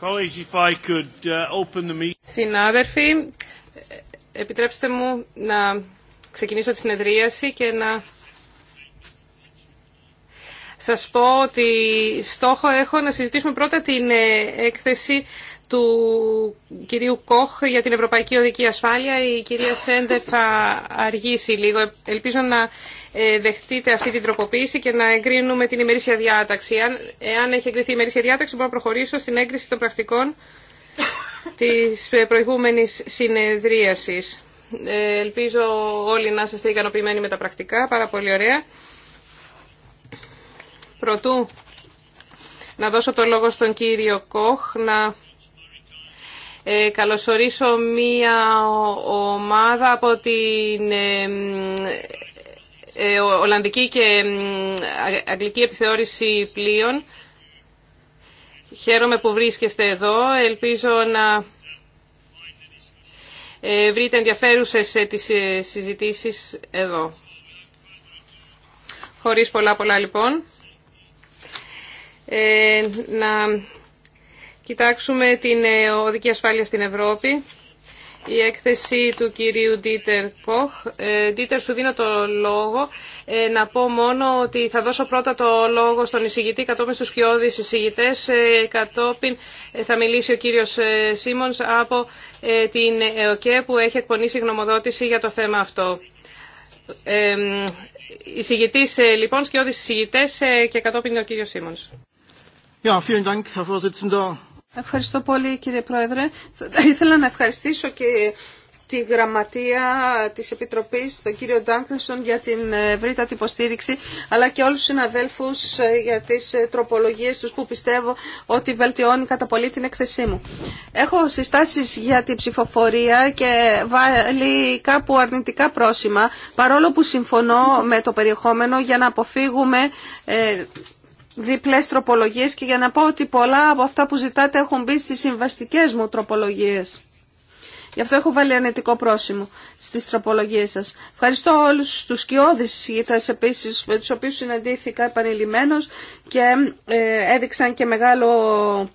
Uh, Συνάδελφοι, επιτρέψτε μου να ξεκινήσω τη συνεδρίαση και να σας πω ότι στόχο έχω να συζητήσουμε πρώτα την ε, έκθεση του κυρίου Κόχ για την Ευρωπαϊκή Οδική Ασφάλεια. Η κυρία Σέντερ θα αργήσει λίγο. Ελπίζω να ε, δεχτείτε αυτή την τροποποίηση και να εγκρίνουμε την ημερήσια διάταξη. Αν, εάν έχει εγκριθεί η ημερήσια διάταξη, μπορώ να προχωρήσω στην έγκριση των πρακτικών της προηγούμενης συνεδρίασης. Ε, ελπίζω όλοι να είστε ικανοποιημένοι με τα πρακτικά. Πάρα πολύ ωραία. Πρωτού να δώσω το λόγο στον κύριο Κόχ να ε, καλωσορίσω μία ομάδα από την ε, ε, Ολλανδική και Αγγλική Επιθεώρηση Πλοίων. Χαίρομαι που βρίσκεστε εδώ. Ελπίζω να βρείτε ενδιαφέρουσες τις συζητήσεις εδώ. Χωρίς πολλά πολλά λοιπόν. να κοιτάξουμε την ε, οδική ασφάλεια στην Ευρώπη. Η έκθεση του κυρίου Ντίτερ Κοχ. Ε, Ντίτερ, σου δίνω το λόγο. Ε, να πω μόνο ότι θα δώσω πρώτα το λόγο στον εισηγητή, κατόπιν στους κοιόδης εισηγητές, κατόπιν θα μιλήσει ο κύριος Σίμονς από την ΕΟΚΕ που έχει εκπονήσει γνωμοδότηση για το θέμα αυτό. Ε, εισηγητής λοιπόν, σκιώδης εισηγητές και κατόπιν ο κύριος Σίμονς. Ja, vielen Dank, Ευχαριστώ πολύ κύριε Πρόεδρε. Ήθελα να ευχαριστήσω και τη γραμματεία της Επιτροπής, τον κύριο Ντάνκνσον για την ευρύτατη υποστήριξη, αλλά και όλους τους συναδέλφους ε, για τις ε, τροπολογίες τους που πιστεύω ότι βελτιώνει κατά πολύ την εκθεσή μου. Έχω συστάσεις για την ψηφοφορία και βάλει κάπου αρνητικά πρόσημα, παρόλο που συμφωνώ με το περιεχόμενο για να αποφύγουμε ε, διπλές τροπολογίες και για να πω ότι πολλά από αυτά που ζητάτε έχουν μπει στις συμβαστικές μου τροπολογίες. Γι' αυτό έχω βάλει αρνητικό πρόσημο στις τροπολογίες σας. Ευχαριστώ όλους τους σκιώδεις συζητητές επίσης με τους οποίους συναντήθηκα επανειλημμένος και ε, έδειξαν και μεγάλο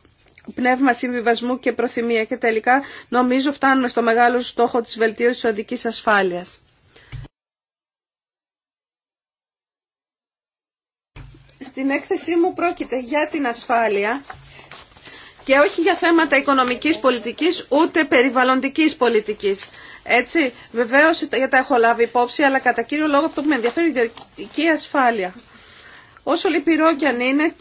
πνεύμα συμβιβασμού και προθυμία και τελικά νομίζω φτάνουμε στο μεγάλο στόχο της βελτίωσης οδικής ασφάλειας. Στην έκθεσή μου πρόκειται για την ασφάλεια και όχι για θέματα οικονομικής πολιτικής ούτε περιβαλλοντικής πολιτικής. Έτσι, βεβαίως για τα έχω λάβει υπόψη, αλλά κατά κύριο λόγο αυτό που με ενδιαφέρει είναι η ασφάλεια. Όσο λυπηρό και αν είναι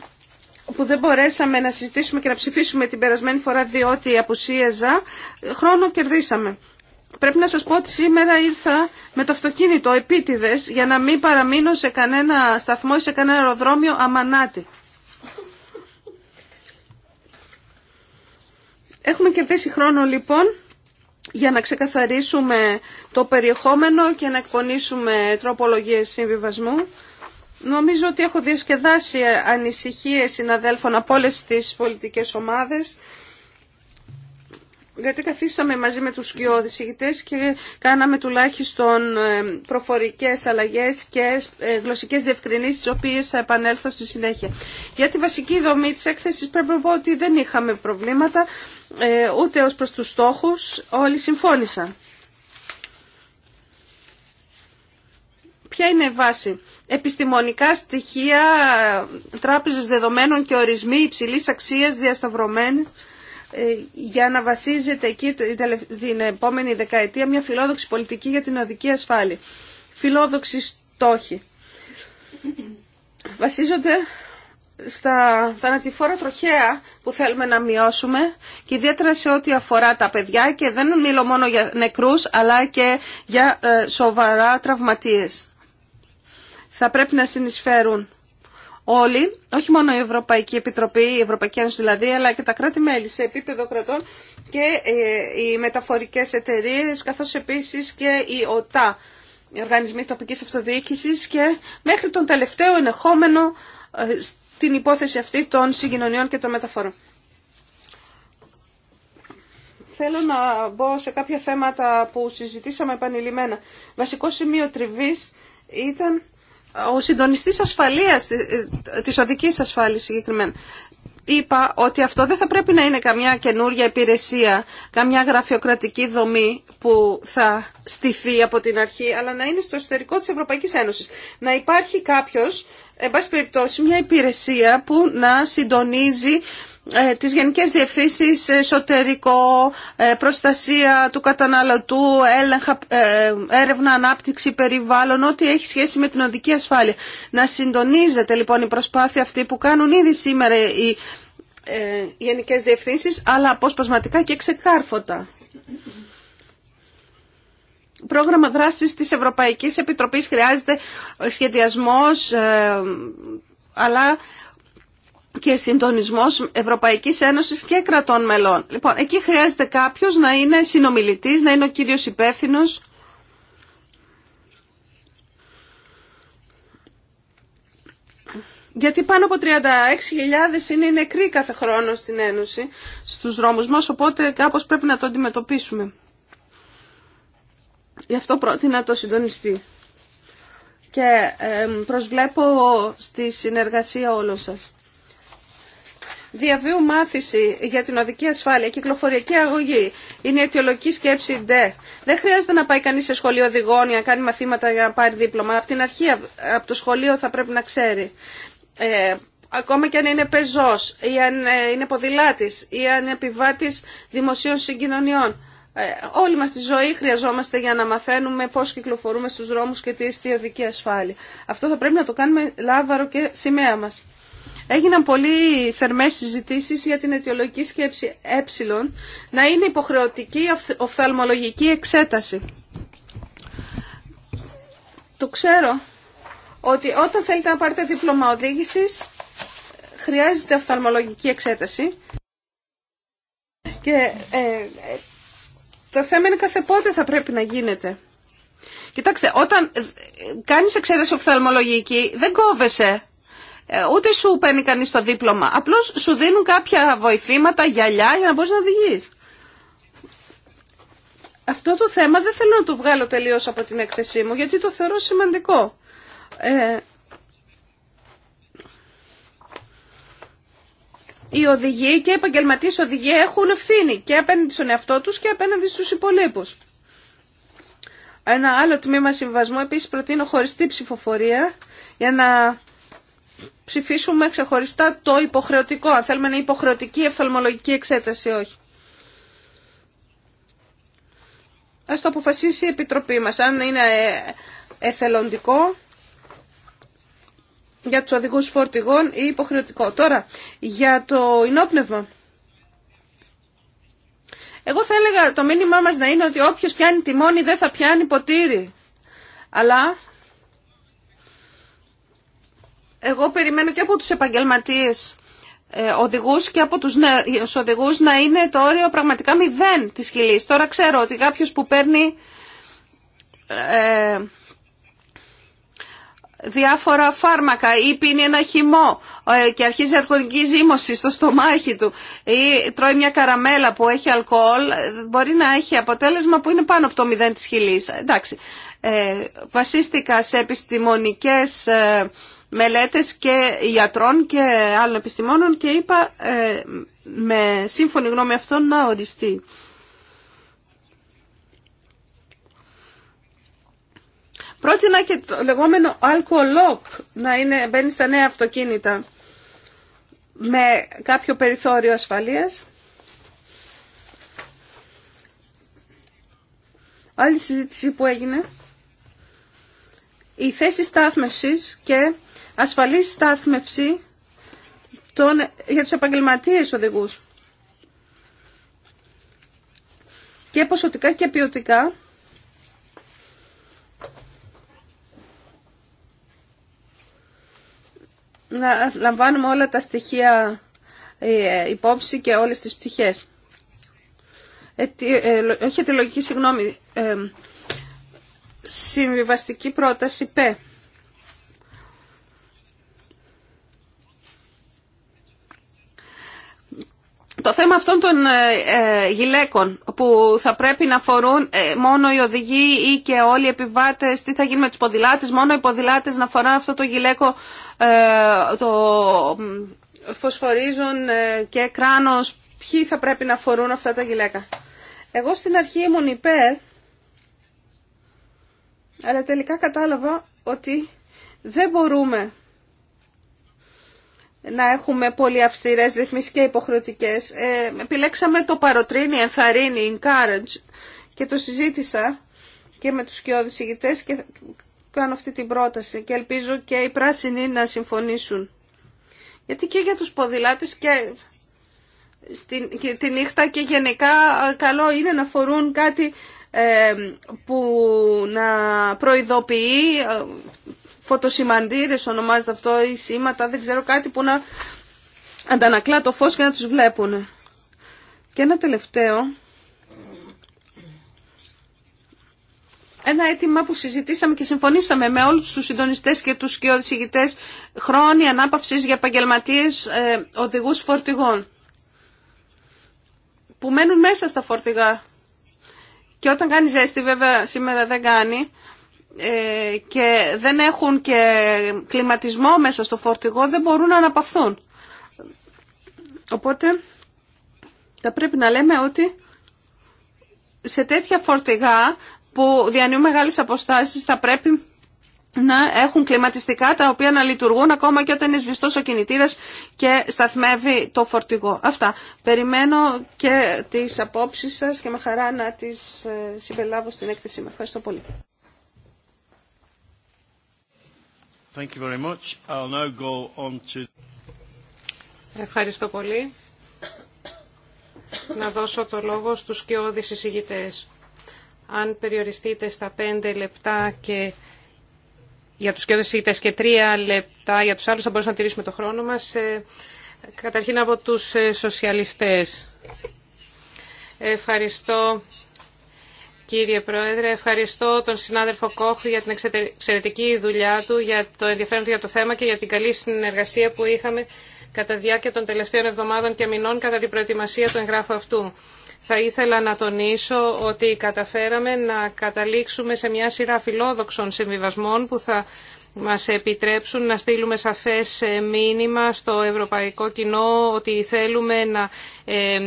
που δεν μπορέσαμε να συζητήσουμε και να ψηφίσουμε την περασμένη φορά διότι απουσίαζα, χρόνο κερδίσαμε. Πρέπει να σας πω ότι σήμερα ήρθα με το αυτοκίνητο επίτηδες για να μην παραμείνω σε κανένα σταθμό ή σε κανένα αεροδρόμιο αμανάτη. Έχουμε κερδίσει χρόνο λοιπόν για να ξεκαθαρίσουμε το περιεχόμενο και να εκπονήσουμε τροπολογίες συμβιβασμού. Νομίζω ότι έχω διασκεδάσει ανησυχίες συναδέλφων από όλες τις πολιτικές ομάδες γιατί καθίσαμε μαζί με τους δυο και κάναμε τουλάχιστον ε, προφορικές αλλαγές και ε, γλωσσικές διευκρινήσεις, τις οποίες θα επανέλθω στη συνέχεια. Για τη βασική δομή της έκθεσης πρέπει να πω ότι δεν είχαμε προβλήματα, ε, ούτε ως προς τους στόχους, όλοι συμφώνησαν. Ποια είναι η βάση. Επιστημονικά στοιχεία, τράπεζες δεδομένων και ορισμοί υψηλής αξίας διασταυρωμένων ε, για να βασίζεται εκεί την επόμενη δεκαετία μια φιλόδοξη πολιτική για την οδική ασφάλεια. Φιλόδοξη στόχη. Βασίζονται στα θανατηφόρα τροχέα που θέλουμε να μειώσουμε και ιδιαίτερα σε ό,τι αφορά τα παιδιά και δεν μιλώ μόνο για νεκρούς αλλά και για ε, σοβαρά τραυματίες. Θα πρέπει να συνεισφέρουν όλοι, όχι μόνο η Ευρωπαϊκή Επιτροπή, η Ευρωπαϊκή Ένωση δηλαδή, αλλά και τα κράτη-μέλη σε επίπεδο κρατών και ε, οι μεταφορικές εταιρείες, καθώς επίσης και η ΟΤΑ, οι Οργανισμοί Τοπικής Αυτοδιοίκησης και μέχρι τον τελευταίο ενεχόμενο ε, στην υπόθεση αυτή των συγκοινωνιών και των μεταφορών. Θέλω να μπω σε κάποια θέματα που συζητήσαμε επανειλημμένα. Βασικό σημείο τριβής ήταν ο συντονιστής ασφαλείας, ε, της οδικής ασφάλειας συγκεκριμένα, είπα ότι αυτό δεν θα πρέπει να είναι καμιά καινούρια υπηρεσία, καμιά γραφειοκρατική δομή που θα στηθεί από την αρχή, αλλά να είναι στο εσωτερικό της Ευρωπαϊκής Ένωσης. Να υπάρχει κάποιος, εν πάση περιπτώσει, μια υπηρεσία που να συντονίζει ε, τις Γενικές Διευθύνσεις Εσωτερικό, ε, Προστασία του Καταναλωτού, ε, Έρευνα, Ανάπτυξη, Περιβάλλον, ό,τι έχει σχέση με την οδική ασφάλεια. Να συντονίζεται λοιπόν η προσπάθεια αυτή που κάνουν ήδη σήμερα οι Γενικές Διευθύνσεις, αλλά αποσπασματικά και ξεκάρφωτα πρόγραμμα δράσης της Ευρωπαϊκής Επιτροπής χρειάζεται σχεδιασμός, αλλά και συντονισμός Ευρωπαϊκής Ένωσης και κρατών μελών. Λοιπόν, εκεί χρειάζεται κάποιο να είναι συνομιλητής, να είναι ο κύριος υπεύθυνο. Γιατί πάνω από 36.000 είναι νεκροί κάθε χρόνο στην Ένωση, στους δρόμους μας, οπότε κάπως πρέπει να το αντιμετωπίσουμε. Γι' αυτό πρότεινα το συντονιστή. Και προσβλέπω στη συνεργασία όλων σας. Διαβίου μάθηση για την οδική ασφάλεια, κυκλοφοριακή αγωγή. Είναι η αιτιολογική σκέψη ντε. Δεν χρειάζεται να πάει κανεί σε σχολείο οδηγών για να κάνει μαθήματα για να πάρει δίπλωμα. Από την αρχή, από το σχολείο θα πρέπει να ξέρει. Ε, ακόμα και αν είναι πεζός ή αν ε, είναι ποδηλάτης ή αν είναι επιβάτης δημοσίων συγκοινωνιών. Ε, όλη μας τη ζωή χρειαζόμαστε για να μαθαίνουμε πώς κυκλοφορούμε στους δρόμους και τι η οδική ασφάλεια. Αυτό θα πρέπει να το κάνουμε λάβαρο και σημαία μας. Έγιναν πολύ θερμές συζητήσεις για την αιτιολογική σκέψη ε να είναι υποχρεωτική οφθαλμολογική εξέταση. Το ξέρω ότι όταν θέλετε να πάρετε δίπλωμα οδήγησης χρειάζεται οφθαλμολογική εξέταση και ε, το θέμα είναι κάθε πότε θα πρέπει να γίνεται. Κοιτάξτε, όταν ε, ε, κάνεις εξέταση οφθαλμολογική δεν κόβεσαι ε, ούτε σου παίρνει κανεί το δίπλωμα. Απλώ σου δίνουν κάποια βοηθήματα, γυαλιά για να μπορεί να οδηγεί. Αυτό το θέμα δεν θέλω να το βγάλω τελείω από την έκθεσή μου γιατί το θεωρώ σημαντικό. Ε, οι οδηγοί και οι επαγγελματίε οδηγοί έχουν ευθύνη και απέναντι στον εαυτό του και απέναντι στους υπολείπου. Ένα άλλο τμήμα συμβασμού επίση προτείνω χωριστή ψηφοφορία για να ψηφίσουμε ξεχωριστά το υποχρεωτικό, αν θέλουμε να υποχρεωτική εφθαλμολογική εξέταση όχι. Ας το αποφασίσει η Επιτροπή μας, αν είναι ε, εθελοντικό για τους οδηγούς φορτηγών ή υποχρεωτικό. Τώρα, για το ενόπνευμα. Εγώ θα έλεγα το μήνυμά μας να είναι ότι όποιος πιάνει μόνη δεν θα πιάνει ποτήρι. Αλλά εγώ περιμένω και από τους επαγγελματίες ε, οδηγούς και από τους νέους οδηγούς να είναι το όριο πραγματικά μηδέν της χιλής. Τώρα ξέρω ότι κάποιος που παίρνει ε, διάφορα φάρμακα ή πίνει ένα χυμό ε, και αρχίζει αρχονική ζύμωση στο στομάχι του ή τρώει μια καραμέλα που έχει αλκοόλ, ε, μπορεί να έχει αποτέλεσμα που είναι πάνω από το μηδέν της χιλής. Εντάξει, ε, βασίστηκα σε επιστημονικές μελέτες και γιατρών και άλλων επιστημόνων και είπα ε, με σύμφωνη γνώμη αυτών να οριστεί. Πρότεινα και το λεγόμενο lock να είναι, μπαίνει στα νέα αυτοκίνητα με κάποιο περιθώριο ασφαλείας. Άλλη συζήτηση που έγινε. Η θέση στάθμευσης και Ασφαλή στάθμευση των, για τους επαγγελματίες οδηγούς. Και ποσοτικά και ποιοτικά. Να λαμβάνουμε όλα τα στοιχεία ε, υπόψη και όλες τις πτυχές. Ε, ε, όχι τη λογική, συγγνώμη. Ε, συμβιβαστική πρόταση πέ Το θέμα αυτών των ε, ε, γυλαίκων που θα πρέπει να φορούν ε, μόνο οι οδηγοί ή και όλοι οι επιβάτες, τι θα γίνει με τους ποδηλάτες, μόνο οι ποδηλάτες να φοράνε αυτό το γυλαίκο το φωσφορίζουν και κράνος, ποιοι θα πρέπει να φορούν αυτά τα γυλαίκα. Εγώ στην αρχή ήμουν υπέρ, αλλά τελικά κατάλαβα ότι δεν μπορούμε να έχουμε πολύ αυστηρές ρυθμίσεις και υποχρεωτικές. Ε, επιλέξαμε το παροτρύνει, ενθαρρύνει, encourage και το συζήτησα και με τους σκιώδεις ηγητές και κάνω αυτή την πρόταση και ελπίζω και οι πράσινοι να συμφωνήσουν. Γιατί και για τους ποδηλάτες και στην, και τη νύχτα και γενικά ε, καλό είναι να φορούν κάτι ε, που να προειδοποιεί φωτοσημαντήρε, ονομάζεται αυτό ή σήματα, δεν ξέρω κάτι που να αντανακλά το φως και να τους βλέπουν. Και ένα τελευταίο, ένα αίτημα που συζητήσαμε και συμφωνήσαμε με όλους τους συντονιστές και τους οδηγητέ χρόνια ανάπαυσης για επαγγελματίε ε, οδηγούς φορτηγών που μένουν μέσα στα φορτηγά. Και όταν κάνει ζέστη, βέβαια σήμερα δεν κάνει, ε, και δεν έχουν και κλιματισμό μέσα στο φορτηγό δεν μπορούν να αναπαυθούν. Οπότε θα πρέπει να λέμε ότι σε τέτοια φορτηγά που διανύουν μεγάλες αποστάσεις θα πρέπει να έχουν κλιματιστικά τα οποία να λειτουργούν ακόμα και όταν είναι σβηστός ο κινητήρας και σταθμεύει το φορτηγό. Αυτά. Περιμένω και τις απόψεις σας και με χαρά να τις ε, συμπελάβω στην έκθεσή Ευχαριστώ πολύ. Thank you very much. I'll now go on to... Ευχαριστώ πολύ. Να δώσω το λόγο στους και εισηγητές. Αν περιοριστείτε στα πέντε λεπτά και για τους κοιόδες εισηγητές και τρία λεπτά για τους άλλους θα μπορούσαμε να τηρήσουμε το χρόνο μας. Ε, καταρχήν από τους ε, σοσιαλιστές. Ευχαριστώ Κύριε Πρόεδρε, ευχαριστώ τον συνάδελφο Κόχ για την εξαιρετική δουλειά του, για το ενδιαφέρον του για το θέμα και για την καλή συνεργασία που είχαμε κατά διάρκεια των τελευταίων εβδομάδων και μηνών κατά την προετοιμασία του εγγράφου αυτού. Θα ήθελα να τονίσω ότι καταφέραμε να καταλήξουμε σε μια σειρά φιλόδοξων συμβιβασμών που θα μας επιτρέψουν να στείλουμε σαφές ε, μήνυμα στο ευρωπαϊκό κοινό ότι θέλουμε να ε,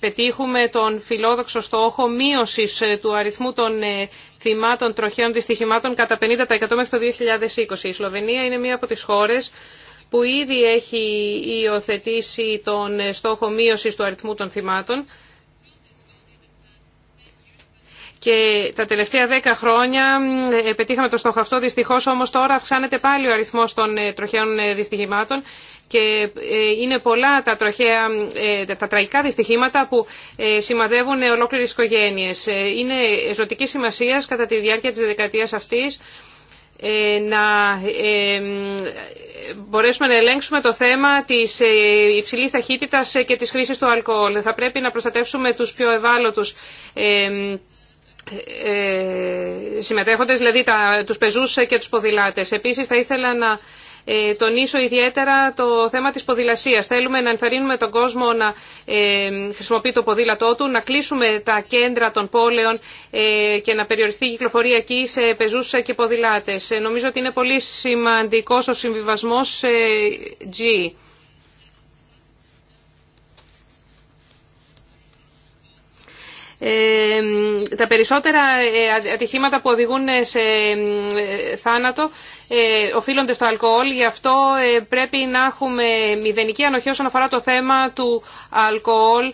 πετύχουμε τον φιλόδοξο στόχο μείωσης ε, του αριθμού των θυμάτων τροχαίων δυστυχημάτων κατά 50% μέχρι το 2020. Η Σλοβενία είναι μία από τις χώρες που ήδη έχει υιοθετήσει τον στόχο μείωσης του αριθμού των θυμάτων και τα τελευταία δέκα χρόνια ε, πετύχαμε το στόχο αυτό. δυστυχώ, όμω τώρα αυξάνεται πάλι ο αριθμό των ε, τροχαίων ε, δυστυχημάτων και είναι πολλά τα, τροχαία, τα τραγικά δυστυχήματα που σημαδεύουν ολόκληρε οικογένειε. Είναι ζωτική σημασία κατά τη διάρκεια της δεκαετία αυτής να μπορέσουμε να ελέγξουμε το θέμα της υψηλής ταχύτητας και της χρήσης του αλκοόλ. Θα πρέπει να προστατεύσουμε τους πιο ευάλωτους ε, συμμετέχοντες, δηλαδή τα, τους πεζούς και τους ποδηλάτες. Επίσης θα ήθελα να ε, τονίσω ιδιαίτερα το θέμα της ποδηλασίας. Θέλουμε να ενθαρρύνουμε τον κόσμο να ε, χρησιμοποιεί το ποδήλατό του, να κλείσουμε τα κέντρα των πόλεων και να περιοριστεί η κυκλοφορία εκεί σε πεζούς και ποδηλάτες. νομίζω ότι είναι πολύ σημαντικός ο συμβιβασμός G. τα περισσότερα ε, ατυχήματα που οδηγούν σε θάνατο ε, οφείλονται στο αλκοόλ. Γι' αυτό ε, πρέπει να έχουμε μηδενική ανοχή όσον αφορά το θέμα του αλκοόλ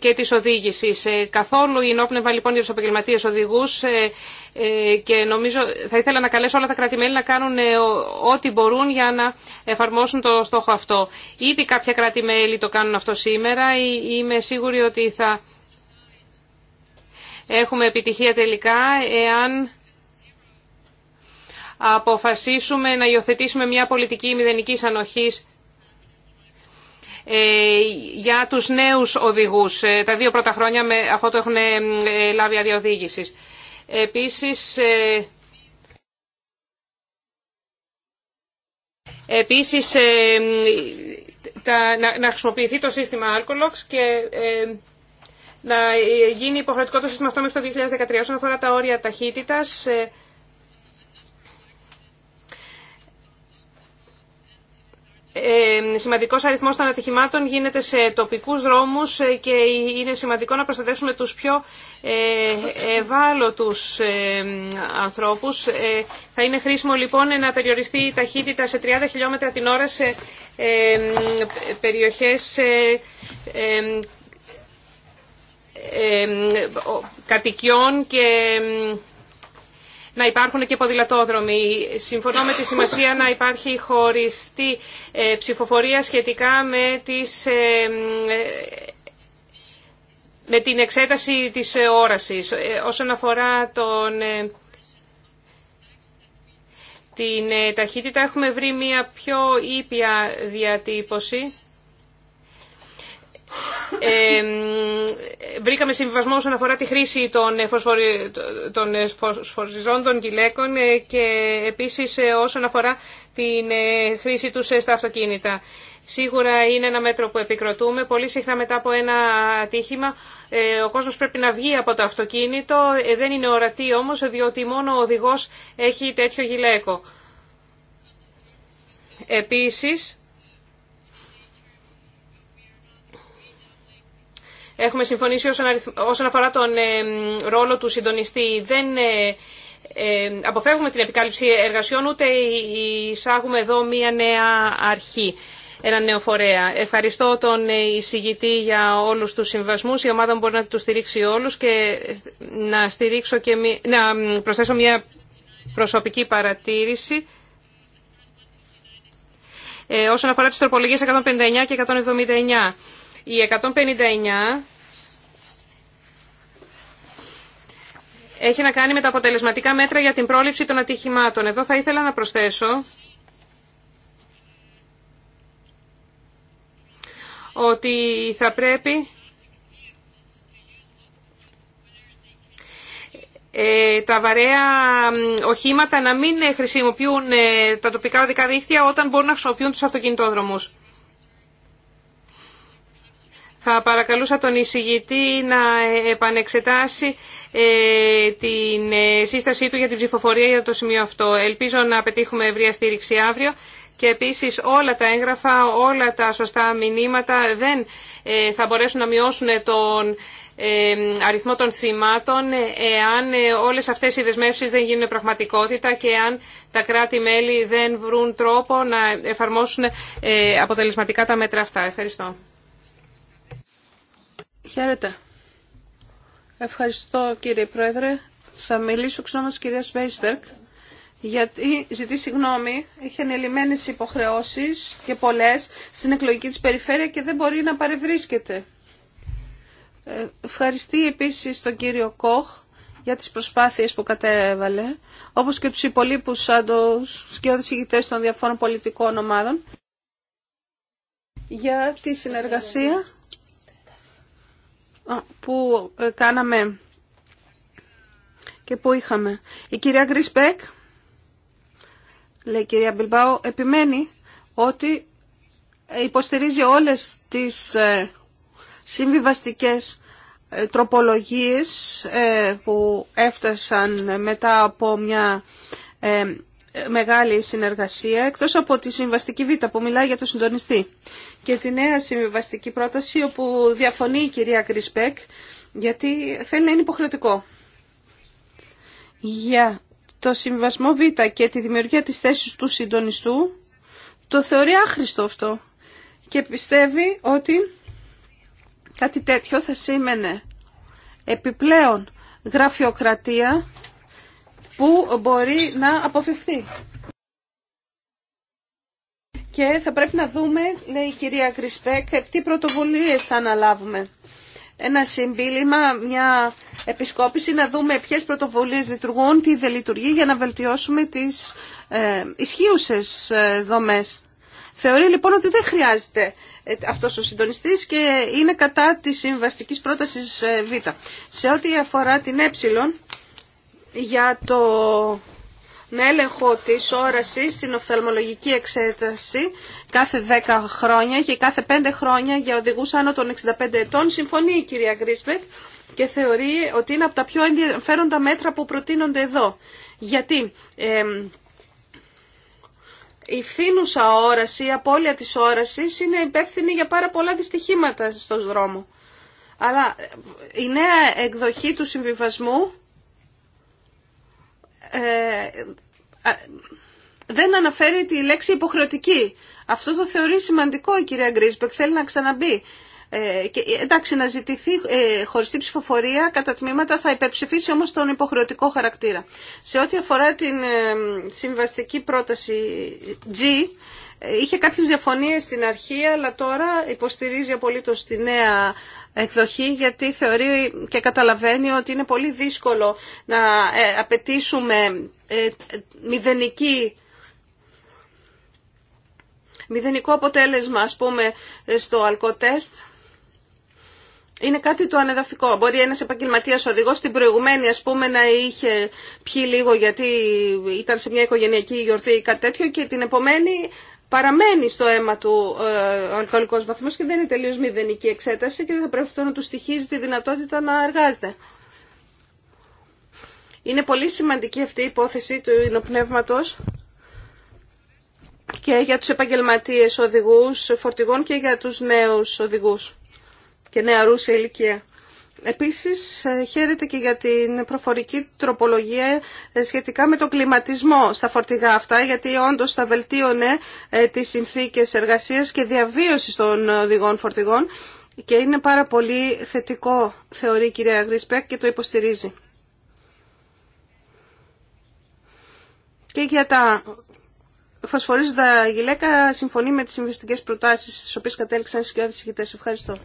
και της οδήγησης. Καθόλου η νόπνευμα λοιπόν για τους επαγγελματίες οδηγούς ε, και νομίζω θα ήθελα να καλέσω όλα τα κρατη να κάνουν ε, ό,τι μπορούν για να εφαρμόσουν το στόχο αυτό. Ήδη κάποια κράτη-μέλη το κάνουν αυτό σήμερα. Ε, είμαι σίγουρη ότι θα έχουμε επιτυχία τελικά εάν αποφασίσουμε να υιοθετήσουμε μια πολιτική μηδενικής ανοχής για τους νέους οδηγούς. Τα δύο πρώτα χρόνια με αυτό το έχουν λάβει αδειοδήγησης. Επίσης, ε, επίσης ε, να, να, χρησιμοποιηθεί το σύστημα Alcolox και ε, να γίνει υποχρεωτικό το σύστημα αυτό μέχρι το 2013. Όσον αφορά τα όρια ταχύτητας, Ε, σημαντικός αριθμός των ατυχημάτων γίνεται σε τοπικούς δρόμους ε, και είναι σημαντικό να προστατεύσουμε τους πιο ε, ευάλωτους ανθρώπους. Θα είναι χρήσιμο λοιπόν να περιοριστεί η ταχύτητα σε 30 χιλιόμετρα την ώρα σε περιοχές κατοικιών και να υπάρχουν και ποδηλατόδρομοι. Συμφωνώ με τη σημασία να υπάρχει χωριστή ε, ψηφοφορία σχετικά με τις ε, την εξέταση της ε, όρασης. Όσον αφορά τον, την ταχύτητα, έχουμε βρει μια πιο ήπια διατύπωση βρήκαμε συμβιβασμό όσον αφορά τη χρήση των, φωσφορι... των γυλαίκων ε, και επίσης ε, όσον αφορά την ε, χρήση τους στα αυτοκίνητα. Σίγουρα είναι ένα μέτρο που επικροτούμε. Πολύ συχνά μετά από ένα ατύχημα ο κόσμος πρέπει να βγει από το αυτοκίνητο. Δεν είναι ορατή όμως διότι μόνο ο οδηγός έχει τέτοιο γυλαίκο. Επίσης, έχουμε συμφωνήσει όσον αφορά τον ε, ρόλο του συντονιστή. Δεν ε, ε, αποφεύγουμε την επικάλυψη εργασιών, ούτε εισάγουμε εδώ μία νέα αρχή, ένα νέο φορέα. Ευχαριστώ τον εισηγητή για όλους τους συμβασμούς. Η ομάδα μου μπορεί να τους στηρίξει όλους και να, στηρίξω και να προσθέσω μία προσωπική παρατήρηση. όσον αφορά τις τροπολογίες 159 και 179. Η 159 έχει να κάνει με τα αποτελεσματικά μέτρα για την πρόληψη των ατυχημάτων. Εδώ θα ήθελα να προσθέσω ότι θα πρέπει ε, τα βαρέα οχήματα να μην χρησιμοποιούν ε, τα τοπικά οδικά δίχτυα όταν μπορούν να χρησιμοποιούν τους αυτοκινητόδρομους. Θα παρακαλούσα τον εισηγητή να επανεξετάσει ε, την ε, σύστασή του για την ψηφοφορία για το σημείο αυτό. Ελπίζω να πετύχουμε ευρεία στήριξη αύριο και επίσης όλα τα έγγραφα, όλα τα σωστά μηνύματα δεν ε, θα μπορέσουν να μειώσουν τον αριθμό των θυμάτων εάν όλες αυτές οι δεσμεύσεις δεν γίνουν πραγματικότητα και εάν τα κράτη-μέλη δεν βρουν τρόπο να εφαρμόσουν αποτελεσματικά τα μέτρα αυτά. Ευχαριστώ. Χαίρετε. Ευχαριστώ κύριε Πρόεδρε. Θα μιλήσω ξανά της κυρίας Βέισβερκ γιατί ζητεί συγγνώμη, έχει ανελημμένες υποχρεώσεις και πολλές στην εκλογική της περιφέρεια και δεν μπορεί να παρευρίσκεται. Ε, ευχαριστεί επίσης τον κύριο Κοχ για τις προσπάθειες που κατέβαλε, όπως και τους υπολείπους σαν τους σκιώδης ηγητές των διαφόρων πολιτικών ομάδων, για τη συνεργασία που ε, κάναμε και που είχαμε. Η κυρία Γκρισπέκ, λέει η κυρία Μπιλμπάου, επιμένει ότι υποστηρίζει όλες τις ε, συμβιβαστικές ε, τροπολογίες που έφτασαν μετά από μια μεγάλη συνεργασία, εκτός από τη συμβαστική β' που μιλάει για το συντονιστή και τη νέα συμβιβαστική πρόταση όπου διαφωνεί η κυρία Κρισπέκ γιατί θέλει να είναι υποχρεωτικό. Για το συμβιβασμό Β και τη δημιουργία της θέσης του συντονιστού το θεωρεί άχρηστο αυτό και πιστεύει ότι κάτι τέτοιο θα σήμαινε επιπλέον γραφειοκρατία που μπορεί να αποφευθεί και θα πρέπει να δούμε, λέει η κυρία Κρισπέκ, τι πρωτοβουλίες θα αναλάβουμε. Ένα συμπίλημα, μια επισκόπηση, να δούμε ποιες πρωτοβουλίες λειτουργούν, τι δεν λειτουργεί, για να βελτιώσουμε τις ε, ισχύουσες ε, δομές. Θεωρεί λοιπόν ότι δεν χρειάζεται ε, αυτός ο συντονιστής και είναι κατά της συμβαστικής πρότασης ε, Β. Σε ό,τι αφορά την ε, για το με έλεγχο τη όραση στην οφθαλμολογική εξέταση κάθε 10 χρόνια και κάθε 5 χρόνια για οδηγού άνω των 65 ετών. Συμφωνεί η κυρία Γκρίσπεκ και θεωρεί ότι είναι από τα πιο ενδιαφέροντα μέτρα που προτείνονται εδώ. Γιατί ε, η φθήνουσα όραση, η απώλεια της όρασης είναι υπεύθυνη για πάρα πολλά δυστυχήματα στον δρόμο. Αλλά ε, η νέα εκδοχή του συμβιβασμού ε, δεν αναφέρει τη λέξη υποχρεωτική. Αυτό το θεωρεί σημαντικό η κυρία Γκρίσμπεκ, θέλει να ξαναμπεί. Ε, και, ε, εντάξει, να ζητηθεί ε, χωριστή ψηφοφορία κατά τμήματα θα υπερψηφίσει όμως τον υποχρεωτικό χαρακτήρα. Σε ό,τι αφορά την ε, συμβαστική πρόταση G, ε, είχε κάποιες διαφωνίες στην αρχή, αλλά τώρα υποστηρίζει απολύτως τη νέα εκδοχή γιατί θεωρεί και καταλαβαίνει ότι είναι πολύ δύσκολο να ε, απαιτήσουμε ε, μηδενική μηδενικό αποτέλεσμα ας πούμε στο αλκοτέστ είναι κάτι το ανεδαφικό. Μπορεί ένας επαγγελματίας οδηγός στην προηγουμένη ας πούμε να είχε πιει λίγο γιατί ήταν σε μια οικογενειακή γιορτή ή κάτι τέτοιο και την επομένη παραμένει στο αίμα του ο ε, αλκοολικός βαθμός και δεν είναι τελείως μηδενική εξέταση και δεν θα πρέπει αυτό να του στοιχίζει τη δυνατότητα να εργάζεται. Είναι πολύ σημαντική αυτή η υπόθεση του ινοπνεύματος και για τους επαγγελματίες οδηγούς φορτηγών και για τους νέους οδηγούς και νεαρούς σε ηλικία. Επίσης, ε, χαίρεται και για την προφορική τροπολογία ε, σχετικά με τον κλιματισμό στα φορτηγά αυτά, γιατί όντως θα βελτίωνε ε, τις συνθήκες εργασίας και διαβίωσης των οδηγών φορτηγών και είναι πάρα πολύ θετικό, θεωρεί η κυρία Γκρισπέκ και το υποστηρίζει. Και για τα φωσφορίζοντα γυλαίκα συμφωνεί με τις συμβεστικές προτάσεις στις οποίες κατέληξαν οι σκιώδεις Ευχαριστώ.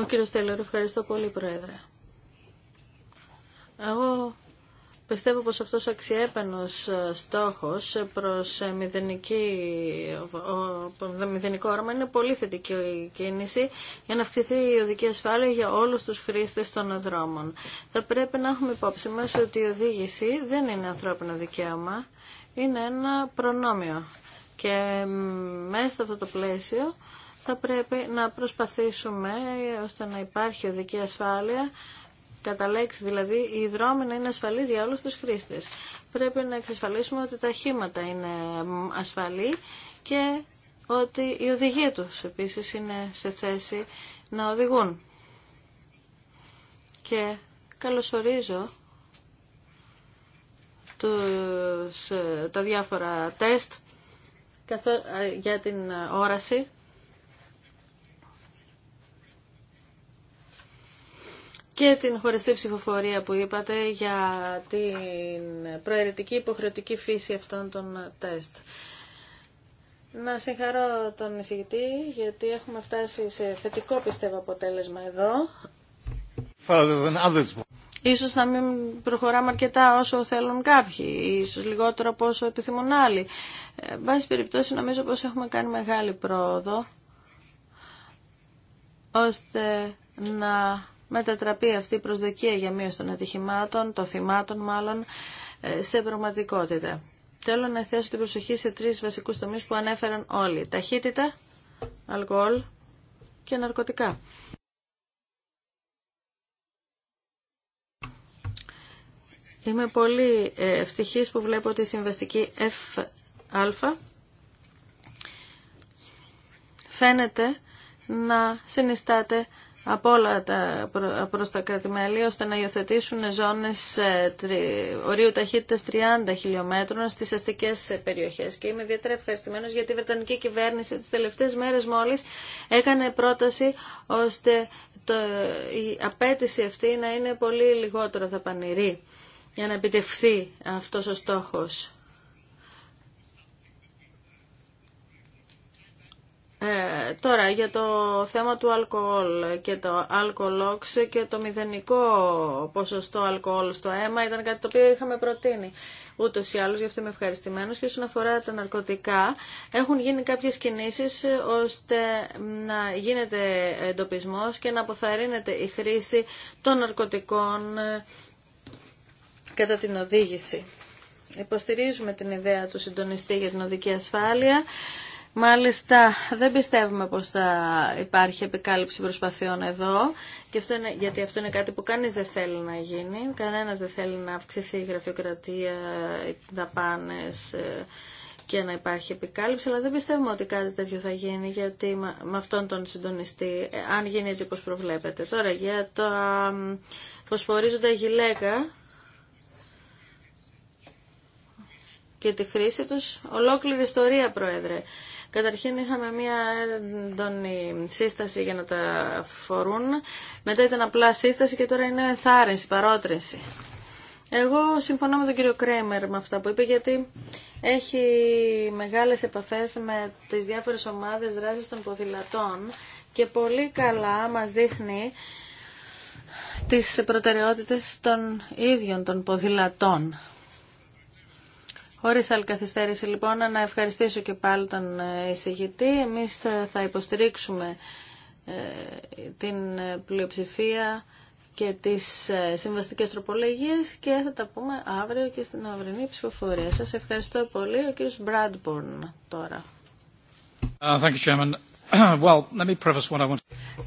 Ο κύριο Τέλερ, ευχαριστώ πολύ, Πρόεδρε. Εγώ Πιστεύω πως αυτός ο αξιέπαινος ε, στόχος ε, προς ε, μηδενική, μηδενικό όραμα είναι πολύ θετική η κίνηση για να αυξηθεί η οδική ασφάλεια για όλους τους χρήστες των δρόμων. Θα πρέπει να έχουμε υπόψη μας ότι η οδήγηση δεν είναι ανθρώπινο δικαίωμα, είναι ένα προνόμιο. Και μέσα σε αυτό το πλαίσιο θα πρέπει να προσπαθήσουμε ώστε να υπάρχει οδική ασφάλεια κατά λέξη δηλαδή η δρόμη να είναι ασφαλής για όλους τους χρήστες. Πρέπει να εξασφαλίσουμε ότι τα χήματα είναι ασφαλή και ότι οι οδηγοί τους επίσης είναι σε θέση να οδηγούν. Και καλωσορίζω τα διάφορα τεστ για την όραση και την χωριστή ψηφοφορία που είπατε για την προαιρετική υποχρεωτική φύση αυτών των τεστ. Να συγχαρώ τον εισηγητή γιατί έχουμε φτάσει σε θετικό πιστεύω αποτέλεσμα εδώ. Ίσως να μην προχωράμε αρκετά όσο θέλουν κάποιοι, ίσως λιγότερο από όσο επιθυμούν άλλοι. Ε, εν περιπτώσει νομίζω πως έχουμε κάνει μεγάλη πρόοδο ώστε να μετατραπεί αυτή η προσδοκία για μείωση των ατυχημάτων, των θυμάτων μάλλον, ε, σε πραγματικότητα. Θέλω να εστιάσω την προσοχή σε τρεις βασικούς τομείς που ανέφεραν όλοι. Ταχύτητα, αλκοόλ και ναρκωτικά. Είμαι πολύ ε, ευτυχής που βλέπω ότι η συμβαστική φαίνεται να συνιστάται από όλα τα προς τα κρατημέλη ώστε να υιοθετήσουν ζώνες ε, ορίου ταχύτητας 30 χιλιόμετρων στις αστικές ε, περιοχές. Και είμαι ιδιαίτερα ευχαριστημένο γιατί η Βρετανική κυβέρνηση τις τελευταίες μέρες μόλις έκανε πρόταση ώστε η απέτηση αυτή να είναι πολύ λιγότερο δαπανηρή για να επιτευχθεί αυτός ο στόχος. Ε, τώρα για το θέμα του αλκοόλ και το αλκοολόξ και το μηδενικό ποσοστό αλκοόλ στο αίμα ήταν κάτι το οποίο είχαμε προτείνει ούτω ή άλλω, γι' αυτό είμαι ευχαριστημένο. Και όσον αφορά τα ναρκωτικά, έχουν γίνει κάποιε κινήσει ώστε να γίνεται εντοπισμό και να αποθαρρύνεται η χρήση των ναρκωτικών ε, κατά την οδήγηση. Υποστηρίζουμε την ιδέα του συντονιστή για την οδική ασφάλεια Μάλιστα, δεν πιστεύουμε πως θα υπάρχει επικάλυψη προσπαθειών εδώ, και αυτό είναι, γιατί αυτό είναι κάτι που κανείς δεν θέλει να γίνει. Κανένας δεν θέλει να αυξηθεί η γραφειοκρατία, οι δαπάνες ε, και να υπάρχει επικάλυψη, αλλά δεν πιστεύουμε ότι κάτι τέτοιο θα γίνει, γιατί με αυτόν τον συντονιστή, ε, αν γίνει έτσι όπως προβλέπετε. Τώρα, για το φωσφορίζοντα γυλαίκα, και τη χρήση τους. Ολόκληρη ιστορία, Πρόεδρε. Καταρχήν είχαμε μια έντονη σύσταση για να τα φορούν, μετά ήταν απλά σύσταση και τώρα είναι ενθάρρυνση, παρότρυνση. Εγώ συμφωνώ με τον κύριο Κρέμερ με αυτά που είπε γιατί έχει μεγάλες επαφές με τις διάφορες ομάδες δράσης των ποδηλατών και πολύ καλά μας δείχνει τις προτεραιότητες των ίδιων των ποδηλατών. Χωρίς άλλη καθυστέρηση λοιπόν να ευχαριστήσω και πάλι τον ε, εισηγητή. Εμείς ε, θα υποστηρίξουμε ε, την πλειοψηφία και τις συμβαστικές τροπολογίες και θα τα πούμε αύριο και στην αυρινή ψηφοφορία. Σας ευχαριστώ πολύ. Ο κύριος Μπράντμπορν τώρα.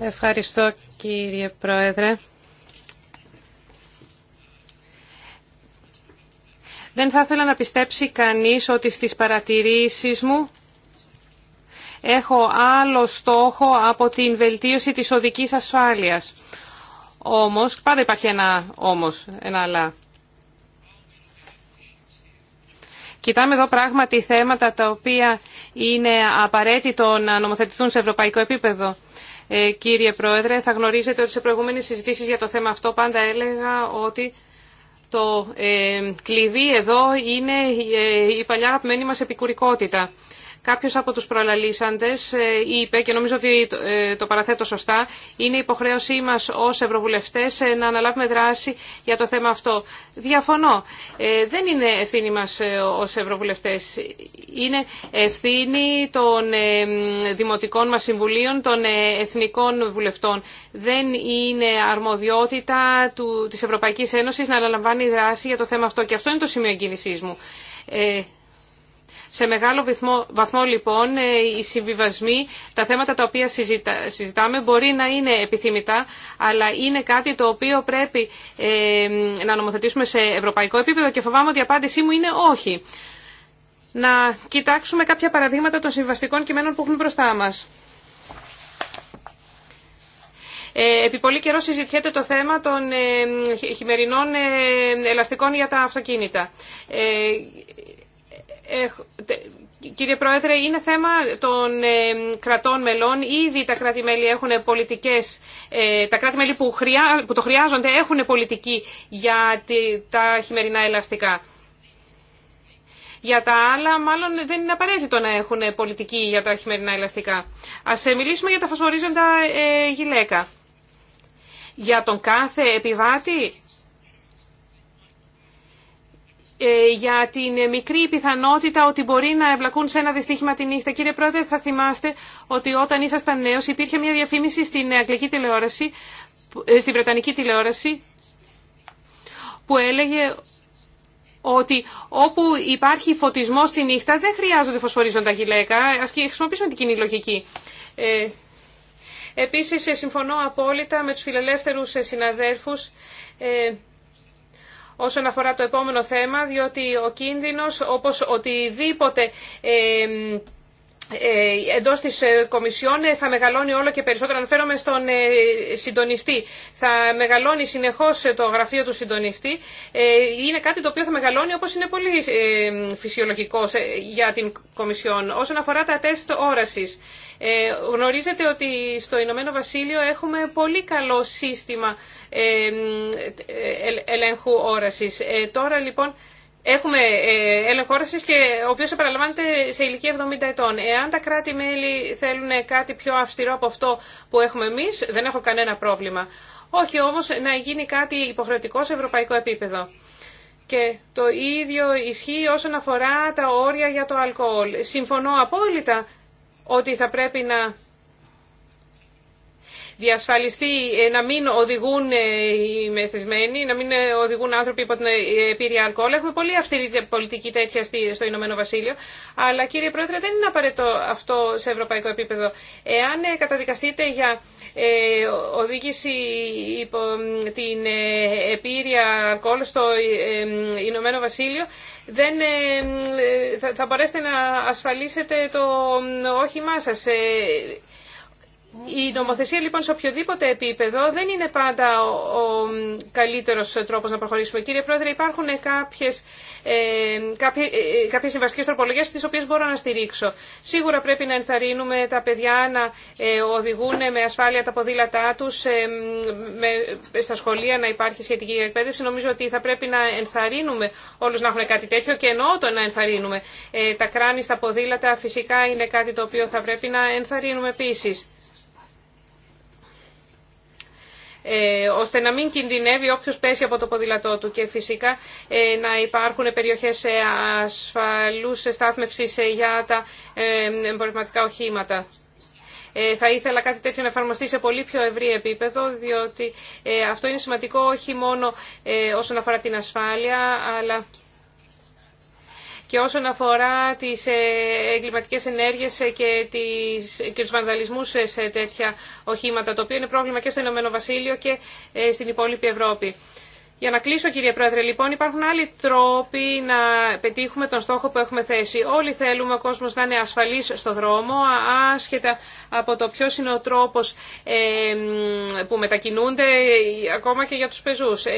Ευχαριστώ κύριε Πρόεδρε. Δεν θα ήθελα να πιστέψει κανείς ότι στις παρατηρήσεις μου έχω άλλο στόχο από την βελτίωση της οδικής ασφάλειας. Όμως, πάντα υπάρχει ένα όμως, ένα αλλά. Κοιτάμε εδώ πράγματι θέματα τα οποία είναι απαραίτητο να νομοθετηθούν σε ευρωπαϊκό επίπεδο. Ε, κύριε Πρόεδρε, θα γνωρίζετε ότι σε προηγούμενες συζητήσεις για το θέμα αυτό πάντα έλεγα ότι το ε, κλειδί εδώ είναι ε, η παλιά αγαπημένη μας επικουρικότητα. Κάποιο από τους προλαλήσαντε ε, είπε, και νομίζω ότι ε, το παραθέτω σωστά, είναι υποχρέωσή μας ως Ευρωβουλευτές ε, να αναλάβουμε δράση για το θέμα αυτό. Διαφωνώ. Δεν είναι ευθύνη μα ως Ευρωβουλευτές. Είναι ευθύνη των δημοτικών μα συμβουλίων, των εθνικών βουλευτών. Δεν είναι αρμοδιότητα της Ευρωπαϊκής ένωση να αναλαμβάνει δράση για το θέμα αυτό. Και αυτό είναι το σημείο εγκίνησή μου. Σε μεγάλο βαθμό, βαθμό λοιπόν ε, οι συμβιβασμοί, τα θέματα τα οποία συζητάμε μπορεί να είναι επιθυμητά, αλλά είναι κάτι το οποίο πρέπει ε, να νομοθετήσουμε σε ευρωπαϊκό επίπεδο και φοβάμαι ότι η απάντησή μου είναι όχι. Να κοιτάξουμε κάποια παραδείγματα των συμβαστικών κειμένων που έχουμε μπροστά μας. Ε, επί πολύ καιρό συζητιέται το θέμα των χειμερινών ελαστικών για τα αυτοκίνητα. Κύριε Πρόεδρε, είναι θέμα των ε, κρατών μελών. Ήδη τα κράτη-μέλη έχουν πολιτικές, ε, τα κρατη που, το χρειάζονται έχουν πολιτική για τα χειμερινά ελαστικά. Για τα άλλα, μάλλον δεν είναι απαραίτητο να έχουν πολιτική για τα χειμερινά ελαστικά. Ας ε, μιλήσουμε για τα φωσφορίζοντα γυλαίκα. Για τον κάθε επιβάτη ε, για την μικρή πιθανότητα ότι μπορεί να ευλακούν σε ένα δυστύχημα τη νύχτα. Κύριε Πρόεδρε, θα θυμάστε ότι όταν ήσασταν νέος υπήρχε μια διαφήμιση στην αγγλική τηλεόραση, ε, στην Βρετανική τηλεόραση, που έλεγε ότι όπου υπάρχει φωτισμό τη νύχτα δεν χρειάζονται φωσφορίζοντα γυλαίκα. Α χρησιμοποιήσουμε την κοινή λογική. Ε, Επίση, ε, συμφωνώ απόλυτα με του φιλελεύθερου συναδέρφους όσον αφορά το επόμενο θέμα, διότι ο κίνδυνος, όπως οτιδήποτε... Ε, ε, εντός της ε, Κομισιόν ε, θα μεγαλώνει όλο και περισσότερο. Αναφέρομαι στον συντονιστή. Θα μεγαλώνει συνεχώς το γραφείο του συντονιστή. Είναι κάτι το οποίο θα μεγαλώνει όπως είναι πολύ φυσιολογικό για την Κομισιόν. Όσον αφορά τα τεστ όρασης. Γνωρίζετε ότι στο Ηνωμένο Βασίλειο έχουμε πολύ καλό σύστημα ελέγχου όρασης. Τώρα λοιπόν Έχουμε ε, έλεγχο και ο οποίο επαναλαμβάνεται σε ηλικία 70 ετών. Εάν τα κράτη-μέλη θέλουν κάτι πιο αυστηρό από αυτό που έχουμε εμεί, δεν έχω κανένα πρόβλημα. Όχι όμω να γίνει κάτι υποχρεωτικό σε ευρωπαϊκό επίπεδο. Και το ίδιο ισχύει όσον αφορά τα όρια για το αλκοόλ. Συμφωνώ απόλυτα ότι θα πρέπει να διασφαλιστεί ε, να μην οδηγούν ε, οι μεθυσμένοι, να μην ε, οδηγούν άνθρωποι υπό την επίρρεια αλκοόλ. Έχουμε πολύ αυστηρή πολιτική τέτοια στο Ηνωμένο Βασίλειο. Αλλά κύριε Πρόεδρε, δεν είναι απαραίτητο αυτό σε ευρωπαϊκό επίπεδο. Εάν καταδικαστείτε για οδήγηση υπό την επίρρεια αλκοόλ στο Ηνωμένο Βασίλειο, δεν θα μπορέσετε να ασφαλίσετε το όχημά σας. Η νομοθεσία λοιπόν σε οποιοδήποτε επίπεδο δεν είναι πάντα ο, ο καλύτερος τρόπος να προχωρήσουμε. Κύριε Πρόεδρε, υπάρχουν κάποιες, ε, κάποιες, ε, κάποιες τροπολογίες τις οποίες μπορώ να στηρίξω. Σίγουρα πρέπει να ενθαρρύνουμε τα παιδιά να ε, οδηγούν με ασφάλεια τα ποδήλατά τους ε, με, στα σχολεία να υπάρχει σχετική εκπαίδευση. Νομίζω ότι θα πρέπει να ενθαρρύνουμε όλους να έχουν κάτι τέτοιο και εννοώ το να ενθαρρύνουμε. Ε, τα κράνη στα ποδήλατα φυσικά είναι κάτι το οποίο θα πρέπει να ενθαρρύνουμε επίσης. Ε, ώστε να μην κινδυνεύει όποιος πέσει από το ποδηλατό του και φυσικά ε, να υπάρχουν περιοχές ε, ασφαλούς στάθμευση για τα εμπορευματικά οχήματα. Θα ήθελα κάτι τέτοιο να εφαρμοστεί σε πολύ πιο ευρύ επίπεδο, διότι αυτό είναι σημαντικό όχι μόνο όσον αφορά την ασφάλεια, αλλά και όσον αφορά τις ε, εγκληματικές ενέργειες ε, και, τις, ε, και τους βανδαλισμούς σε τέτοια οχήματα, το οποίο είναι πρόβλημα και στο Ηνωμένο Βασίλειο και στην υπόλοιπη Ευρώπη. Για να κλείσω κύριε Πρόεδρε, λοιπόν υπάρχουν άλλοι τρόποι να πετύχουμε τον στόχο που έχουμε θέσει. Όλοι θέλουμε ο κόσμο να είναι ασφαλή στο δρόμο, άσχετα από το ποιο είναι ο τρόπος ε, που μετακινούνται, ακόμα και για τους πεζούς. Ε,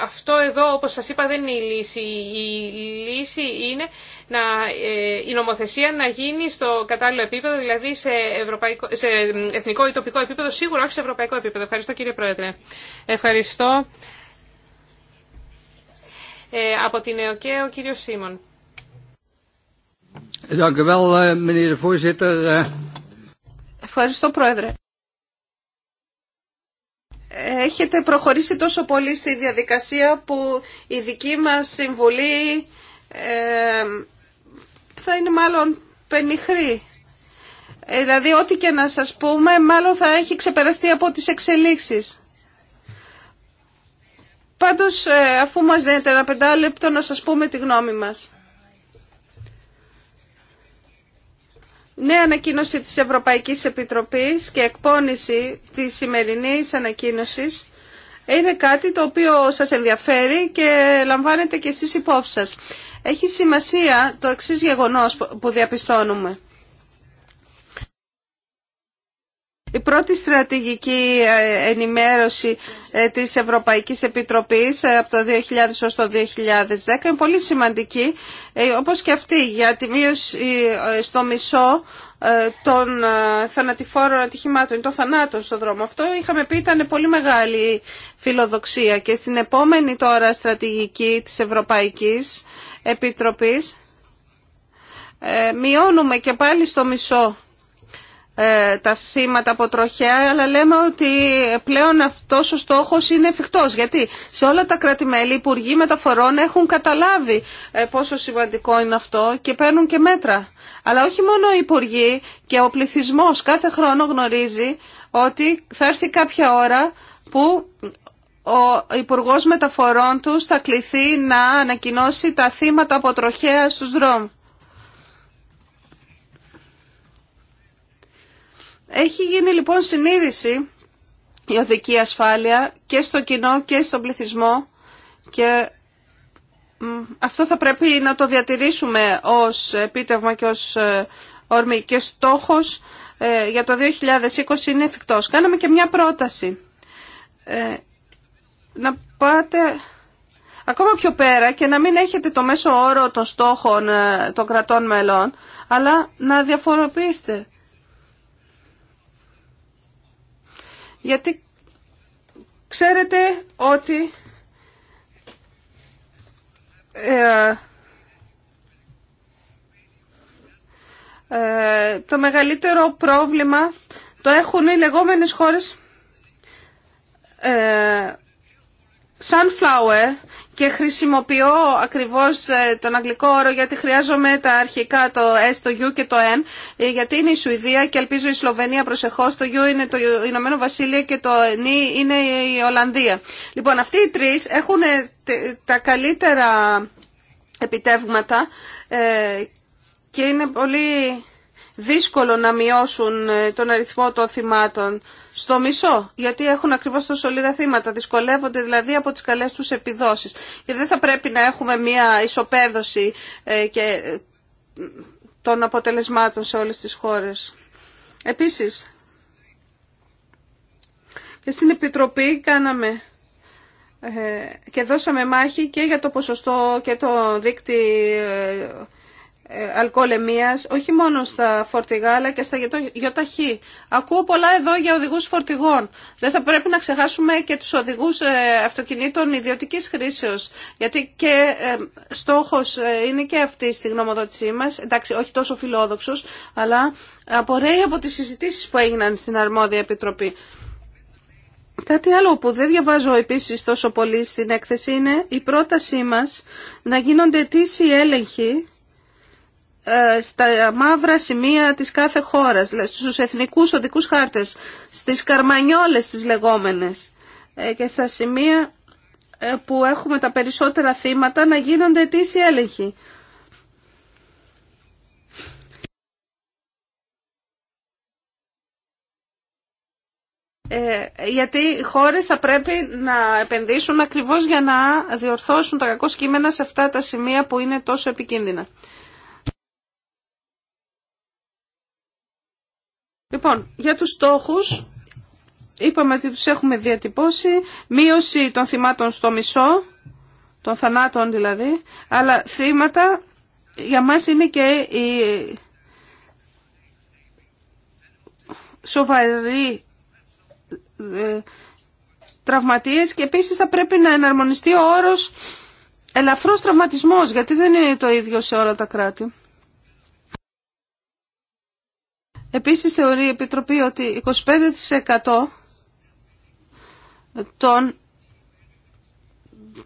αυτό εδώ, όπω σα είπα, δεν είναι η λύση. Η λύση είναι να, ε, η νομοθεσία να γίνει στο κατάλληλο επίπεδο, δηλαδή σε, ευρωπαϊκό, σε εθνικό ή τοπικό επίπεδο, σίγουρα όχι σε ευρωπαϊκό επίπεδο. Ευχαριστώ κύριε Πρόεδρε. Ευχαριστώ. Ε, από την ΕΟΚΕ, ο κύριος Σίμων. Eh, eh. Ευχαριστώ, Πρόεδρε. Έχετε προχωρήσει τόσο πολύ στη διαδικασία που η δική μας συμβουλή ε, θα είναι μάλλον πενιχρή. Ε, δηλαδή, ό,τι και να σας πούμε, μάλλον θα έχει ξεπεραστεί από τις εξελίξεις. Πάντως, ε, αφού μας δίνετε ένα πεντάλεπτο, να σας πούμε τη γνώμη μας. Νέα ανακοίνωση της Ευρωπαϊκής Επιτροπής και εκπόνηση της σημερινής ανακοίνωσης είναι κάτι το οποίο σας ενδιαφέρει και λαμβάνετε και εσείς υπόψη σας. Έχει σημασία το εξής γεγονός που διαπιστώνουμε. Η πρώτη στρατηγική ε, ενημέρωση ε, της Ευρωπαϊκής Επιτροπής ε, από το 2000 ως το 2010 είναι πολύ σημαντική, όπως και αυτή για τη μείωση στο μισό των θανατηφόρων ατυχημάτων ή των θανάτων στον δρόμο. Αυτό είχαμε πει ήταν πολύ μεγάλη φιλοδοξία και στην επόμενη τώρα στρατηγική της Ευρωπαϊκής Επιτροπής μειώνουμε και πάλι στο μισό ε, τα θύματα από τροχέα, αλλά λέμε ότι πλέον αυτός ο στόχος είναι εφικτός. Γιατί σε όλα τα κράτη-μέλη οι υπουργοί μεταφορών έχουν καταλάβει ε, πόσο σημαντικό είναι αυτό και παίρνουν και μέτρα. Αλλά όχι μόνο οι υπουργοί και ο πληθυσμός κάθε χρόνο γνωρίζει ότι θα έρθει κάποια ώρα που ο Υπουργός Μεταφορών τους θα κληθεί να ανακοινώσει τα θύματα από τροχέα στους δρόμους. Έχει γίνει λοιπόν συνείδηση η οδική ασφάλεια και στο κοινό και στον πληθυσμό και αυτό θα πρέπει να το διατηρήσουμε ως επίτευγμα και ως ε, όρμη και στόχος ε, για το 2020 είναι εφικτός. Κάναμε και μια πρόταση. Ε, να πάτε ακόμα πιο πέρα και να μην έχετε το μέσο όρο των στόχων των κρατών μελών, αλλά να διαφοροποιήσετε γιατί ξέρετε ότι ε, ε, το μεγαλύτερο πρόβλημα το έχουν οι λεγόμενες χώρες ε, sunflower και χρησιμοποιώ ακριβώς ε, τον αγγλικό όρο γιατί χρειάζομαι τα αρχικά το S, το U και το N ε, γιατί είναι η Σουηδία και ελπίζω η Σλοβενία προσεχώς, το U είναι το Ηνωμένο Βασίλειο και το N είναι η Ολλανδία. Λοιπόν αυτοί οι τρεις έχουν ε, τα καλύτερα επιτεύγματα και είναι πολύ δύσκολο να μειώσουν τον αριθμό των θυμάτων στο μισό, γιατί έχουν ακριβώ τόσο λίγα θύματα, δυσκολεύονται δηλαδή από τις καλέ τους επιδόσεις. Και δεν θα πρέπει να έχουμε μία ισοπαίδωση ε, και των αποτελεσμάτων σε όλες τις χώρες. Επίσης, και στην Επιτροπή κάναμε ε, και δώσαμε μάχη και για το ποσοστό και το δίκτυο ε, αλκοολεμίας, όχι μόνο στα φορτηγά αλλά και στα γιοταχή. Ακούω πολλά εδώ για οδηγούς φορτηγών. Δεν θα πρέπει να ξεχάσουμε και τους οδηγούς ε, αυτοκινήτων ιδιωτικής χρήσεως, γιατί και ε, στόχος ε, είναι και αυτή στη γνωμοδότησή μας, εντάξει όχι τόσο φιλόδοξος, αλλά απορρέει από τις συζητήσεις που έγιναν στην αρμόδια επιτροπή. Κάτι άλλο που δεν διαβάζω επίσης τόσο πολύ στην έκθεση είναι η πρότασή μας να γίνονται αιτήσιοι έλεγχοι ε, στα μαύρα σημεία της κάθε χώρας, στους εθνικούς οδικούς χάρτες, στις καρμανιόλες τις λεγόμενες ε, και στα σημεία ε, που έχουμε τα περισσότερα θύματα να γίνονται αιτήσιοι έλεγχοι. γιατί οι χώρες θα πρέπει να επενδύσουν ακριβώς για να διορθώσουν τα κακό σκήμενα σε αυτά τα σημεία που είναι τόσο επικίνδυνα. Λοιπόν, για τους στόχους, είπαμε ότι τους έχουμε διατυπώσει, μείωση των θυμάτων στο μισό, των θανάτων δηλαδή, αλλά θύματα για μας είναι και η σοβαρή ε, τραυματίες και επίσης θα πρέπει να εναρμονιστεί ο όρος ελαφρός τραυματισμός, γιατί δεν είναι το ίδιο σε όλα τα κράτη. Επίσης θεωρεί η Επιτροπή ότι 25% των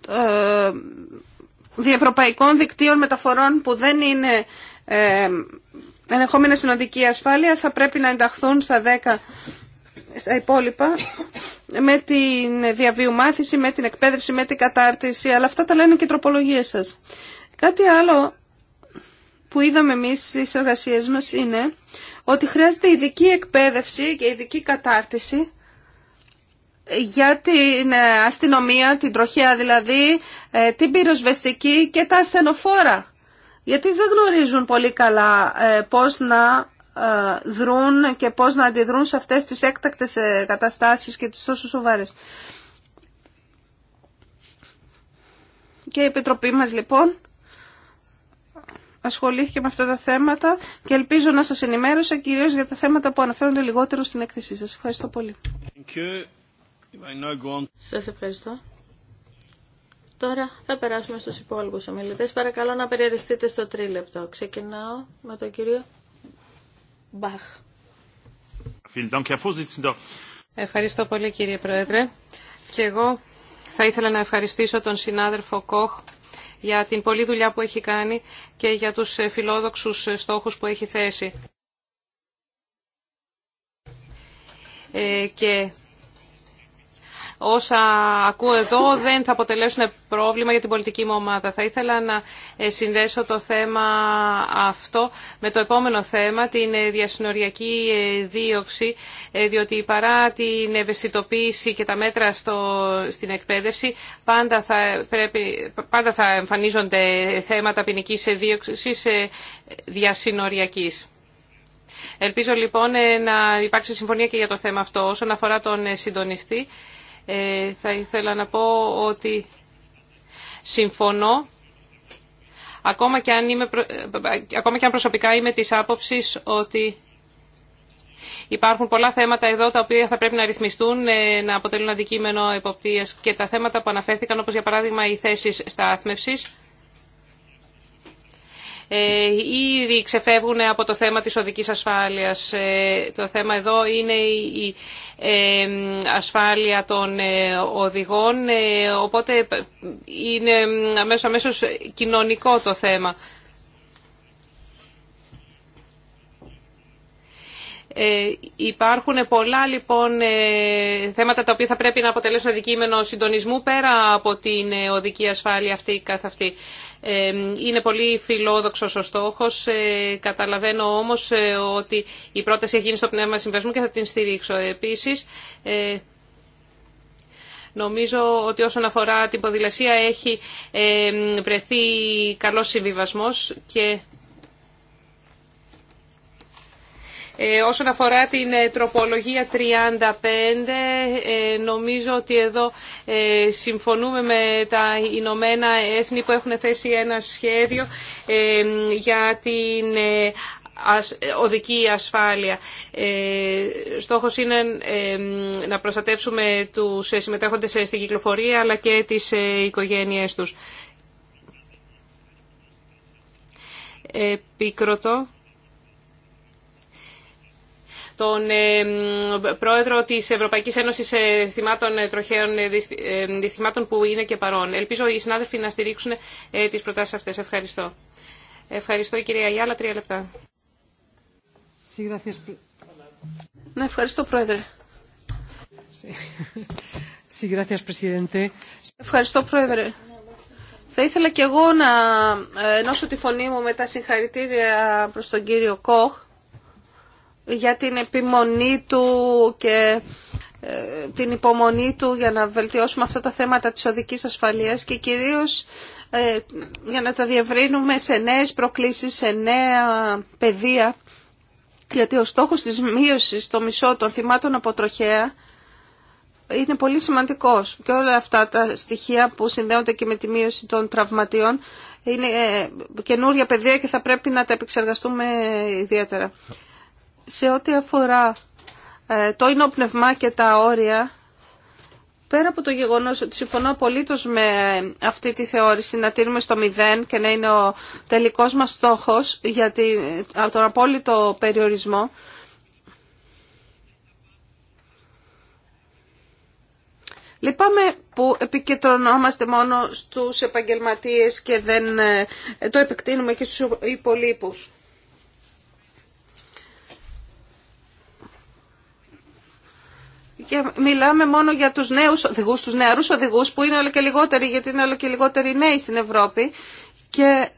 ε, διευρωπαϊκών δικτύων μεταφορών που δεν είναι ε, ενεχόμενα συνοδική ασφάλεια θα πρέπει να ενταχθούν στα 10 στα υπόλοιπα με την διαβιουμάθηση, με την εκπαίδευση, με την κατάρτιση αλλά αυτά τα λένε και οι τροπολογίες σας. Κάτι άλλο που είδαμε εμείς στις εργασίες μας είναι ότι χρειάζεται ειδική εκπαίδευση και ειδική κατάρτιση για την ε, αστυνομία, την τροχέα δηλαδή, ε, την πυροσβεστική και τα ασθενοφόρα. Γιατί δεν γνωρίζουν πολύ καλά ε, πώς να δρούν και πώς να αντιδρούν σε αυτές τις έκτακτες καταστάσεις και τις τόσο σοβαρές. Και η Επιτροπή μας λοιπόν ασχολήθηκε με αυτά τα θέματα και ελπίζω να σας ενημέρωσα κυρίως για τα θέματα που αναφέρονται λιγότερο στην έκθεσή σας. Ευχαριστώ πολύ. Σας ευχαριστώ. Τώρα θα περάσουμε στους υπόλοιπους ομιλητές. Παρακαλώ να περιοριστείτε στο τρίλεπτο. Ξεκινάω με τον κύριο Μπαχ. Ευχαριστώ πολύ κύριε Πρόεδρε. Και εγώ θα ήθελα να ευχαριστήσω τον συνάδελφο Κοχ για την πολλή δουλειά που έχει κάνει και για τους ε, φιλόδοξους ε, στόχους που έχει θέσει. Ε, και όσα ακούω εδώ δεν θα αποτελέσουν πρόβλημα για την πολιτική μου ομάδα. Θα ήθελα να ε, συνδέσω το θέμα αυτό με το επόμενο θέμα, την ε, διασυνοριακή ε, δίωξη, διότι παρά την ευαισθητοποίηση και τα μέτρα στο, στην εκπαίδευση, πάντα θα, πάντα θα εμφανίζονται θέματα ποινική δίωξη διασυνοριακής. Ελπίζω λοιπόν να υπάρξει συμφωνία και για το θέμα αυτό όσον αφορά τον συντονιστή. Ε, θα ήθελα να πω ότι συμφωνώ ακόμα και αν, είμαι, ακόμα και αν προσωπικά είμαι της άποψης ότι Υπάρχουν πολλά θέματα εδώ τα οποία θα πρέπει να ρυθμιστούν, ε, να αποτελούν αντικείμενο εποπτείας και τα θέματα που αναφέρθηκαν όπως για παράδειγμα οι θέσεις στάθμευσης ε, ήδη ξεφεύγουν από το θέμα της οδικής ασφάλειας. Ε, το θέμα εδώ είναι η ε, ασφάλεια των οδηγών, οπότε είναι αμέσως, αμέσως κοινωνικό το θέμα. Ε, υπάρχουν πολλά λοιπόν ε, θέματα τα οποία θα πρέπει να αποτελέσουν αντικείμενο συντονισμού πέρα από την ε, οδική ασφάλεια αυτή καθ' αυτή. Είναι πολύ φιλόδοξος ο στόχος, καταλαβαίνω όμως ότι η πρόταση έχει γίνει στο πνεύμα συμβασμού και θα την στηρίξω. Επίσης, νομίζω ότι όσον αφορά την ποδηλασία έχει βρεθεί καλός συμβιβασμός και Ε, όσον αφορά την ε, τροπολογία 35, ε, νομίζω ότι εδώ συμφωνούμε με τα Ηνωμένα Έθνη που έχουν θέσει ένα σχέδιο για την οδική ασφάλεια. Στόχος είναι να προστατεύσουμε τους συμμετέχοντες στην κυκλοφορία αλλά και τις οικογένειές τους τον ε, πρόεδρο της Ευρωπαϊκής Ένωσης ε, Θυμάτων ε, Τροχαίων Δυστυχημάτων που είναι και παρόν. Ελπίζω οι συνάδελφοι να στηρίξουν τι προτάσει αυτέ. Ευχαριστώ. Ευχαριστώ κυρία Γιάλα. Τρία λεπτά. Ναι, ευχαριστώ πρόεδρε. Ευχαριστώ πρόεδρε. Θα ήθελα και εγώ να ενώσω τη φωνή μου με τα συγχαρητήρια προς τον κύριο Κοχ για την επιμονή του και ε, την υπομονή του για να βελτιώσουμε αυτά τα θέματα της οδικής ασφαλείας και κυρίως ε, για να τα διευρύνουμε σε νέες προκλήσεις, σε νέα πεδία, γιατί ο στόχος της μείωσης των μισό των θυμάτων από τροχέα είναι πολύ σημαντικός και όλα αυτά τα στοιχεία που συνδέονται και με τη μείωση των τραυματιών είναι ε, καινούρια πεδία και θα πρέπει να τα επεξεργαστούμε ιδιαίτερα σε ό,τι αφορά ε, το πνευμά και τα όρια, πέρα από το γεγονός ότι συμφωνώ απολύτως με αυτή τη θεώρηση να τίνουμε στο μηδέν και να είναι ο τελικός μας στόχος για τον απόλυτο περιορισμό, Λυπάμαι που επικεντρωνόμαστε μόνο στους επαγγελματίες και δεν ε, το επεκτείνουμε και στους υπολείπους. Και μιλάμε μόνο για τους νέους οδηγούς, τους νεαρούς οδηγούς που είναι όλο και λιγότεροι γιατί είναι όλο και λιγότεροι νέοι στην Ευρώπη και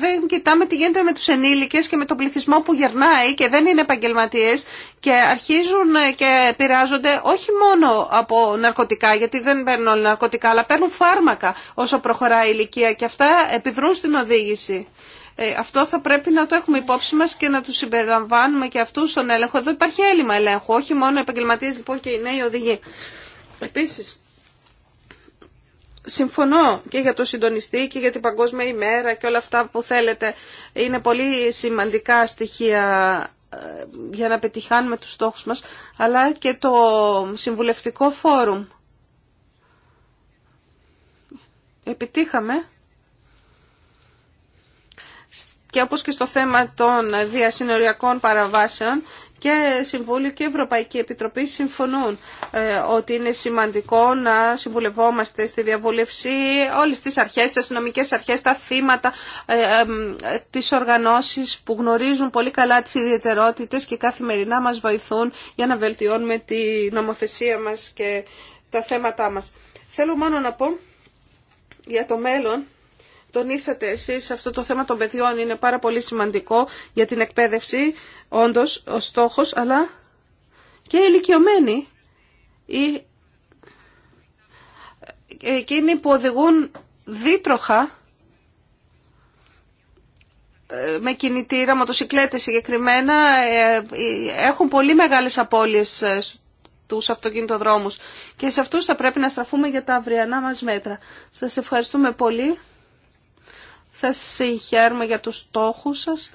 δεν κοιτάμε τι γίνεται με τους ενήλικες και με τον πληθυσμό που γερνάει και δεν είναι επαγγελματίε και αρχίζουν και πειράζονται όχι μόνο από ναρκωτικά, γιατί δεν παίρνουν όλοι ναρκωτικά, αλλά παίρνουν φάρμακα όσο προχωράει η ηλικία και αυτά επιδρούν στην οδήγηση. Ε, αυτό θα πρέπει να το έχουμε υπόψη μας και να τους συμπεριλαμβάνουμε και αυτούς στον έλεγχο. Εδώ υπάρχει έλλειμμα ελέγχου, όχι μόνο επαγγελματίες λοιπόν και οι νέοι οδηγοί. Επίσης, συμφωνώ και για το συντονιστή και για την παγκόσμια ημέρα και όλα αυτά που θέλετε. Είναι πολύ σημαντικά στοιχεία ε, για να πετυχάνουμε τους στόχους μας, αλλά και το συμβουλευτικό φόρουμ. Επιτύχαμε και όπως και στο θέμα των διασυνοριακών παραβάσεων και Συμβούλιο και Ευρωπαϊκή Επιτροπή συμφωνούν ε, ότι είναι σημαντικό να συμβουλευόμαστε στη διαβούλευση όλες τις αρχές, τις αστυνομικέ αρχές, τα θύματα, ε, ε, ε που γνωρίζουν πολύ καλά τις ιδιαιτερότητες και καθημερινά μας βοηθούν για να βελτιώνουμε τη νομοθεσία μας και τα θέματά μας. Θέλω μόνο να πω για το μέλλον τονίσατε εσείς αυτό το θέμα των παιδιών είναι πάρα πολύ σημαντικό για την εκπαίδευση, όντως ο στόχος, αλλά και ηλικιωμένοι ή εκείνοι που οδηγούν δίτροχα ε, με κινητήρα, μοτοσυκλέτες συγκεκριμένα, ε, ε, έχουν πολύ μεγάλες απώλειες τους αυτοκινητοδρόμους. Και σε αυτούς θα πρέπει να στραφούμε για τα αυριανά μας μέτρα. Σας ευχαριστούμε πολύ. Σα συγχαίρουμε για τους στόχους σας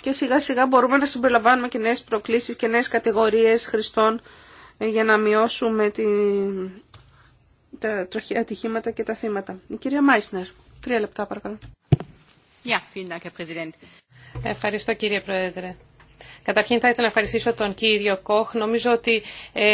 και σιγά σιγά μπορούμε να συμπεριλαμβάνουμε και νέες προκλήσεις και νέες κατηγορίες χρηστών για να μειώσουμε τη... τα ατυχήματα και τα θύματα. Η κυρία Μάισνερ, τρία λεπτά παρακαλώ. Ευχαριστώ κύριε Πρόεδρε. Καταρχήν θα ήθελα να ευχαριστήσω τον κύριο Κόχ. Νομίζω ότι ε,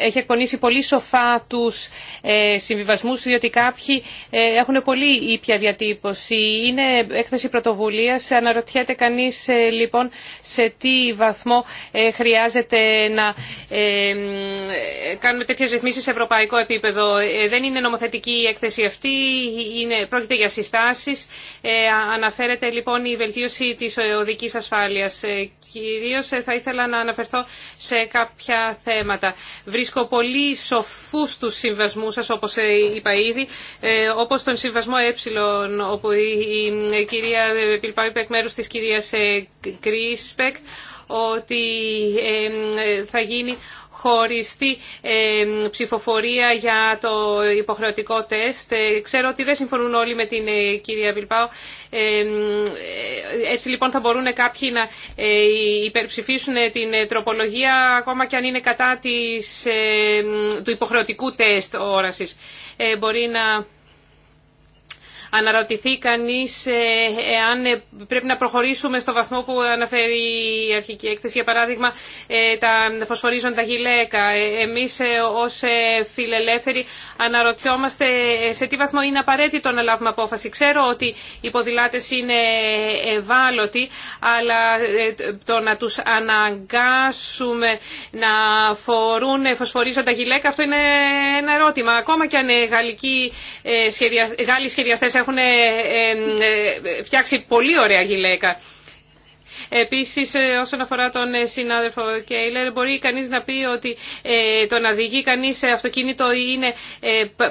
έχει εκπονήσει πολύ σοφά τους ε, συμβιβασμούς, διότι κάποιοι ε, έχουν πολύ ήπια διατύπωση. Είναι έκθεση πρωτοβουλίας. Αναρωτιέται κανείς ε, λοιπόν σε τι βαθμό ε, χρειάζεται να κάνουμε τέτοιες ρυθμίσεις σε ευρωπαϊκό επίπεδο. Δεν είναι νομοθετική η έκθεση αυτή, είναι, πρόκειται για συστάσεις. Αναφέρεται λοιπόν η βελτίωση της οδικής ασφάλειας. Κυρίως ε, θα ήθελα να αναφερθώ σε κάποια θέματα. Βρίσκω πολύ σοφούς του συμβασμούς σας, όπως ε, είπα ήδη, ε, όπως τον συμβασμό ε, όπου η κυρία Πιλπάου είπε εκ μέρους της κυρίας Κρίσπεκ, ότι θα γίνει χωριστή ψηφοφορία για το υποχρεωτικό τεστ. Ε, ξέρω ότι δεν συμφωνούν όλοι με την ε, κυρία Βιλπάου. Ε, έτσι λοιπόν θα μπορούν κάποιοι να υπερψηφίσουν την τροπολογία ακόμα και αν είναι κατά της, του υποχρεωτικού τεστ όρασης. Μπορεί να αναρωτηθεί κανείς ε, εάν ε, πρέπει να προχωρήσουμε στο βαθμό που αναφέρει η αρχική έκθεση, για παράδειγμα ε, τα φωσφορίζοντα γυλαίκα. Εμείς ως φιλελεύθεροι αναρωτιόμαστε σε τι βαθμό είναι απαραίτητο να λάβουμε απόφαση. Ξέρω ότι οι ποδηλάτες είναι ευάλωτοι, αλλά το να τους αναγκάσουμε να φορούν φωσφορίζοντα γυλαίκα, αυτό είναι ένα ερώτημα. Ακόμα και αν γαλλικοί σχεδιαστές έχουν ε, φτιάξει πολύ ωραία γυλαίκα. Επίσης, ε, όσον αφορά τον ε, συνάδελφο Κέιλερ, μπορεί κανείς να πει ότι το να διηγεί κανείς αυτοκίνητο είναι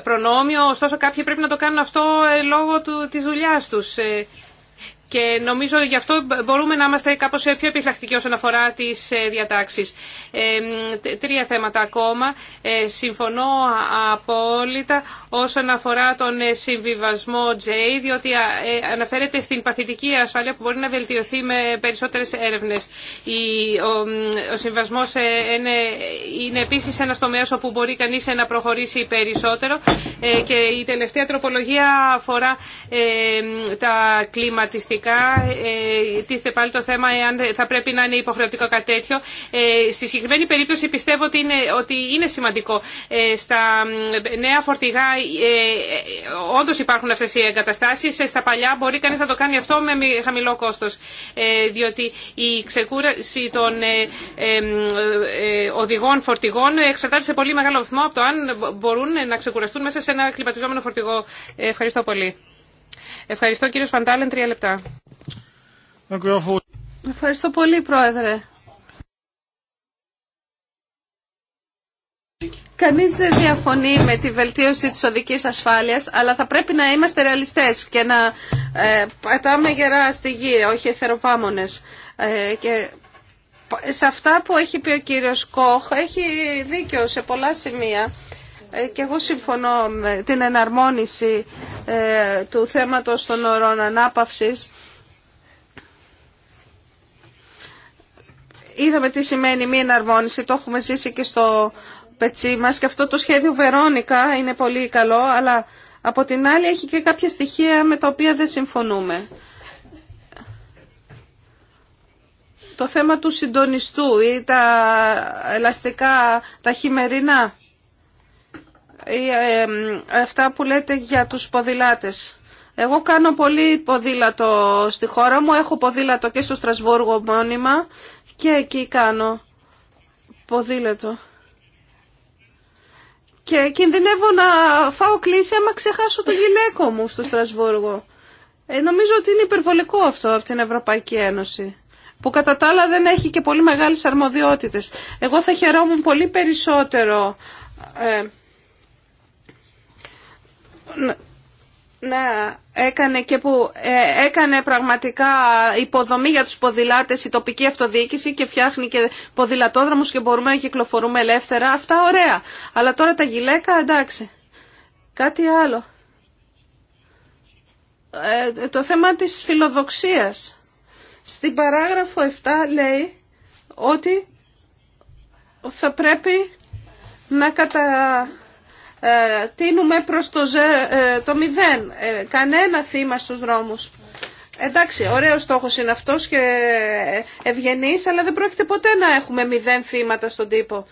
προνόμιο, ωστόσο κάποιοι πρέπει να το κάνουν αυτό λόγω του, της δουλειάς τους και νομίζω γι' αυτό μπορούμε να είμαστε κάπως πιο επιφυλακτικοί όσον αφορά τις ε, διατάξεις. Ε, τρία θέματα ακόμα. Ε, συμφωνώ απόλυτα όσον αφορά τον συμβιβασμό J, διότι αναφέρεται στην παθητική ασφάλεια που μπορεί να βελτιωθεί με περισσότερες έρευνες. Ο συμβιβασμός είναι επίσης ένας τομέας όπου μπορεί κανείς να προχωρήσει περισσότερο και η τελευταία τροπολογία αφορά τα κλιματιστικά ουσιαστικά ε, τίθεται πάλι το θέμα εάν θα πρέπει να είναι υποχρεωτικό κάτι τέτοιο. Ε, στη συγκεκριμένη περίπτωση πιστεύω ότι είναι, σημαντικό. Ε, στα νέα φορτηγά ε, ε όντω υπάρχουν αυτέ οι εγκαταστάσει. στα παλιά μπορεί κανεί να το κάνει αυτό με χαμηλό κόστο. διότι η ξεκούραση των οδηγών φορτηγών εξαρτάται σε πολύ μεγάλο βαθμό από το αν μπορούν να ξεκουραστούν μέσα σε ένα κλιματιζόμενο φορτηγό. ευχαριστώ πολύ. Ευχαριστώ κύριο Φαντάλεν, τρία λεπτά. Ευχαριστώ πολύ πρόεδρε. Κανείς δεν διαφωνεί με τη βελτίωση της οδικής ασφάλειας, αλλά θα πρέπει να είμαστε ρεαλιστές και να ε, πατάμε γερά στη γη, όχι εθεροπάμονες. Ε, και σε αυτά που έχει πει ο κύριος Κόχ, έχει δίκιο σε πολλά σημεία. Ε, και εγώ συμφωνώ με την εναρμόνιση ε, του θέματος των ορών ανάπαυσης. Είδαμε τι σημαίνει μη εναρμόνιση, το έχουμε ζήσει και στο πετσί μας και αυτό το σχέδιο Βερόνικα είναι πολύ καλό, αλλά από την άλλη έχει και κάποια στοιχεία με τα οποία δεν συμφωνούμε. Το θέμα του συντονιστού ή τα ελαστικά, τα χειμερινά. Ε, αυτά που λέτε για τους ποδηλάτες. Εγώ κάνω πολύ ποδήλατο στη χώρα μου, έχω ποδήλατο και στο Στρασβούργο μόνιμα και εκεί κάνω ποδήλατο. Και κινδυνεύω να φάω κλίση άμα ξεχάσω το γυναίκο μου στο Στρασβούργο. Ε, νομίζω ότι είναι υπερβολικό αυτό από την Ευρωπαϊκή Ένωση που κατά τα άλλα δεν έχει και πολύ μεγάλες αρμοδιότητες. Εγώ θα χαιρόμουν πολύ περισσότερο ε, να έκανε και που ε, έκανε πραγματικά υποδομή για τους ποδηλάτες η τοπική αυτοδιοίκηση και φτιάχνει και ποδηλατόδρομους και μπορούμε να κυκλοφορούμε ελεύθερα. Αυτά ωραία. Αλλά τώρα τα γυλαίκα εντάξει. Κάτι άλλο. Ε, το θέμα της φιλοδοξίας. Στην παράγραφο 7 λέει ότι θα πρέπει να κατα ε, τίνουμε προς το, ε, το μηδέν. Ε, κανένα θύμα στους δρόμους. Εντάξει, ωραίος στόχος είναι αυτός και ευγενής, αλλά δεν πρόκειται ποτέ να έχουμε μηδέν θύματα στον τύπο,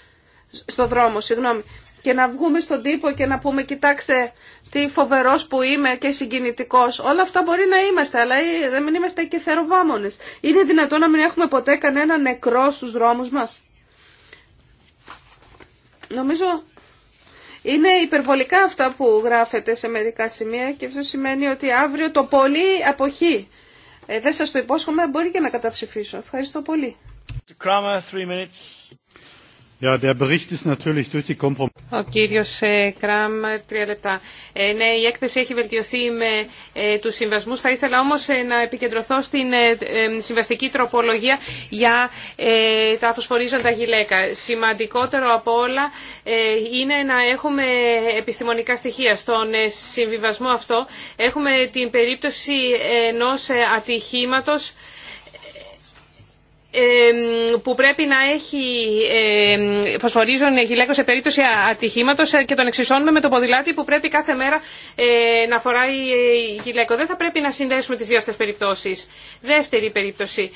στον δρόμο, συγγνώμη. Και να βγούμε στον τύπο και να πούμε, κοιτάξτε τι φοβερός που είμαι και συγκινητικός. Όλα αυτά μπορεί να είμαστε, αλλά δεν είμαστε και θεροβάμονες. Είναι δυνατόν να μην έχουμε ποτέ κανένα νεκρό στους δρόμους μας. Νομίζω είναι υπερβολικά αυτά που γράφεται σε μερικά σημεία και αυτό σημαίνει ότι αύριο το πολύ αποχή. Ε, δεν σας το υπόσχομαι, μπορεί και να καταψηφίσω. Ευχαριστώ πολύ. Ο κύριο ε, Κράμερ, τρία λεπτά. Ε, ναι, η έκθεση έχει βελτιωθεί με ε, τους συμβασμούς. Θα ήθελα όμως να επικεντρωθώ στην συμβαστική τροπολογία για τα φωσφορίζοντα γυλαίκα. Σημαντικότερο από όλα είναι να έχουμε επιστημονικά στοιχεία. Στον συμβιβασμό αυτό έχουμε την περίπτωση ενός ατυχήματο που πρέπει να έχει φωσφορίζον γυλαίκο σε περίπτωση ατυχήματος ε, και τον εξισώνουμε με το ποδηλάτι που πρέπει κάθε μέρα ε, να φοράει ε, γυλαίκο. Δεν θα πρέπει να συνδέσουμε τις δύο αυτές περιπτώσεις. Δεύτερη περίπτωση.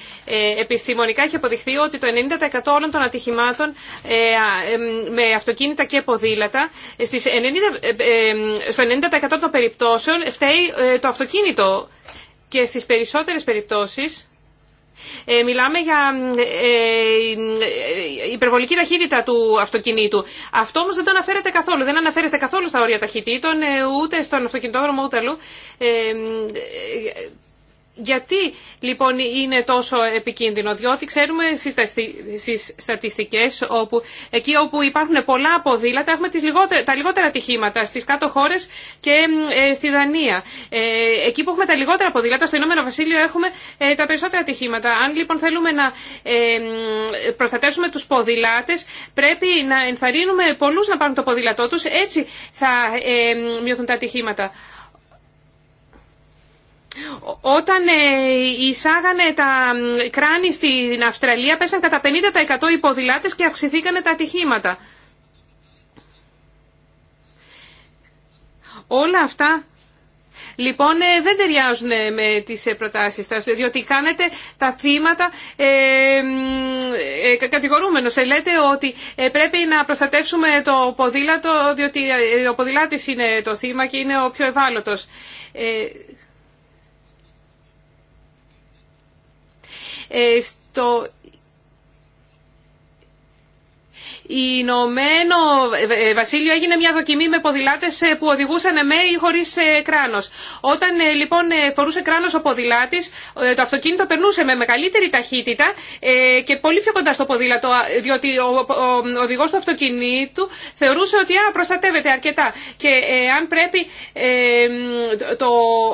Επιστημονικά έχει αποδειχθεί ότι το 90% όλων των ατυχημάτων με αυτοκίνητα και ποδήλατα στις 90, στο 90% των περιπτώσεων φταίει το αυτοκίνητο. Και στις περισσότερες περιπτώσεις ε, μιλάμε για ε, ε, υπερβολική ταχύτητα του αυτοκινήτου. Αυτό όμω δεν το αναφέρεται καθόλου. Δεν αναφέρεστε καθόλου στα όρια ταχυτήτων, ούτε στον αυτοκινητόδρομο, ούτε αλλού. Γιατί λοιπόν είναι τόσο επικίνδυνο, διότι ξέρουμε στις στατιστικές όπου εκεί όπου υπάρχουν πολλά ποδήλατα έχουμε τις τα λιγότερα ατυχήματα στις κάτω χώρες και ε, στη Δανία. Ε, εκεί που έχουμε τα λιγότερα ποδήλατα, στο Ηνωμένο Βασίλειο έχουμε ε, τα περισσότερα ατυχήματα. Αν λοιπόν θέλουμε να ε, προστατεύσουμε τους ποδηλάτες πρέπει να ενθαρρύνουμε πολλούς να πάρουν το ποδήλατό τους, έτσι θα μειωθούν τα ατυχήματα. Όταν ε, εισάγανε τα κράνη στην Αυστραλία πέσαν κατά 50% οι ποδηλάτες και αυξηθήκανε τα ατυχήματα. Όλα αυτά λοιπόν ε, δεν ταιριάζουν ε, με τις προτάσεις σας, διότι κάνετε τα θύματα ε, κατηγορούμενος. λέτε ότι πρέπει να προστατεύσουμε το ποδήλατο, διότι ο ποδηλάτης είναι το θύμα και είναι ο πιο ευάλωτος. Ε, στο Η Ηνωμένο ε, ε, Βασίλειο έγινε μια δοκιμή με ποδηλάτε ε, που οδηγούσαν με ή χωρί κράνο. Όταν λοιπόν φορούσε κράνο ο ποδηλάτη, το αυτοκίνητο περνούσε με μεγαλύτερη ταχύτητα και πολύ πιο κοντά στο ποδήλατο, διότι ο οδηγό του αυτοκινήτου θεωρούσε ότι α, προστατεύεται αρκετά. Και αν πρέπει το,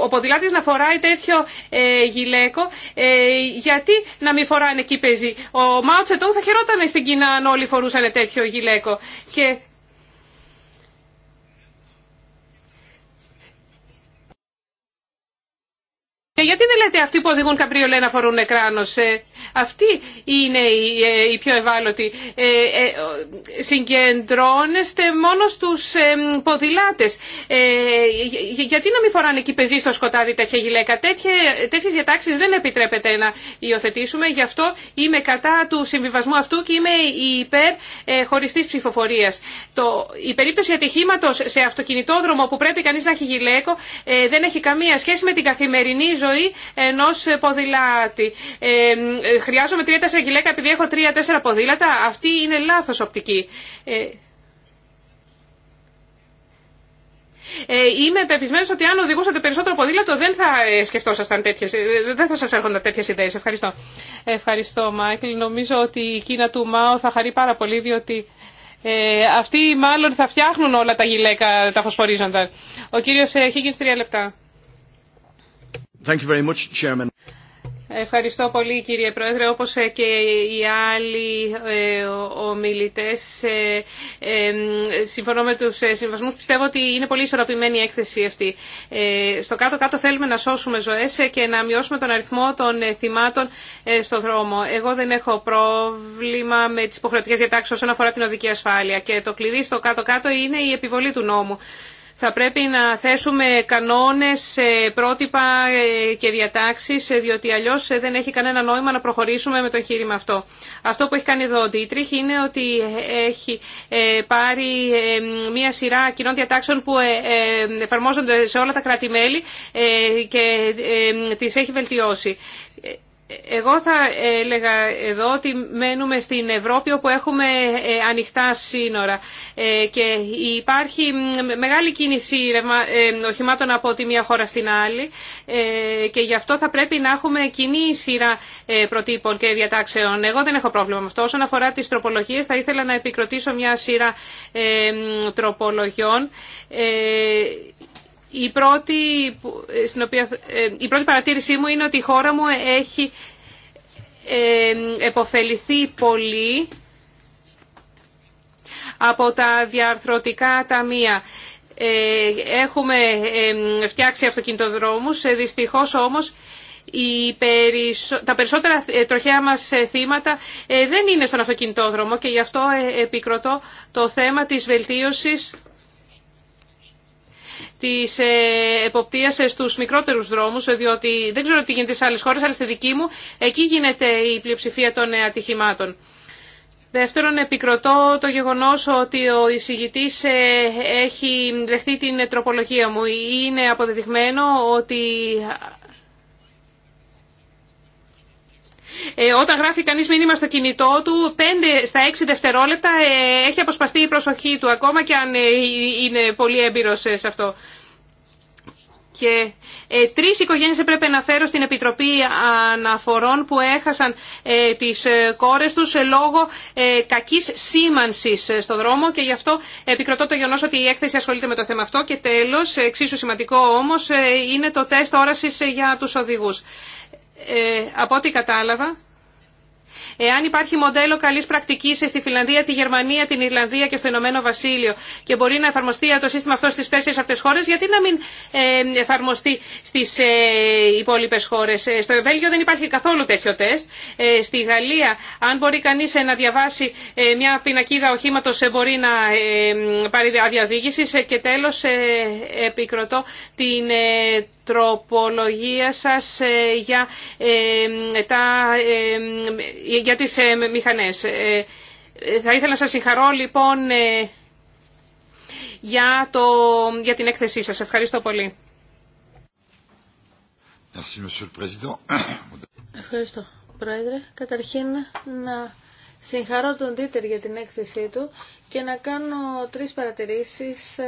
ο ποδηλάτη να φοράει τέτοιο γυλαίκο, γιατί να μην φοράνε κήπεζοι. Ο θα χαιρόταν στην Κίνα αν όλοι φορούσαν τέτοιο τέτοιο γυλαίκο. Και Ε, γιατί δεν λέτε αυτοί που οδηγούν καμπρίολε να φορούν Ε, αυτοί είναι ε, οι, πιο ευάλωτοι. Ε, ε, συγκεντρώνεστε μόνο στους ε, ποδηλάτες. Ε, γιατί να μην φοράνε εκεί πεζί στο σκοτάδι τέτοια γυλαίκα. Τέτοιες διατάξεις δεν επιτρέπεται να υιοθετήσουμε. Γι' αυτό είμαι κατά του συμβιβασμού αυτού και είμαι υπέρ ε, χωριστής ψηφοφορίας. η περίπτωση ατυχήματος σε αυτοκινητόδρομο που πρέπει κανείς να έχει γυλαίκο δεν έχει καμία σχέση με την καθημερινή ζωή ζωή ενός ποδηλάτη. Ε, ε χρειάζομαι τρία-τέσσερα γυλαίκα επειδή έχω τρία-τέσσερα ποδήλατα. Αυτή είναι λάθος οπτική. Ε, ε είμαι πεπισμένο ότι αν οδηγούσατε περισσότερο ποδήλατο δεν θα ε, σκεφτόσασταν τέτοιε. Δεν θα σα έρχονταν τέτοιε ιδέε. Ευχαριστώ. Ευχαριστώ, Μάικλ. Νομίζω ότι η Κίνα του ΜΑΟ θα χαρεί πάρα πολύ, διότι ε, αυτοί μάλλον θα φτιάχνουν όλα τα γυλαίκα, τα φωσφορίζοντα. Ο κύριο Χίγκιν, τρία λεπτά. Ευχαριστώ πολύ κύριε Πρόεδρε. Όπως ε, και οι άλλοι ε, ομιλητές, ε, συμφωνώ με τους συμβασμούς. Πιστεύω ότι είναι πολύ ισορροπημένη η έκθεση αυτή. Στο κάτω-κάτω θέλουμε να σώσουμε ζωές και να μειώσουμε τον αριθμό των θυμάτων στο δρόμο. Εγώ δεν έχω πρόβλημα με τις υποχρεωτικές διατάξεις όσον αφορά την οδική ασφάλεια και το κλειδί στο κάτω-κάτω είναι η επιβολή του νόμου. Θα πρέπει να θέσουμε κανόνες, ε, πρότυπα ε, και διατάξεις, ε, διότι αλλιώς δεν έχει κανένα νόημα να προχωρήσουμε με το εγχείρημα αυτό. Αυτό που έχει κάνει εδώ ο είναι ότι έχει πάρει μια σειρά κοινών διατάξεων που εφαρμόζονται σε όλα τα κράτη-μέλη και τις έχει βελτιώσει. Εγώ θα έλεγα εδώ ότι μένουμε στην Ευρώπη όπου έχουμε ε, ανοιχτά σύνορα ε, και υπάρχει μεγάλη κίνηση ε, οχημάτων από τη μία χώρα στην άλλη και γι' αυτό θα πρέπει να έχουμε κοινή σειρά προτύπων και διατάξεων. Εγώ δεν έχω πρόβλημα με αυτό. Όσον αφορά τις τροπολογίες θα ήθελα να επικροτήσω μια σειρά τροπολογιών η πρώτη, ε, στην οποία, ε, η πρώτη παρατήρησή μου είναι ότι η χώρα μου έχει ε, εποφεληθεί πολύ από τα διαρθρωτικά ταμεία. Έχουμε φτιάξει αυτοκινητοδρόμους, δυστυχώς όμως τα περισσότερα τροχιά μας θύματα δεν είναι στον αυτοκινητόδρομο και γι' αυτό επικροτώ το θέμα της βελτίωσης της ε, εποπτείας ε, στους μικρότερους δρόμους, ε, διότι δεν ξέρω τι γίνεται σε άλλες χώρες, αλλά στη δική μου εκεί γίνεται η πλειοψηφία των ατυχημάτων. Δεύτερον, επικροτώ το γεγονός ότι ο εισηγητής έχει δεχτεί την τροπολογία μου. Είναι αποδεδειγμένο ότι Ε, όταν γράφει κανεί μήνυμα στο κινητό του, 5 στα 6 δευτερόλεπτα ε, έχει αποσπαστεί η προσοχή του, ακόμα και αν ε, είναι πολύ έμπειρος σε αυτό. Και ε, τρεις έπρεπε να φέρω στην Επιτροπή Αναφορών που έχασαν ε, τις ε, κόρες τους λόγω κακής σήμανσης στον δρόμο και γι' αυτό επικροτώ το γεγονό ότι η έκθεση ασχολείται με το θέμα αυτό και τέλο, εξίσου σημαντικό όμως, είναι το τεστ όρασης για του οδηγού. Ε, από ό,τι κατάλαβα, Εάν υπάρχει μοντέλο καλή πρακτική στη Φιλανδία, τη Γερμανία, την Ιρλανδία και στο Ηνωμένο Βασίλειο και μπορεί να εφαρμοστεί το σύστημα αυτό στι τέσσερι αυτέ χώρε, γιατί να μην ε, εφαρμοστεί στι ε, υπόλοιπε χώρε. Στο Βέλγιο δεν υπάρχει καθόλου τέτοιο τεστ. Στη Γαλλία, αν μπορεί κανεί να διαβάσει μια πινακίδα οχήματο, μπορεί να πάρει αδιαδίγηση. Και τέλο, επικροτώ την τροπολογία σας ε, για, ε, τα, ε, για τις μηχανές. Θα ήθελα να σας συγχαρώ λοιπόν για, το, για την έκθεσή σας. Ευχαριστώ πολύ. Ευχαριστώ, Πρόεδρε. Καταρχήν να συγχαρώ τον Τίτερ για την έκθεσή του και να κάνω τρεις παρατηρήσεις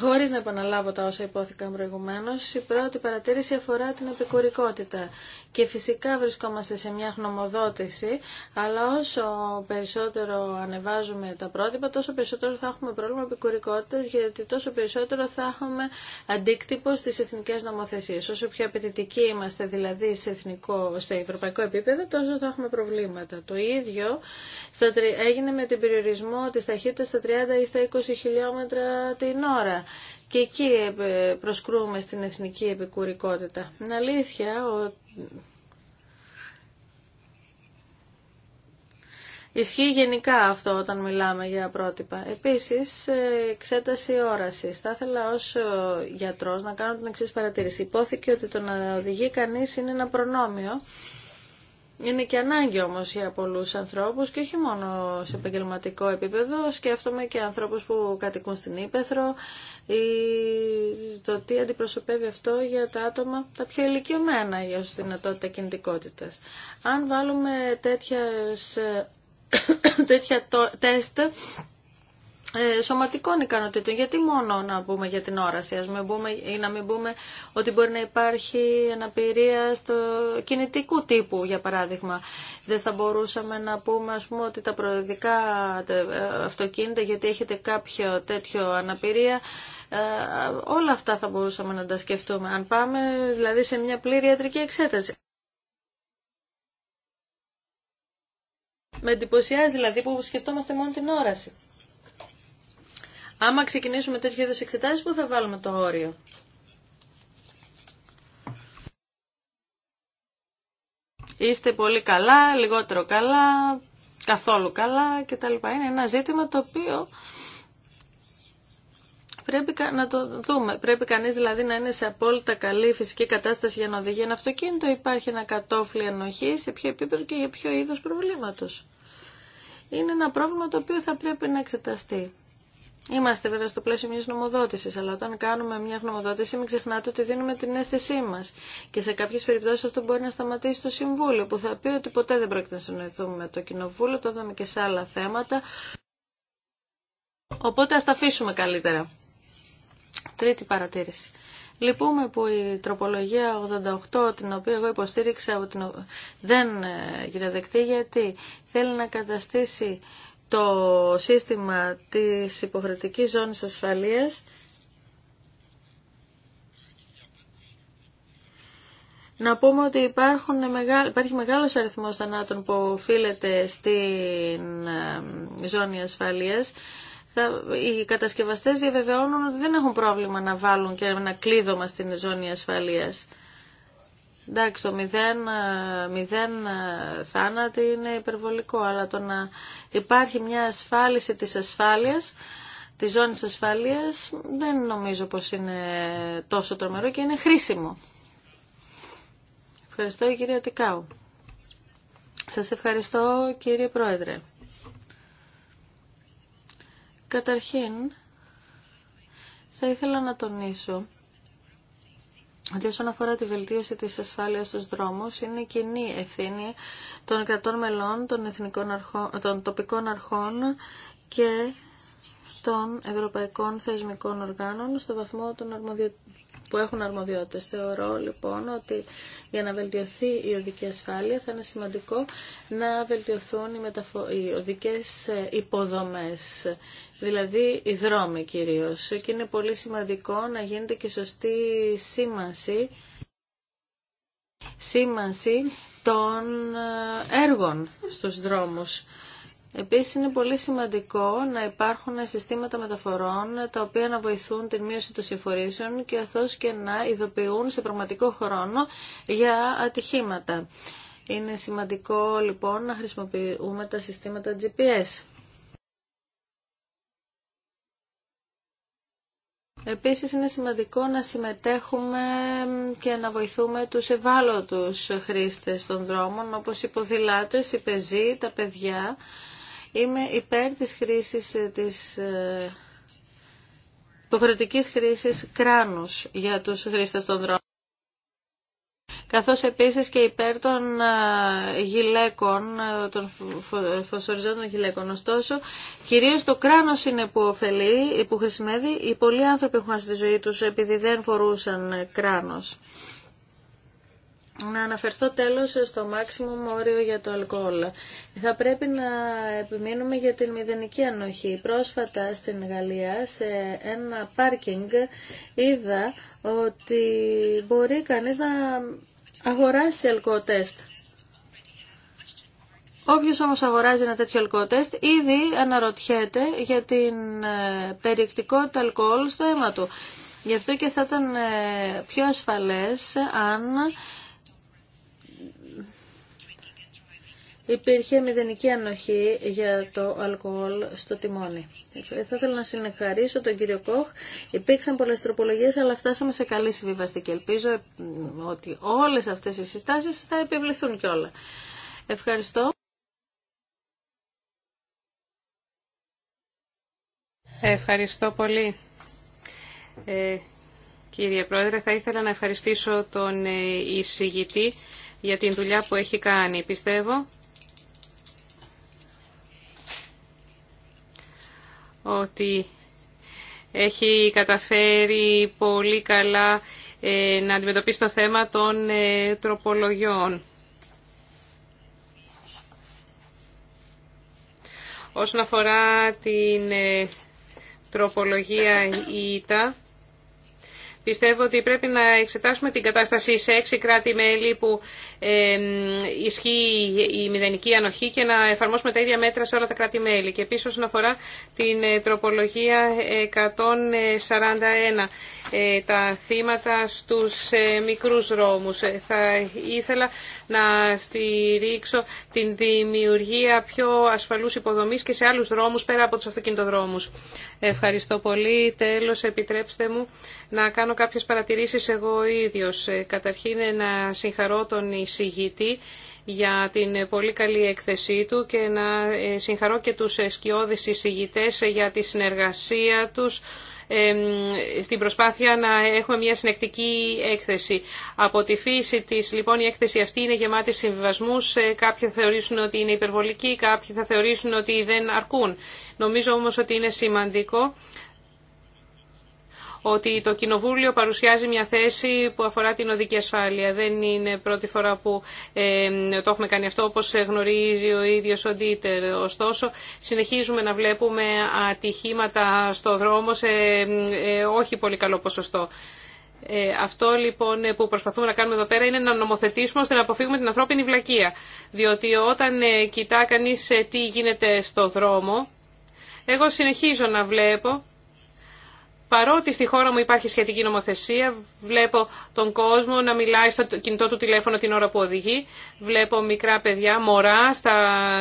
Χωρίς να επαναλάβω τα όσα υπόθηκαν προηγουμένως, η πρώτη παρατήρηση αφορά την επικουρικότητα. Και φυσικά βρισκόμαστε σε μια χνομοδότηση, αλλά όσο περισσότερο ανεβάζουμε τα πρότυπα, τόσο περισσότερο θα έχουμε πρόβλημα επικουρικότητας, γιατί τόσο περισσότερο θα έχουμε αντίκτυπο στις εθνικές νομοθεσίες. Όσο πιο απαιτητικοί είμαστε δηλαδή σε, εθνικό, σε ευρωπαϊκό επίπεδο, τόσο θα έχουμε προβλήματα. Το ίδιο έγινε με την περιορισμό της ταχύτητας στα 30 ή στα 20 χιλιόμετρα την ώρα και εκεί ε, προσκρούμε στην εθνική επικουρικότητα. Είναι αλήθεια ό Ισχύει γενικά αυτό όταν μιλάμε για πρότυπα. Επίσης, ε, εξέταση όρασης. Θα ήθελα ως ε, γιατρός να κάνω την εξής παρατήρηση. Υπόθηκε ότι το να οδηγεί κανείς είναι ένα προνόμιο είναι και ανάγκη όμω για πολλού ανθρώπου και όχι μόνο σε επαγγελματικό επίπεδο. Σκέφτομαι και ανθρώπου που κατοικούν στην Ήπεθρο ή το τι αντιπροσωπεύει αυτό για τα άτομα τα πιο ηλικιωμένα για την δυνατότητα κινητικότητα. Αν βάλουμε τέτοιες, τέτοια τεστ ε, σωματικών ικανοτήτων. Γιατί μόνο να πούμε για την όραση, ας μην ή να μην πούμε ότι μπορεί να υπάρχει αναπηρία στο κινητικού τύπου, για παράδειγμα. Δεν θα μπορούσαμε να πούμε, ας πούμε, ότι τα προοδικά ε, αυτοκίνητα, γιατί έχετε κάποιο τέτοιο αναπηρία, ε, όλα αυτά θα μπορούσαμε να τα σκεφτούμε, αν πάμε δηλαδή σε μια πλήρη ιατρική εξέταση. Με εντυπωσιάζει δηλαδή που σκεφτόμαστε μόνο την όραση. Άμα ξεκινήσουμε τέτοιου είδους εξετάσεις, πού θα βάλουμε το όριο. Είστε πολύ καλά, λιγότερο καλά, καθόλου καλά κτλ. Είναι ένα ζήτημα το οποίο πρέπει να το δούμε. Πρέπει κανείς δηλαδή να είναι σε απόλυτα καλή φυσική κατάσταση για να οδηγεί ένα αυτοκίνητο. Υπάρχει ένα κατόφλι ανοχή σε ποιο επίπεδο και για ποιο είδος προβλήματος. Είναι ένα πρόβλημα το οποίο θα πρέπει να εξεταστεί. Είμαστε βέβαια στο πλαίσιο μια γνωμοδότηση, αλλά όταν κάνουμε μια γνωμοδότηση, μην ξεχνάτε ότι δίνουμε την αίσθησή μα. Και σε κάποιε περιπτώσει αυτό μπορεί να σταματήσει το Συμβούλιο, που θα πει ότι ποτέ δεν πρόκειται να συνοηθούμε με το Κοινοβούλιο, το δούμε και σε άλλα θέματα. Οπότε α τα αφήσουμε καλύτερα. Τρίτη παρατήρηση. Λυπούμε που η τροπολογία 88, την οποία εγώ υποστήριξα, δεν γυροδεκτεί γιατί θέλει να καταστήσει το σύστημα της υποχρεωτικής ζώνης ασφαλείας Να πούμε ότι υπάρχουν μεγάλο, υπάρχει μεγάλος αριθμός θανάτων που οφείλεται στην ε, ζώνη ασφαλείας. Θα, οι κατασκευαστές διαβεβαιώνουν ότι δεν έχουν πρόβλημα να βάλουν και ένα κλείδωμα στην ζώνη ασφαλείας. Εντάξει, το μηδέν, ε, μηδέν ε, θάνατοι είναι υπερβολικό, αλλά το να υπάρχει μια ασφάλιση της ασφάλειας, της ζώνης ασφαλείας, δεν νομίζω πως είναι τόσο τρομερό και είναι χρήσιμο. Ευχαριστώ, κύριε Τικάου. Σας ευχαριστώ, κύριε Πρόεδρε. Καταρχήν, θα ήθελα να τονίσω ότι όσον αφορά τη βελτίωση της ασφάλειας στους δρόμους είναι κοινή ευθύνη των κρατών μελών, των, εθνικών αρχών, των τοπικών αρχών και των ευρωπαϊκών θεσμικών οργάνων στο βαθμό των αρμοδιοτήτων που έχουν αρμοδιότητες. Θεωρώ λοιπόν ότι για να βελτιωθεί η οδική ασφάλεια θα είναι σημαντικό να βελτιωθούν οι, μεταφο... οδικές ε, υποδομές, δηλαδή οι δρόμοι κυρίως. Και είναι πολύ σημαντικό να γίνεται και σωστή σήμανση, σήμανση των ε, έργων στους δρόμους. Επίσης είναι πολύ σημαντικό να υπάρχουν συστήματα μεταφορών τα οποία να βοηθούν την μείωση των συμφορήσεων και αθώς και να ειδοποιούν σε πραγματικό χρόνο για ατυχήματα. Είναι σημαντικό λοιπόν να χρησιμοποιούμε τα συστήματα GPS. Επίσης είναι σημαντικό να συμμετέχουμε και να βοηθούμε τους ευάλωτους χρήστες των δρόμων, όπως οι ποδηλάτες, οι πεζοί, τα παιδιά, Είμαι υπέρ της χρήσης ε, της ε, υποχρεωτικής χρήσης κράνους για τους χρήστες των δρόμων καθώς επίσης και υπέρ των ε, γυλαίκων, των φωσοριζόντων γυλαίκων. Ωστόσο, κυρίως το κράνος είναι που ωφελεί, που χρησιμεύει. Οι πολλοί άνθρωποι έχουν χάσει ζωή τους επειδή δεν φορούσαν κράνος. Να αναφερθώ τέλος στο μάξιμο όριο για το αλκοόλ. Θα πρέπει να επιμείνουμε για την μηδενική ανοχή. Πρόσφατα στην Γαλλία σε ένα πάρκινγκ είδα ότι μπορεί κανείς να αγοράσει αλκοοτέστ. Όποιος όμως αγοράζει ένα τέτοιο αλκοοτέστ ήδη αναρωτιέται για την ε, περιεκτικότητα αλκοόλ στο αίμα του. Γι' αυτό και θα ήταν ε, πιο ασφαλές αν υπήρχε μηδενική ανοχή για το αλκοόλ στο τιμόνι. Ε, θα ήθελα να συνεχαρίσω τον κύριο Κοχ. Υπήρξαν πολλές τροπολογίες, αλλά φτάσαμε σε καλή συμβιβαστική. Ελπίζω ε, ότι όλες αυτές οι συστάσεις θα επιβληθούν κιόλα. Ευχαριστώ. Ευχαριστώ πολύ. Ε, κύριε Πρόεδρε, θα ήθελα να ευχαριστήσω τον ε, εισηγητή για την δουλειά που έχει κάνει. Πιστεύω ότι έχει καταφέρει πολύ καλά ε, να αντιμετωπίσει το θέμα των ε, τροπολογιών. Όσον αφορά την ε, τροπολογία ΙΤΑ, Πιστεύω ότι πρέπει να εξετάσουμε την κατάσταση σε έξι κράτη-μέλη που ε, ισχύει η μηδενική ανοχή και να εφαρμόσουμε τα ίδια μέτρα σε όλα τα κράτη-μέλη. Και επίση όσον αφορά την ε, τροπολογία 141, ε, τα θύματα στους ε, μικρούς δρόμους. Ε, θα ήθελα να στηρίξω την δημιουργία πιο ασφαλούς υποδομής και σε άλλους δρόμους πέρα από τους αυτοκινητοδρόμους. Ευχαριστώ πολύ. Τέλος, επιτρέψτε μου να κάνω κάποιες παρατηρήσεις εγώ ίδιος. Ε, καταρχήν ε, να συγχαρώ τον εισηγητή για την ε, πολύ καλή έκθεσή του και να συγχαρώ και τους σκιώδεις εισηγητές για τη συνεργασία τους στην προσπάθεια να έχουμε μια συνεκτική έκθεση. Από τη φύση της λοιπόν η έκθεση αυτή είναι γεμάτη συμβιβασμούς. Κάποιοι θα θεωρήσουν ότι είναι υπερβολικοί, κάποιοι θα θεωρήσουν ότι δεν αρκούν. Νομίζω όμως ότι είναι σημαντικό ότι το Κοινοβούλιο παρουσιάζει μια θέση που αφορά την οδική ασφάλεια. Δεν είναι πρώτη φορά που το έχουμε κάνει αυτό, όπως γνωρίζει ο ίδιος ο Ντίτερ. Ωστόσο, συνεχίζουμε να βλέπουμε ατυχήματα στο δρόμο σε ε, όχι πολύ καλό ποσοστό. Ε, αυτό λοιπόν που προσπαθούμε να κάνουμε εδώ πέρα είναι να νομοθετήσουμε ώστε να αποφύγουμε την ανθρώπινη βλακεία. Διότι όταν ε, κοιτά κανείς ε, τι γίνεται στο δρόμο, εγώ συνεχίζω να βλέπω Παρότι στη χώρα μου υπάρχει σχετική νομοθεσία, βλέπω τον κόσμο να μιλάει στο κινητό του τηλέφωνο την ώρα που οδηγεί. Βλέπω μικρά παιδιά, μωρά, στα,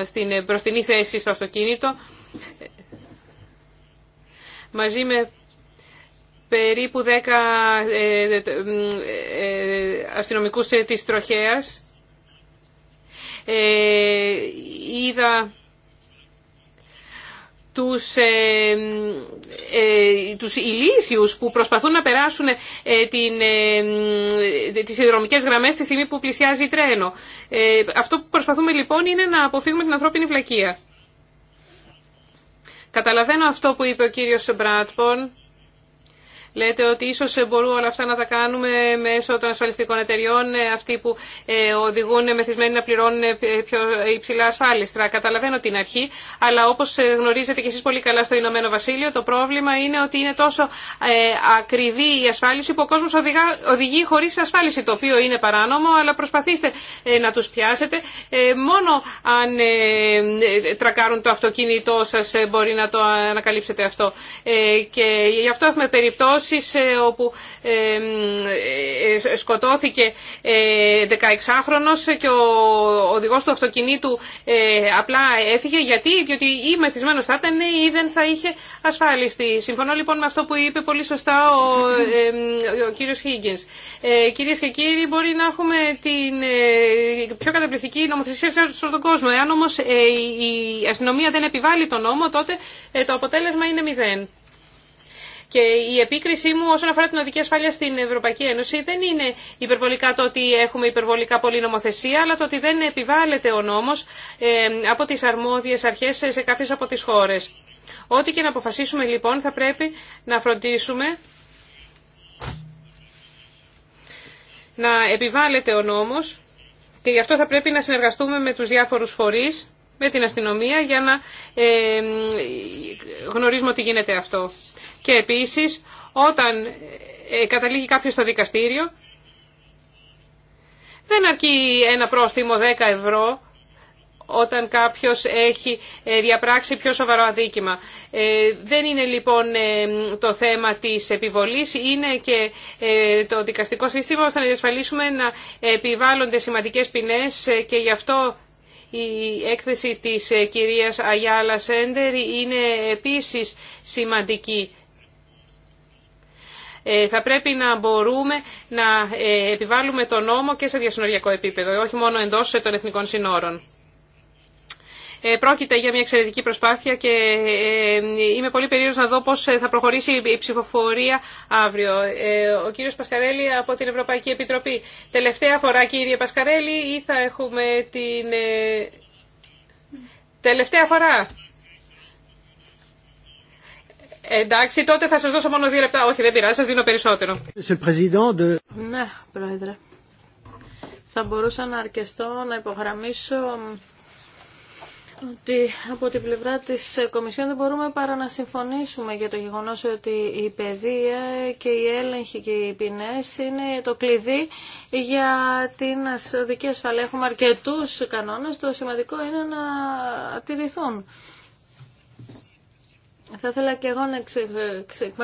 στην μπροστινή θέση στο αυτοκίνητο. Μαζί με περίπου 10 ε ε, ε, ε, αστυνομικούς ε, της τροχέας. Ε, είδα τους, ε, ε, τους ηλίθιους που προσπαθούν να περάσουν ε, την, ε, τις γραμμές τη στιγμή που πλησιάζει τρένο. Ε, αυτό που προσπαθούμε λοιπόν είναι να αποφύγουμε την ανθρώπινη πλακία. Καταλαβαίνω αυτό που είπε ο κύριος Μπράτπον Λέτε ότι ίσως ε, μπορούν όλα αυτά να τα κάνουμε μέσω των ασφαλιστικών εταιριών, ε, αυτοί που ε, οδηγούν μεθυσμένοι να πληρώνουν πιο υψηλά ασφάλιστρα. Καταλαβαίνω την αρχή, αλλά όπως γνωρίζετε κι εσείς πολύ καλά στο Ηνωμένο Βασίλειο, το πρόβλημα είναι ότι είναι τόσο ακριβή η ασφάλιση που ο κόσμος οδηγεί χωρίς ασφάλιση, το οποίο είναι παράνομο, αλλά προσπαθήστε να τους πιάσετε. Μόνο αν τρακάρουν το αυτοκίνητό σας μπορεί να το ανακαλύψετε αυτό. Και γι' αυτό έχουμε περιπτώσει οπου ε, όπου ε, ε, σκοτώθηκε 16χρονος και ο οδηγός του αυτοκινήτου απλά έφυγε γιατί, διότι ή μεθυσμένος θα ήταν ή δεν θα είχε ασφάλιστη. Συμφωνώ λοιπόν με αυτό που είπε πολύ σωστά ο, ο κύριος Higgins. Κυρίες και κύριοι, μπορεί να έχουμε την πιο καταπληκτική νομοθεσία σε τον κόσμο. Εάν όμως η αστυνομία δεν επιβάλλει τον νόμο, τότε το αποτέλεσμα είναι μηδέν. Και η επίκρισή μου όσον αφορά την οδική ασφάλεια στην Ευρωπαϊκή Ένωση δεν είναι υπερβολικά το ότι έχουμε υπερβολικά πολλή νομοθεσία, αλλά το ότι δεν επιβάλλεται ο νόμος ε, από τις αρμόδιες αρχές σε κάποιες από τις χώρες. Ό,τι και να αποφασίσουμε λοιπόν θα πρέπει να φροντίσουμε να επιβάλλεται ο νόμος και γι' αυτό θα πρέπει να συνεργαστούμε με τους διάφορους φορείς, με την αστυνομία για να ε, γνωρίζουμε ότι γίνεται αυτό και επίσης όταν ε, καταλήγει κάποιος στο δικαστήριο δεν αρκεί ένα πρόστιμο 10 ευρώ όταν κάποιος έχει ε, διαπράξει πιο σοβαρό αδίκημα. Ε, δεν είναι λοιπόν το θέμα της επιβολής, είναι και το δικαστικό σύστημα ώστε να διασφαλίσουμε να επιβάλλονται σημαντικές ποινές και γι' αυτό η έκθεση της κυρίας Αγιάλα Σέντερ είναι επίσης σημαντική. Ε, θα πρέπει να μπορούμε να ε, επιβάλλουμε τον νόμο και σε διασυνοριακό επίπεδο, όχι μόνο εντός των εθνικών συνόρων. Ε, πρόκειται για μια εξαιρετική προσπάθεια και είμαι πολύ περίεργος να δω πώς θα προχωρήσει η ψηφοφορία αύριο. Ο κύριος Πασκαρέλη από την Ευρωπαϊκή Επιτροπή. Τελευταία φορά κύριε Πασκαρέλη ή θα έχουμε την... Τελευταία φορά. Εντάξει, τότε θα σας δώσω μόνο δύο λεπτά. Όχι, δεν πειράζει, σας δίνω περισσότερο. Ναι, Πρόεδρε. Θα μπορούσα να αρκεστώ να υπογραμμίσω ότι από την πλευρά της Κομισιόν δεν μπορούμε παρά να συμφωνήσουμε για το γεγονός ότι η παιδεία και η έλεγχη και οι ποινές είναι το κλειδί για την οδική ασφαλεία. Έχουμε αρκετούς κανόνες, το σημαντικό είναι να τηρηθούν. Θα ήθελα και εγώ να εξε...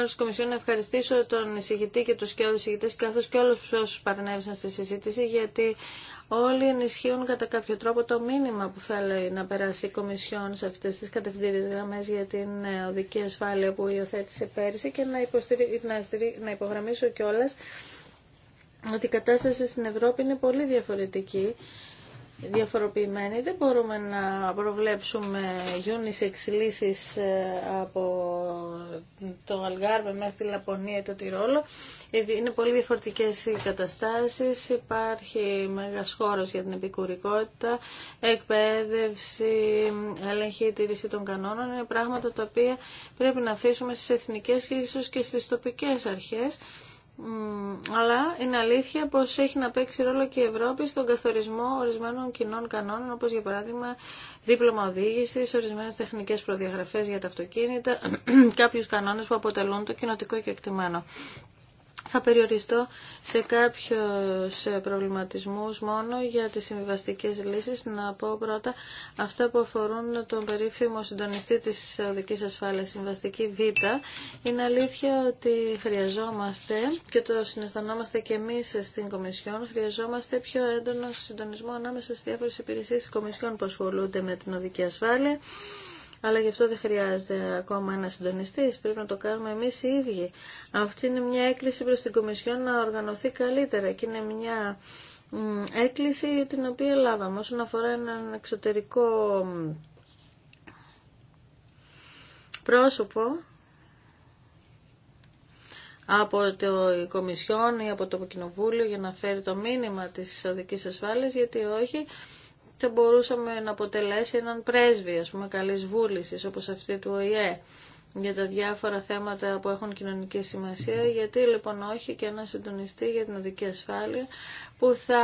τη Κομισιόν να ευχαριστήσω τον εισηγητή και του σκιώδη εισηγητέ καθώ και όλου όσου παρενέβησαν στη συζήτηση, γιατί όλοι ενισχύουν κατά κάποιο τρόπο το μήνυμα που θέλει να περάσει η Κομισιόν σε αυτέ τι κατευθύνσει γραμμέ για την ε, οδική ασφάλεια που υιοθέτησε πέρυσι και να, υποστηρί... να, στηρί... να υπογραμμίσω κιόλα ότι η κατάσταση στην Ευρώπη είναι πολύ διαφορετική διαφοροποιημένοι. Δεν μπορούμε να προβλέψουμε γιούνις εξελίσσεις ε, από το Αλγάρβε μέχρι τη Λαπονία ή το Τυρόλο. Είναι πολύ διαφορετικές οι καταστάσεις. Υπάρχει μεγάλος χώρος για την επικουρικότητα, εκπαίδευση, έλεγχη, τήρηση των κανόνων. Είναι πράγματα τα οποία πρέπει να αφήσουμε στις εθνικές και ίσως και στις τοπικές αρχές αλλά είναι αλήθεια πως έχει να παίξει ρόλο και η Ευρώπη στον καθορισμό ορισμένων κοινών κανόνων, όπως για παράδειγμα δίπλωμα οδήγησης, ορισμένες τεχνικές προδιαγραφές για τα αυτοκίνητα, κάποιους κανόνες που αποτελούν το κοινοτικό κεκτημένο. Θα περιοριστώ σε κάποιους ε, προβληματισμούς μόνο για τις συμβιβαστικέ λύσεις. Να πω πρώτα αυτά που αφορούν τον περίφημο συντονιστή της οδικής ασφάλειας, συμβαστική Β. Είναι αλήθεια ότι χρειαζόμαστε, και το συναισθανόμαστε και εμείς στην Κομισιόν, χρειαζόμαστε πιο έντονο συντονισμό ανάμεσα στις διάφορες υπηρεσίες της Κομισιόν που ασχολούνται με την οδική ασφάλεια αλλά γι' αυτό δεν χρειάζεται ακόμα ένα συντονιστή. Πρέπει να το κάνουμε εμεί οι ίδιοι. Αυτή είναι μια έκκληση προ την Κομισιόν να οργανωθεί καλύτερα και είναι μια έκκληση την οποία λάβαμε όσον αφορά έναν εξωτερικό πρόσωπο από το Κομισιόν ή από το Κοινοβούλιο για να φέρει το μήνυμα της οδικής ασφάλειας, γιατί όχι, θα μπορούσαμε να αποτελέσει έναν πρέσβη, ας πούμε, καλής βούλησης, όπως αυτή του ΟΗΕ, για τα διάφορα θέματα που έχουν κοινωνική σημασία, γιατί λοιπόν όχι και ένα συντονιστή για την οδική ασφάλεια που θα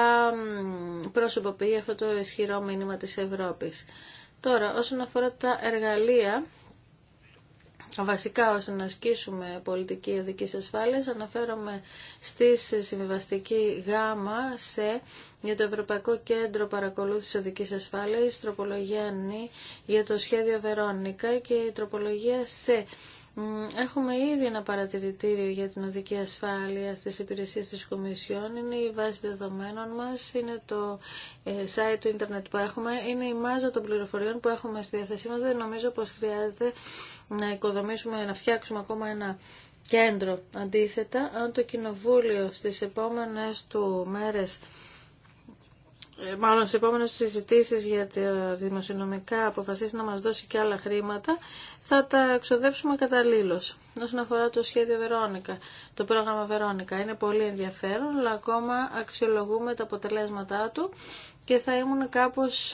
προσωποποιεί αυτό το ισχυρό μήνυμα της Ευρώπης. Τώρα, όσον αφορά τα εργαλεία βασικά ώστε να ασκήσουμε πολιτική οδικής ασφάλεια. αναφέρομαι στη συμβιβαστική γάμα σε για το Ευρωπαϊκό Κέντρο Παρακολούθησης Οδικής Ασφάλειας, τροπολογία νη για το σχέδιο Βερόνικα και η τροπολογία σε Έχουμε ήδη ένα παρατηρητήριο για την οδική ασφάλεια στις υπηρεσίες της Κομισιόν. Είναι η βάση δεδομένων μας, είναι το ε, site του ίντερνετ που έχουμε, είναι η μάζα των πληροφοριών που έχουμε στη διάθεσή μας. Δεν νομίζω πως χρειάζεται να οικοδομήσουμε, να φτιάξουμε ακόμα ένα κέντρο. Αντίθετα, αν το Κοινοβούλιο στις επόμενες του μέρες ε, μάλλον στις επόμενες συζητήσεις για τα δημοσιονομικά αποφασίσει να μας δώσει και άλλα χρήματα, θα τα εξοδέψουμε καταλήλως. Όσον αφορά το σχέδιο Βερόνικα, το πρόγραμμα Βερόνικα είναι πολύ ενδιαφέρον, αλλά ακόμα αξιολογούμε τα αποτελέσματά του και θα ήμουν κάπως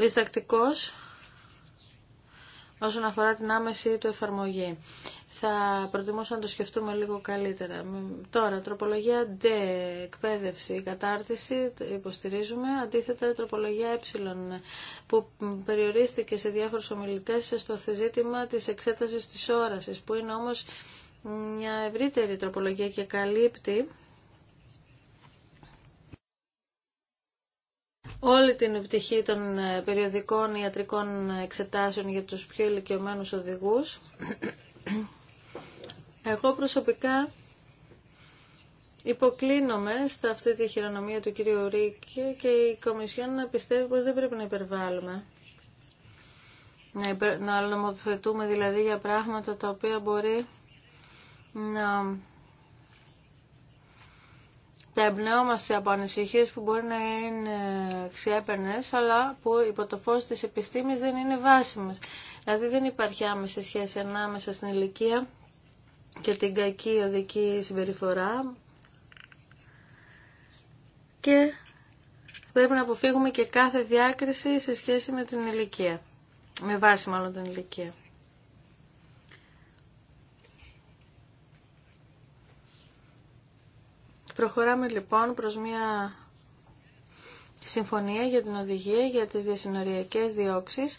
διστακτικός όσον αφορά την άμεση του εφαρμογή. Θα προτιμούσα να το σκεφτούμε λίγο καλύτερα. Τώρα, τροπολογία D, εκπαίδευση, κατάρτιση, υποστηρίζουμε. Αντίθετα, τροπολογία ε, που περιορίστηκε σε διάφορους ομιλητές στο θεζήτημα της εξέτασης της όρασης, που είναι όμως μια ευρύτερη τροπολογία και καλύπτει όλη την επιτυχή των ε, περιοδικών ιατρικών εξετάσεων για τους πιο ηλικιωμένους οδηγούς. Εγώ προσωπικά υποκλίνομαι στα αυτή τη χειρονομία του κύριου Ρίκη και η Κομισιόν να πιστεύει πως δεν πρέπει να υπερβάλλουμε. Να, υπερ... να δηλαδή για πράγματα τα οποία μπορεί να τα εμπνεώμαστε από ανησυχίε που μπορεί να είναι ξέπαινες, αλλά που υπό το φως της επιστήμης δεν είναι βάσιμες. Δηλαδή δεν υπάρχει άμεση σχέση ανάμεσα στην ηλικία και την κακή οδική συμπεριφορά και πρέπει να αποφύγουμε και κάθε διάκριση σε σχέση με την ηλικία, με βάση μάλλον την ηλικία. Προχωράμε λοιπόν προς μια συμφωνία για την οδηγία για τις διασυνοριακές διώξεις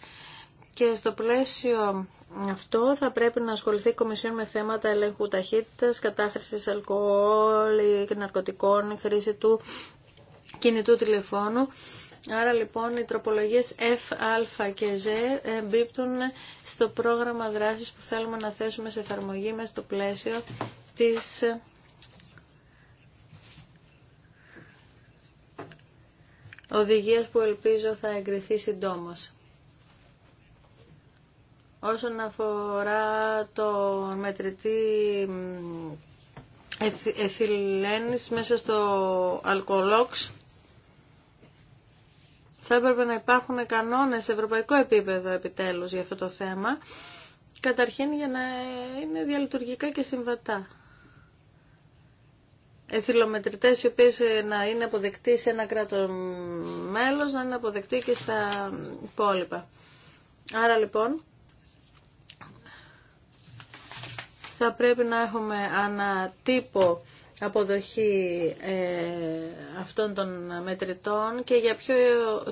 και στο πλαίσιο αυτό θα πρέπει να ασχοληθεί η Κομισιόν με θέματα ελέγχου ταχύτητας, κατάχρησης αλκοόλ και ναρκωτικών, χρήση του κινητού τηλεφώνου. Άρα λοιπόν οι τροπολογίες F, Α και Z εμπίπτουν στο πρόγραμμα δράσης που θέλουμε να θέσουμε σε εφαρμογή μέσα στο πλαίσιο της οδηγίας που ελπίζω θα εγκριθεί συντόμως. Όσον αφορά το μετρητή εθιλένης μέσα στο αλκοολόξ, θα έπρεπε να υπάρχουν κανόνες σε ευρωπαϊκό επίπεδο επιτέλους για αυτό το θέμα, καταρχήν για να είναι διαλειτουργικά και συμβατά εφηλομετρητέ οι οποίε ε, να είναι αποδεκτοί σε ένα κράτο μέλος, να είναι αποδεκτοί και στα υπόλοιπα. Άρα λοιπόν θα πρέπει να έχουμε ένα τύπο αποδοχή ε, αυτών των μετρητών και για ποιο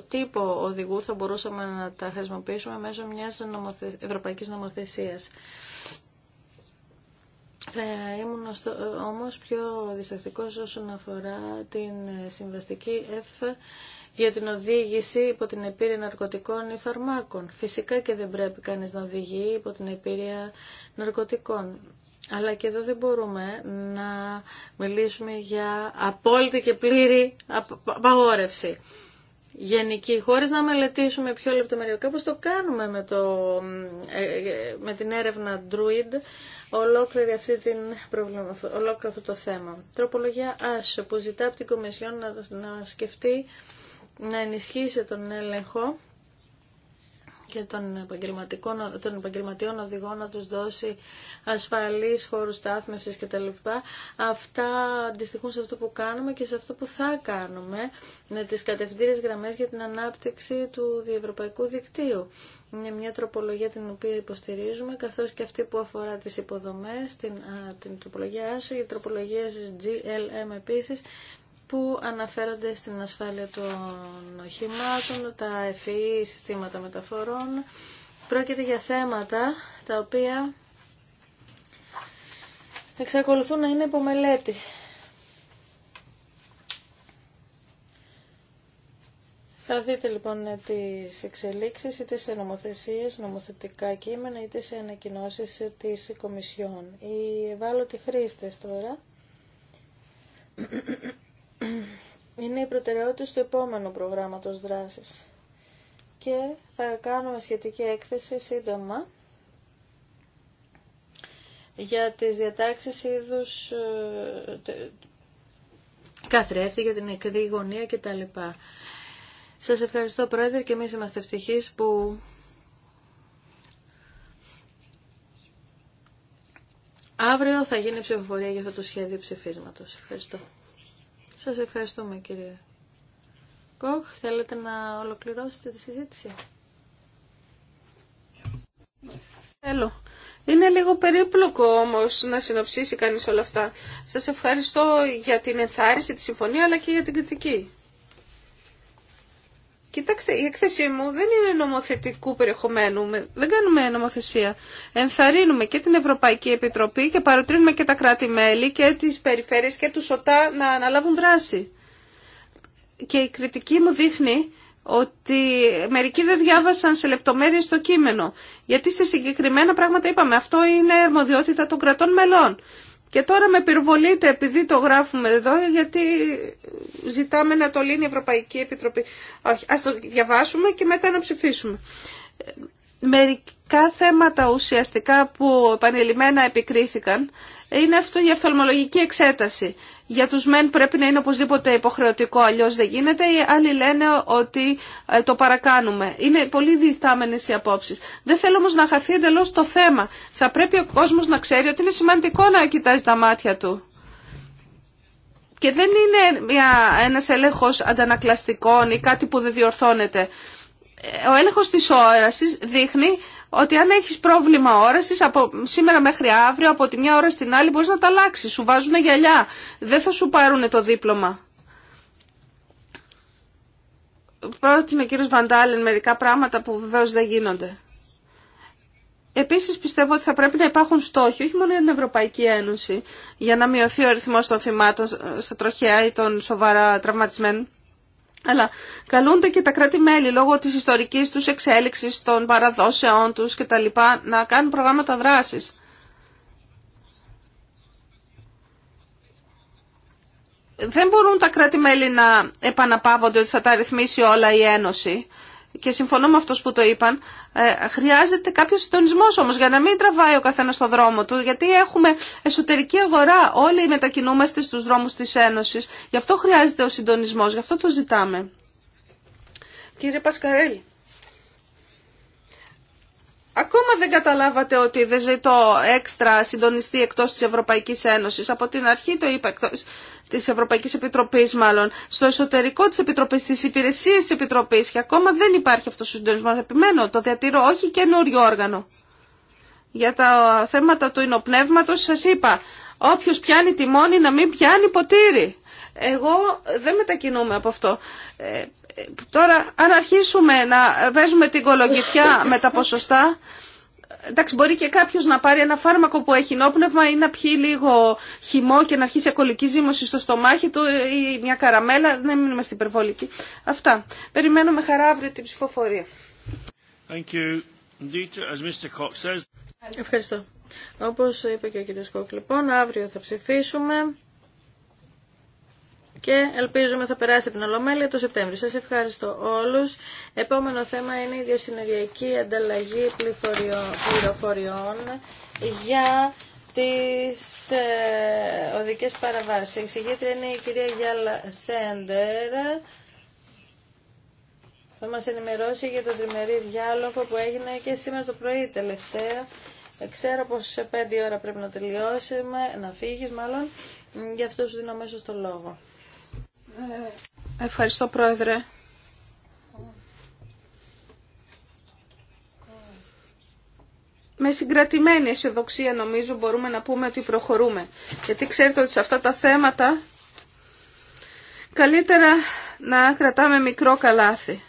τύπο οδηγού θα μπορούσαμε να τα χρησιμοποιήσουμε μέσω μιας ευρωπαϊκής νομοθεσίας. Θα ε, ήμουν στο, ε, όμως πιο διστακτικός όσον αφορά την ε, συμβαστική F για την οδήγηση υπό την επίρρεια ναρκωτικών ή φαρμάκων. Φυσικά και δεν πρέπει κανείς να οδηγεί υπό την επίρρεια ναρκωτικών. Αλλά και εδώ δεν μπορούμε να μιλήσουμε για απόλυτη και πλήρη απαγόρευση γενική, χωρίς να μελετήσουμε πιο λεπτομεριακά, όπως το κάνουμε με, το, με την έρευνα Druid, ολόκληρη αυτή την προβλήμα, ολόκληρο αυτό το θέμα. Τροπολογία άσο, που ζητά από την Κομισιόν να, να σκεφτεί να ενισχύσει τον έλεγχο και των, των επαγγελματιών οδηγών να τους δώσει ασφαλείς χώρους στάθμευσης κτλ. Αυτά αντιστοιχούν σε αυτό που κάνουμε και σε αυτό που θα κάνουμε με τις κατευθύνες γραμμές για την ανάπτυξη του διευρωπαϊκού δικτύου. Είναι μια τροπολογία την οποία υποστηρίζουμε, καθώς και αυτή που αφορά τις υποδομές, την, την τροπολογία η GLM επίσης, που αναφέρονται στην ασφάλεια των οχημάτων, τα ΕΦΗ, e, συστήματα μεταφορών. Πρόκειται για θέματα τα οποία εξακολουθούν να είναι μελέτη. Θα δείτε λοιπόν τις εξελίξεις είτε σε νομοθεσίες, νομοθετικά κείμενα είτε σε ανακοινώσεις της Κομισιόν. Οι ευάλωτοι χρήστες τώρα είναι η προτεραιότητα του επόμενου προγράμματος δράσης. Και θα κάνουμε σχετική έκθεση σύντομα για τις διατάξεις είδους ε, καθρέφτη για την νεκρή γωνία κτλ. Σας ευχαριστώ Πρόεδρε και εμείς είμαστε ευτυχείς που αύριο θα γίνει ψηφοφορία για αυτό το σχέδιο ψηφίσματος. Ευχαριστώ. Σας ευχαριστούμε κύριε Κοχ. Θέλετε να ολοκληρώσετε τη συζήτηση. Θέλω. Είναι λίγο περίπλοκο όμως να συνοψίσει κανείς όλα αυτά. Σας ευχαριστώ για την ενθάρρυνση, τη συμφωνία αλλά και για την κριτική. Κοιτάξτε, η έκθεσή μου δεν είναι νομοθετικού περιεχομένου, δεν κάνουμε νομοθεσία. Ενθαρρύνουμε και την Ευρωπαϊκή Επιτροπή και παροτρύνουμε και τα κράτη-μέλη και τις περιφέρειες και τους ΟΤΑ να αναλάβουν δράση. Και η κριτική μου δείχνει ότι μερικοί δεν διάβασαν σε λεπτομέρειε το κείμενο. Γιατί σε συγκεκριμένα πράγματα είπαμε, αυτό είναι αρμοδιότητα των κρατών μελών. Και τώρα με πυροβολείτε επειδή το γράφουμε εδώ, γιατί ζητάμε να το λύνει η Ευρωπαϊκή Επιτροπή. ας το διαβάσουμε και μετά να ψηφίσουμε. Ε, μερικά θέματα ουσιαστικά που επανειλημμένα επικρίθηκαν είναι αυτό η οφθαλμολογική εξέταση. Για τους μεν πρέπει να είναι οπωσδήποτε υποχρεωτικό, αλλιώς δεν γίνεται. Οι άλλοι λένε ότι ε, το παρακάνουμε. Είναι πολύ διστάμενες οι απόψεις. Δεν θέλω όμως να χαθεί εντελώ το θέμα. Θα πρέπει ο κόσμος να ξέρει ότι είναι σημαντικό να κοιτάζει τα μάτια του. Και δεν είναι μια, ένας έλεγχος αντανακλαστικών ή κάτι που δεν διορθώνεται ο έλεγχος της όρασης δείχνει ότι αν έχεις πρόβλημα όρασης από σήμερα μέχρι αύριο, από τη μια ώρα στην άλλη μπορείς να τα αλλάξει. Σου βάζουν γυαλιά. Δεν θα σου πάρουν το δίπλωμα. Πρότεινε ο κύριος Βαντάλεν μερικά πράγματα που βεβαίως δεν γίνονται. Επίσης πιστεύω ότι θα πρέπει να υπάρχουν στόχοι, όχι μόνο για την Ευρωπαϊκή Ένωση, για να μειωθεί ο αριθμός των θυμάτων στα τροχιά ή των σοβαρά τραυματισμένων, αλλά καλούνται και τα κράτη-μέλη λόγω της ιστορικής τους εξέλιξης, των παραδόσεών τους και τα λοιπά, να κάνουν προγράμματα δράσης. Δεν μπορούν τα κράτη-μέλη να επαναπαύονται ότι θα τα ρυθμίσει όλα η Ένωση και συμφωνώ με αυτούς που το είπαν, ε, χρειάζεται κάποιο συντονισμό όμως για να μην τραβάει ο καθένας στο δρόμο του, γιατί έχουμε εσωτερική αγορά, όλοι μετακινούμαστε στους δρόμους της Ένωσης, γι' αυτό χρειάζεται ο συντονισμός, γι' αυτό το ζητάμε. Κύριε Πασκαρέλη. Ακόμα δεν καταλάβατε ότι δεν ζητώ έξτρα συντονιστή εκτός της Ευρωπαϊκής Ένωσης. Από την αρχή το είπα εκτός της Ευρωπαϊκής Επιτροπής μάλλον. Στο εσωτερικό της Επιτροπής, στις υπηρεσίες της Επιτροπής και ακόμα δεν υπάρχει αυτός ο συντονισμός. Επιμένω, το διατηρώ, όχι καινούριο όργανο. Για τα θέματα του εινοπνεύματος σας είπα, όποιος πιάνει τιμόνι να μην πιάνει ποτήρι. Εγώ δεν μετακινούμαι από αυτό. Ε, Τώρα, αν αρχίσουμε να βάζουμε την κολογγυφιά με τα ποσοστά, εντάξει, μπορεί και κάποιος να πάρει ένα φάρμακο που έχει νόπνευμα ή να πιει λίγο χυμό και να αρχίσει ακολική ζήμωση στο στομάχι του ή μια καραμέλα, δεν ναι, είμαστε υπερβολικοί. Αυτά. Περιμένω με χαρά αύριο την ψηφοφορία. Ευχαριστώ. Όπως είπε και ο κ. Κόκ, λοιπόν, αύριο θα ψηφίσουμε και ελπίζουμε θα περάσει την Ολομέλεια το Σεπτέμβριο. Σας ευχαριστώ όλους. Επόμενο θέμα είναι η διασυνοριακή ανταλλαγή πληροφοριών για τις ε, οδικές παραβάσεις. εξηγήτρια είναι η κυρία Γιάλα Σέντερ. Θα μας ενημερώσει για τον τριμερή διάλογο που έγινε και σήμερα το πρωί τελευταία. Ξέρω πως σε πέντε ώρα πρέπει να τελειώσουμε, να φύγεις μάλλον. Γι' αυτό σου δίνω μέσο στο λόγο. Ευχαριστώ, Πρόεδρε. Με συγκρατημένη αισιοδοξία νομίζω μπορούμε να πούμε ότι προχωρούμε. Γιατί ξέρετε ότι σε αυτά τα θέματα καλύτερα να κρατάμε μικρό καλάθι.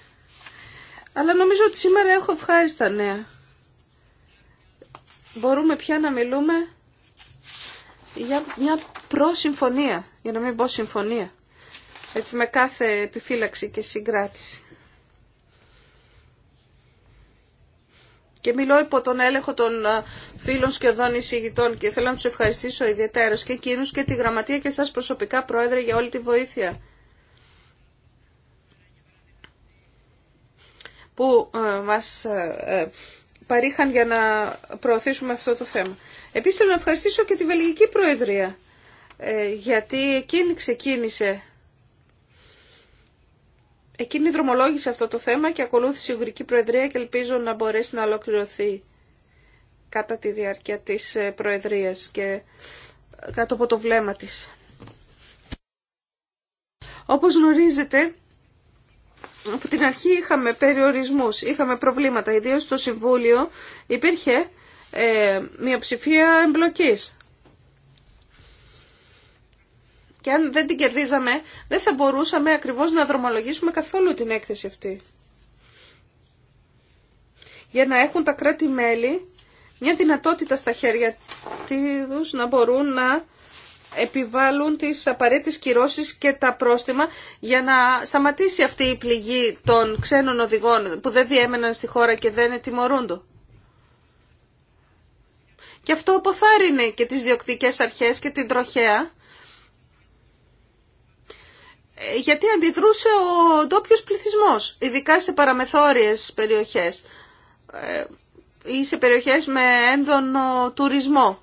Αλλά νομίζω ότι σήμερα έχω ευχάριστα νέα. Μπορούμε πια να μιλούμε για μια προσυμφωνία, για να μην πω συμφωνία έτσι με κάθε επιφύλαξη και συγκράτηση. Και μιλώ υπό τον έλεγχο των φίλων σχεδόν εισηγητών και θέλω να τους ευχαριστήσω ιδιαίτερα και εκείνους και τη γραμματεία και σας προσωπικά πρόεδρε για όλη τη βοήθεια. που μας ε, παρήχαν για να προωθήσουμε αυτό το θέμα. Επίσης θέλω να ευχαριστήσω και τη Βελγική Προεδρία, ε, γιατί εκείνη ξεκίνησε Εκείνη δρομολόγησε αυτό το θέμα και ακολούθησε η Ουγγρική Προεδρία και ελπίζω να μπορέσει να ολοκληρωθεί κατά τη διάρκεια της ε, Προεδρίας και ε, κάτω από το βλέμμα της. Όπως γνωρίζετε, από την αρχή είχαμε περιορισμούς, είχαμε προβλήματα, ιδίως στο Συμβούλιο υπήρχε ε, μειοψηφία εμπλοκής. Και αν δεν την κερδίζαμε, δεν θα μπορούσαμε ακριβώς να δρομολογήσουμε καθόλου την έκθεση αυτή. Για να έχουν τα κράτη-μέλη μια δυνατότητα στα χέρια τους να μπορούν να επιβάλλουν τις απαραίτητες κυρώσεις και τα πρόστιμα για να σταματήσει αυτή η πληγή των ξένων οδηγών που δεν διέμεναν στη χώρα και δεν ετοιμορούντο. Και αυτό αποθάρρυνε και τις διοκτικές αρχές και την τροχέα γιατί αντιδρούσε ο ντόπιο πληθυσμό, ειδικά σε παραμεθόριες περιοχές ε, ή σε περιοχές με έντονο τουρισμό.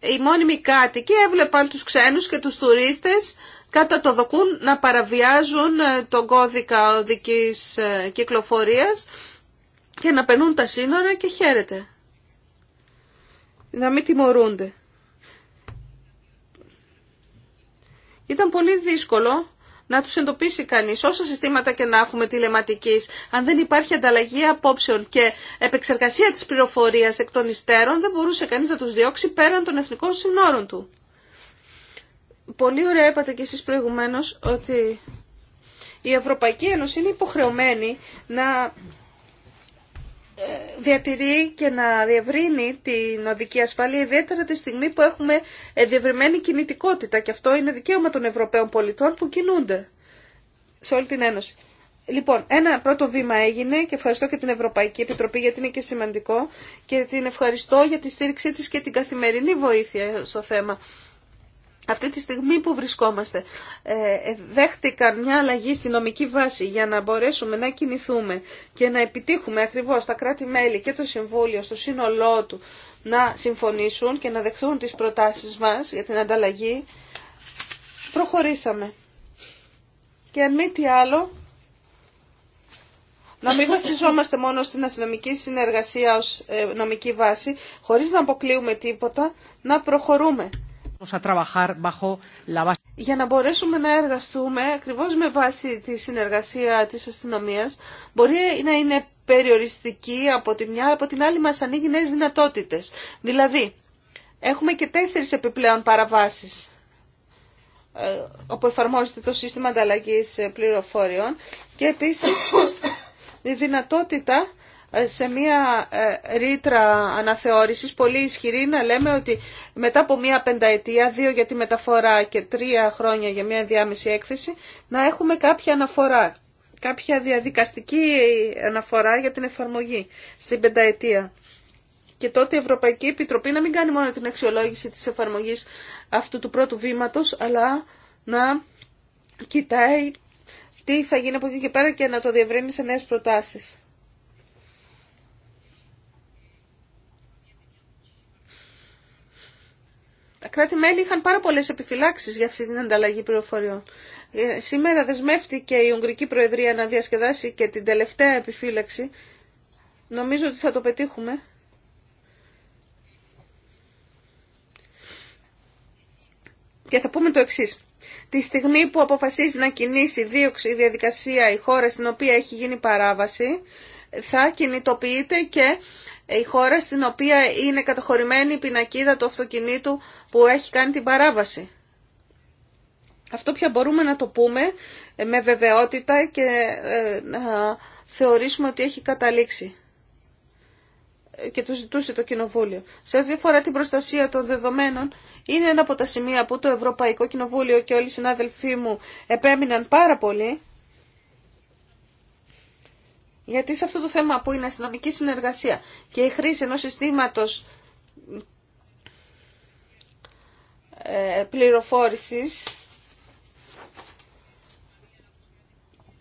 Οι μόνιμοι κάτοικοι έβλεπαν τους ξένους και τους τουρίστες κατά το δοκούν να παραβιάζουν ε, τον κώδικα οδικής ε, κυκλοφορίας και να περνούν τα σύνορα και χαίρεται. Να μην τιμωρούνται. Ήταν πολύ δύσκολο να τους εντοπίσει κανείς όσα συστήματα και να έχουμε τηλεματικής. Αν δεν υπάρχει ανταλλαγή απόψεων και επεξεργασία της πληροφορίας εκ των υστέρων, δεν μπορούσε κανείς να τους διώξει πέραν των εθνικών συνόρων του. Πολύ ωραία είπατε κι εσείς προηγουμένως ότι η Ευρωπαϊκή Ένωση είναι υποχρεωμένη να ε, διατηρεί και να διευρύνει την οδική ασφάλεια, ιδιαίτερα τη στιγμή που έχουμε ε, διευρυμένη κινητικότητα και αυτό είναι δικαίωμα των Ευρωπαίων πολιτών που κινούνται σε όλη την Ένωση. Λοιπόν, ένα πρώτο βήμα έγινε και ευχαριστώ και την Ευρωπαϊκή Επιτροπή γιατί είναι και σημαντικό και την ευχαριστώ για τη στήριξή της και την καθημερινή βοήθεια στο θέμα αυτή τη στιγμή που βρισκόμαστε ε, ε, δέχτηκαν μια αλλαγή στη νομική βάση για να μπορέσουμε να κινηθούμε και να επιτύχουμε ακριβώς τα κράτη-μέλη και το Συμβούλιο στο σύνολό του να συμφωνήσουν και να δεχθούν τις προτάσεις μας για την ανταλλαγή, προχωρήσαμε. Και αν μη τι άλλο, να μην βασιζόμαστε μόνο στην αστυνομική συνεργασία ως ε, νομική βάση, χωρίς να αποκλείουμε τίποτα, να προχωρούμε. Για να μπορέσουμε να εργαστούμε ακριβώς με βάση τη συνεργασία της αστυνομίας μπορεί να είναι περιοριστική από τη μια, από την άλλη μας ανοίγει νέες δυνατότητες. Δηλαδή, έχουμε και τέσσερις επιπλέον παραβάσεις ε, όπου εφαρμόζεται το σύστημα ανταλλαγής πληροφοριών και επίσης η δυνατότητα σε μια ε, ρήτρα αναθεώρησης πολύ ισχυρή να λέμε ότι μετά από μια πενταετία, δύο για τη μεταφορά και τρία χρόνια για μια διάμεση έκθεση, να έχουμε κάποια αναφορά, κάποια διαδικαστική αναφορά για την εφαρμογή στην πενταετία. Και τότε η Ευρωπαϊκή Επιτροπή να μην κάνει μόνο την αξιολόγηση της εφαρμογής αυτού του πρώτου βήματος, αλλά να κοιτάει τι θα γίνει από εκεί και πέρα και να το διευρύνει σε νέες προτάσεις. Τα κράτη-μέλη είχαν πάρα πολλές επιφυλάξεις για αυτή την ανταλλαγή πληροφοριών. Ε, σήμερα δεσμεύτηκε η Ουγγρική Προεδρία να διασκεδάσει και την τελευταία επιφύλαξη. Νομίζω ότι θα το πετύχουμε. Και θα πούμε το εξή. Τη στιγμή που αποφασίζει να κινήσει δίωξη η διαδικασία η χώρα στην οποία έχει γίνει παράβαση, θα κινητοποιείται και ε, η χώρα στην οποία είναι καταχωρημένη η πινακίδα του αυτοκινήτου που έχει κάνει την παράβαση. Αυτό πια μπορούμε να το πούμε ε, με βεβαιότητα και ε, να θεωρήσουμε ότι έχει καταλήξει και το ζητούσε το Κοινοβούλιο. Σε ό,τι αφορά την προστασία των δεδομένων, είναι ένα από τα σημεία που το Ευρωπαϊκό Κοινοβούλιο και όλοι οι συνάδελφοί μου επέμειναν πάρα πολύ γιατί σε αυτό το θέμα που είναι αστυνομική συνεργασία και η χρήση ενός συστήματος ε, πληροφόρησης,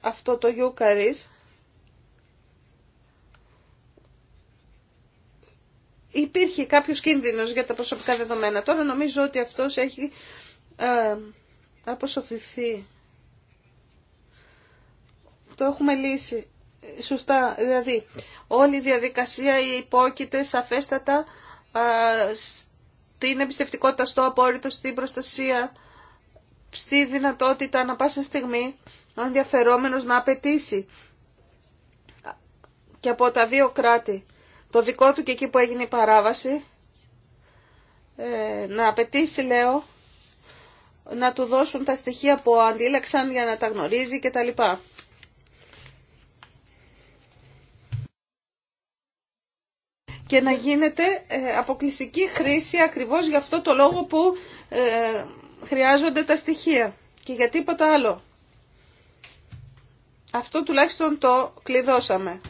αυτό το Ιούκαρις, υπήρχε κάποιος κίνδυνος για τα προσωπικά δεδομένα. Τώρα νομίζω ότι αυτός έχει ε, αποσοφηθεί. Το έχουμε λύσει σωστά, δηλαδή όλη η διαδικασία υπόκειται σαφέστατα στην εμπιστευτικότητα στο απόρριτο, στην προστασία, στη δυνατότητα να πάσα στιγμή ο ενδιαφερόμενος να απαιτήσει και από τα δύο κράτη το δικό του και εκεί που έγινε η παράβαση ε, να απαιτήσει λέω να του δώσουν τα στοιχεία που αντίλεξαν για να τα γνωρίζει κτλ. και να γίνεται ε, αποκλειστική χρήση ακριβώς για αυτό το λόγο που ε, χρειάζονται τα στοιχεία και για τίποτα άλλο. Αυτό τουλάχιστον το κλειδώσαμε.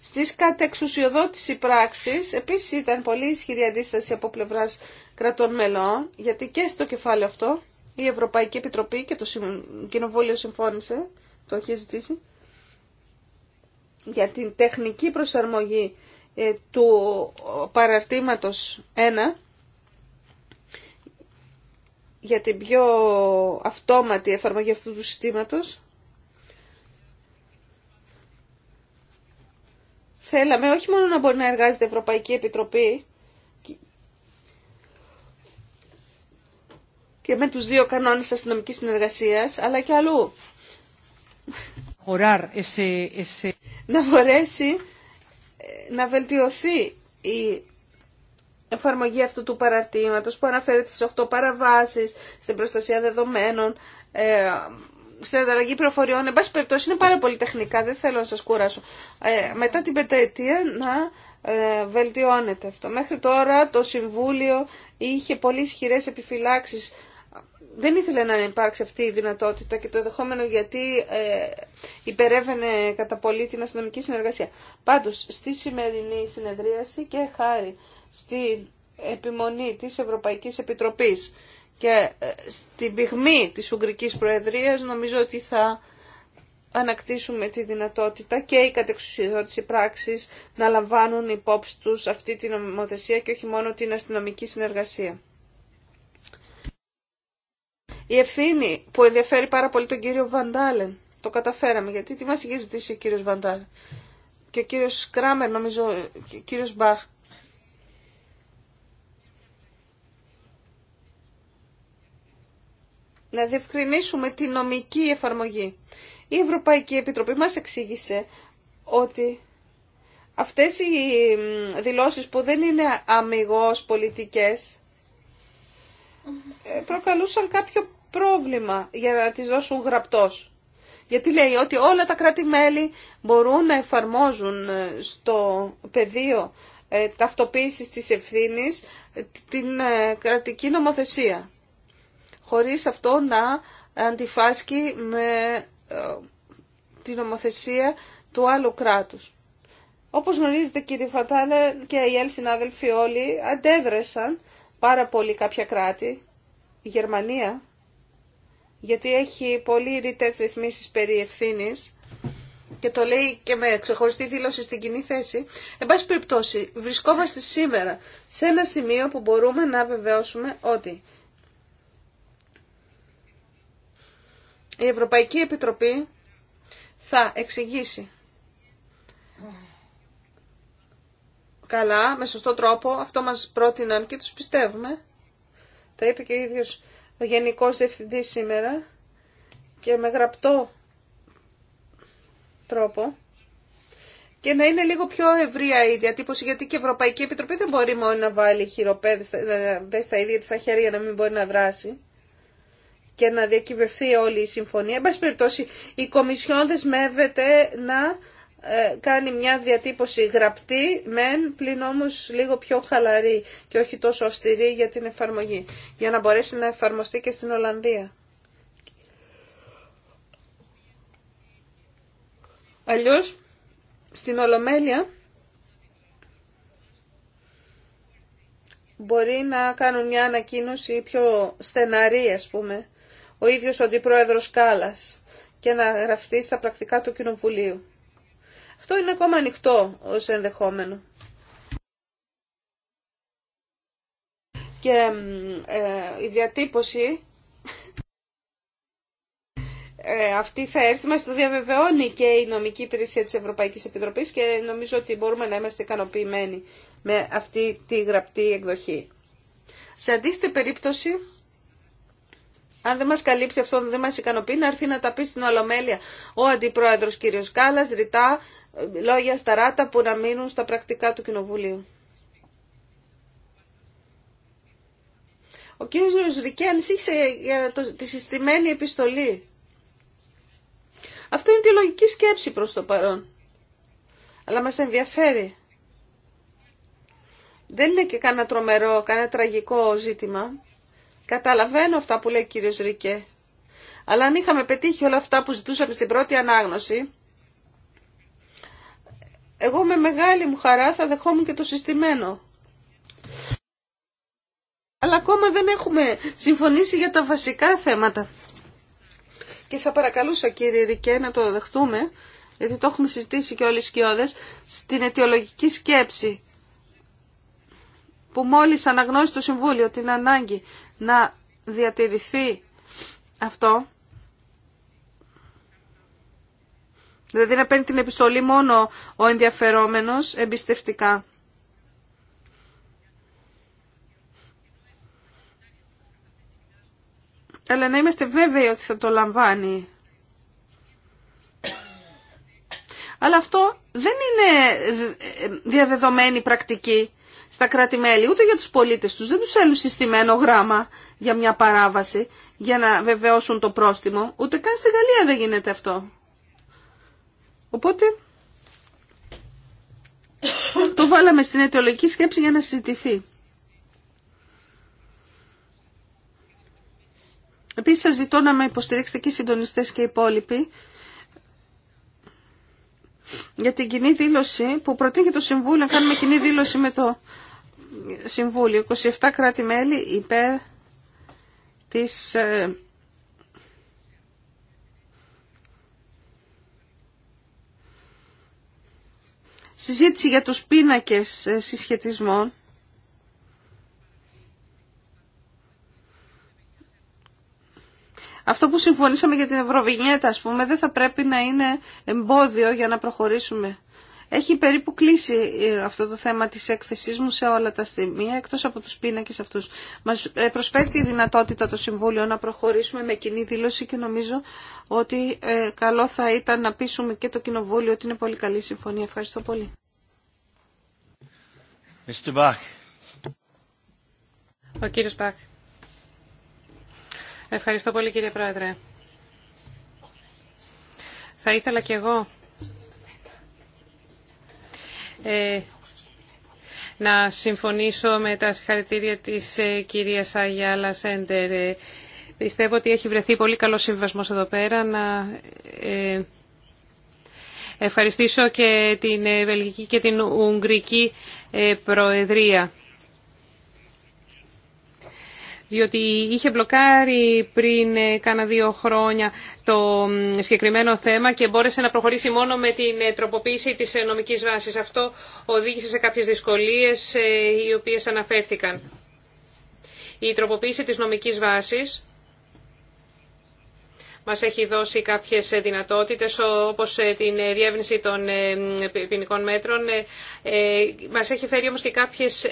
Στις κατεξουσιοδότηση πράξης, επίσης ήταν πολύ ισχυρή αντίσταση από πλευράς κρατών μελών, γιατί και στο κεφάλαιο αυτό η Ευρωπαϊκή Επιτροπή και το Κοινοβούλιο συμφώνησε, το έχει ζητήσει, για την τεχνική προσαρμογή ε, του παραρτήματος 1 για την πιο αυτόματη εφαρμογή αυτού του συστήματος. Θέλαμε όχι μόνο να μπορεί να εργάζεται η Ευρωπαϊκή Επιτροπή και με τους δύο κανόνες αστυνομικής συνεργασίας, αλλά και αλλού. Να μπορέσει να βελτιωθεί η εφαρμογή αυτού του παραρτήματος που αναφέρεται στις 8 παραβάσεις, στην προστασία δεδομένων, ε, στην ανταλλαγή προφοριών. Εν πάση περιπτώσει είναι πάρα πολύ τεχνικά, δεν θέλω να σας κουράσω. Ε, μετά την πενταετία να ε, βελτιώνεται αυτό. Μέχρι τώρα το Συμβούλιο είχε πολύ ισχυρέ επιφυλάξεις δεν ήθελε να υπάρξει αυτή η δυνατότητα και το δεχόμενο γιατί ε, υπερεύαινε κατά πολύ την αστυνομική συνεργασία. Πάντως, στη σημερινή συνεδρίαση και χάρη στην επιμονή της Ευρωπαϊκής Επιτροπής και ε, στην πυγμή της Ουγγρικής Προεδρίας νομίζω ότι θα ανακτήσουμε τη δυνατότητα και οι κατεξουσιοδότηση πράξεις να λαμβάνουν υπόψη τους αυτή την νομοθεσία και όχι μόνο την αστυνομική συνεργασία. Η ευθύνη που ενδιαφέρει πάρα πολύ τον κύριο Βαντάλεν. Το καταφέραμε, γιατί τι μα είχε ζητήσει ο κύριο Βαντάλεν. Και ο κύριο Κράμερ, νομίζω, και ο κύριο Μπαχ. Να διευκρινίσουμε τη νομική εφαρμογή. Η Ευρωπαϊκή Επιτροπή μας εξήγησε ότι αυτές οι δηλώσεις που δεν είναι αμυγός πολιτικές ε, προκαλούσαν κάποιο πρόβλημα για να τις δώσουν γραπτός. Γιατί λέει ότι όλα τα κράτη-μέλη μπορούν να εφαρμόζουν ε, στο πεδίο ε, ταυτοποίησης της ευθύνης την κρατική νομοθεσία. Χωρίς αυτό να αντιφάσκει με την νομοθεσία του άλλου κράτους. Όπως γνωρίζετε κύριε Φατάλε και οι άλλοι συνάδελφοι όλοι αντέδρεσαν πάρα πολύ κάποια κράτη η Γερμανία, γιατί έχει πολύ ρητές ρυθμίσεις περί και το λέει και με ξεχωριστή δήλωση στην κοινή θέση. Εν πάση περιπτώσει, βρισκόμαστε σήμερα σε ένα σημείο που μπορούμε να βεβαιώσουμε ότι η Ευρωπαϊκή Επιτροπή θα εξηγήσει καλά, με σωστό τρόπο, αυτό μας πρότειναν και τους πιστεύουμε, το είπε και ο ίδιος ο Γενικός Διευθυντής σήμερα και με γραπτό τρόπο. Και να είναι λίγο πιο ευρία η διατύπωση, γιατί και η Ευρωπαϊκή Επιτροπή δεν μπορεί μόνο να βάλει χειροπέδες στα ε, ε, ίδια της στα χέρια να μην μπορεί να δράσει και να διακυβευθεί όλη η συμφωνία. Εν πάση περιπτώσει, η Κομισιόν δεσμεύεται να ε, κάνει μια διατύπωση γραπτή, μεν πλην όμως λίγο πιο χαλαρή και όχι τόσο αυστηρή για την εφαρμογή, για να μπορέσει να εφαρμοστεί και στην Ολλανδία. Αλλιώς, στην Ολομέλεια μπορεί να κάνουν μια ανακοίνωση πιο στεναρή, ας πούμε, ο ίδιος ο αντιπρόεδρος Κάλλας και να γραφτεί στα πρακτικά του Κοινοβουλίου. Αυτό είναι ακόμα ανοιχτό ως ενδεχόμενο. Και ε, η διατύπωση ε, αυτή θα έρθει, μας το διαβεβαιώνει και η νομική υπηρεσία της Ευρωπαϊκής Επιτροπής και νομίζω ότι μπορούμε να είμαστε ικανοποιημένοι με αυτή τη γραπτή εκδοχή. Σε αντίθετη περίπτωση, αν δεν μας καλύπτει αυτό, δεν μας ικανοποιεί, να έρθει να τα πει στην Ολομέλεια ο Αντιπρόεδρος κύριος Κάλλας, ρητά λόγια ράτα που να μείνουν στα πρακτικά του Κοινοβουλίου. Ο κύριος Ρικέ ανησύχησε για το, τη συστημένη επιστολή. Αυτό είναι τη λογική σκέψη προς το παρόν. Αλλά μας ενδιαφέρει. Δεν είναι και κανένα τρομερό, κανένα τραγικό ζήτημα. Καταλαβαίνω αυτά που λέει ο κύριος Ρικέ. Αλλά αν είχαμε πετύχει όλα αυτά που ζητούσαμε στην πρώτη ανάγνωση, εγώ με μεγάλη μου χαρά θα δεχόμουν και το συστημένο. Αλλά ακόμα δεν έχουμε συμφωνήσει για τα βασικά θέματα. Και θα παρακαλούσα κύριε Ρικέ να το δεχτούμε, γιατί το έχουμε συζητήσει και όλοι οι σκιώδες, στην αιτιολογική σκέψη που μόλις αναγνώρισε το Συμβούλιο την ανάγκη να διατηρηθεί αυτό Δηλαδή να παίρνει την επιστολή μόνο ο ενδιαφερόμενος εμπιστευτικά. Αλλά να είμαστε βέβαιοι ότι θα το λαμβάνει. Αλλά αυτό δεν είναι ε, διαδεδομένη πρακτική στα κράτη-μέλη, ούτε για τους πολίτες τους. Δεν τους έλουν συστημένο γράμμα για μια παράβαση, για να βεβαιώσουν το πρόστιμο. Ούτε καν στη Γαλλία δεν γίνεται αυτό. Οπότε το βάλαμε στην αιτιολογική σκέψη για να συζητηθεί. Επίσης σας ζητώ να με υποστηρίξετε και οι συντονιστές και οι υπόλοιποι για την κοινή δήλωση που προτείνει και το Συμβούλιο. Κάνουμε κοινή δήλωση με το Συμβούλιο. 27 κράτη-μέλη υπέρ της ε, συζήτηση για τους πίνακες ε, συσχετισμών Αυτό που συμφωνήσαμε για την Ευρωβινιέτα, ας πούμε, δεν θα πρέπει να είναι εμπόδιο για να προχωρήσουμε. Έχει περίπου κλείσει ε, αυτό το θέμα της έκθεσής μου σε όλα τα στιγμή, εκτός από τους πίνακες αυτούς. Μας ε, προσφέρει τη δυνατότητα το Συμβούλιο να προχωρήσουμε με κοινή δήλωση και νομίζω ότι ε, καλό θα ήταν να πείσουμε και το Κοινοβούλιο ότι είναι πολύ καλή συμφωνία. Ευχαριστώ πολύ. Ο κύριος Μπακ. Ευχαριστώ πολύ κύριε Πρόεδρε. Θα ήθελα και εγώ ε, να συμφωνήσω με τα συγχαρητήρια της ε, κυρίας Αγιάλα Σέντερ. Ε, πιστεύω ότι έχει βρεθεί πολύ καλό συμβασμός εδώ πέρα να... Ευχαριστήσω και την Βελγική και την Ουγγρική Προεδρία διότι είχε μπλοκάρει πριν ε, κάνα δύο χρόνια το συγκεκριμένο θέμα και μπόρεσε να προχωρήσει μόνο με την ε, τροποποίηση της ε, νομικής βάσης. Αυτό οδήγησε σε κάποιες δυσκολίες οι οποίες αναφέρθηκαν. Η τροποποίηση της νομικής βάσης μας έχει δώσει κάποιες δυνατότητες όπως την διεύνηση των ποινικών μέτρων. Μας έχει φέρει όμως και κάποιες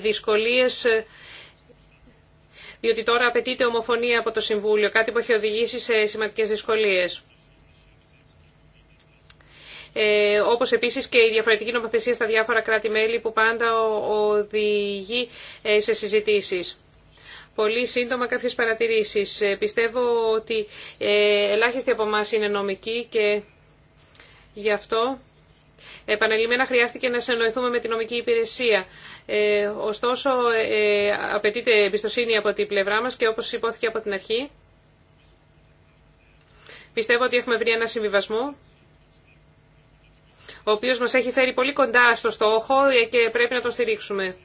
δυσκολίες διότι τώρα απαιτείται ομοφωνία από το Συμβούλιο, κάτι που έχει οδηγήσει σε σημαντικές δυσκολίες. Ε, όπως επίσης και η διαφορετική νομοθεσία στα διάφορα κράτη-μέλη που πάντα οδηγεί ε, σε συζητήσεις. Πολύ σύντομα κάποιες παρατηρήσεις. Ε, πιστεύω ότι ε, ελάχιστοι από εμά είναι νομικοί και γι' αυτό Επανελειμμένα χρειάστηκε να συνοηθούμε με την νομική υπηρεσία. Ε, ωστόσο, ε, απαιτείται εμπιστοσύνη από την πλευρά μας και όπως υπόθηκε από την αρχή, πιστεύω ότι έχουμε βρει ένα συμβιβασμό ο οποίος μας έχει φέρει πολύ κοντά στο στόχο και πρέπει να το στηρίξουμε.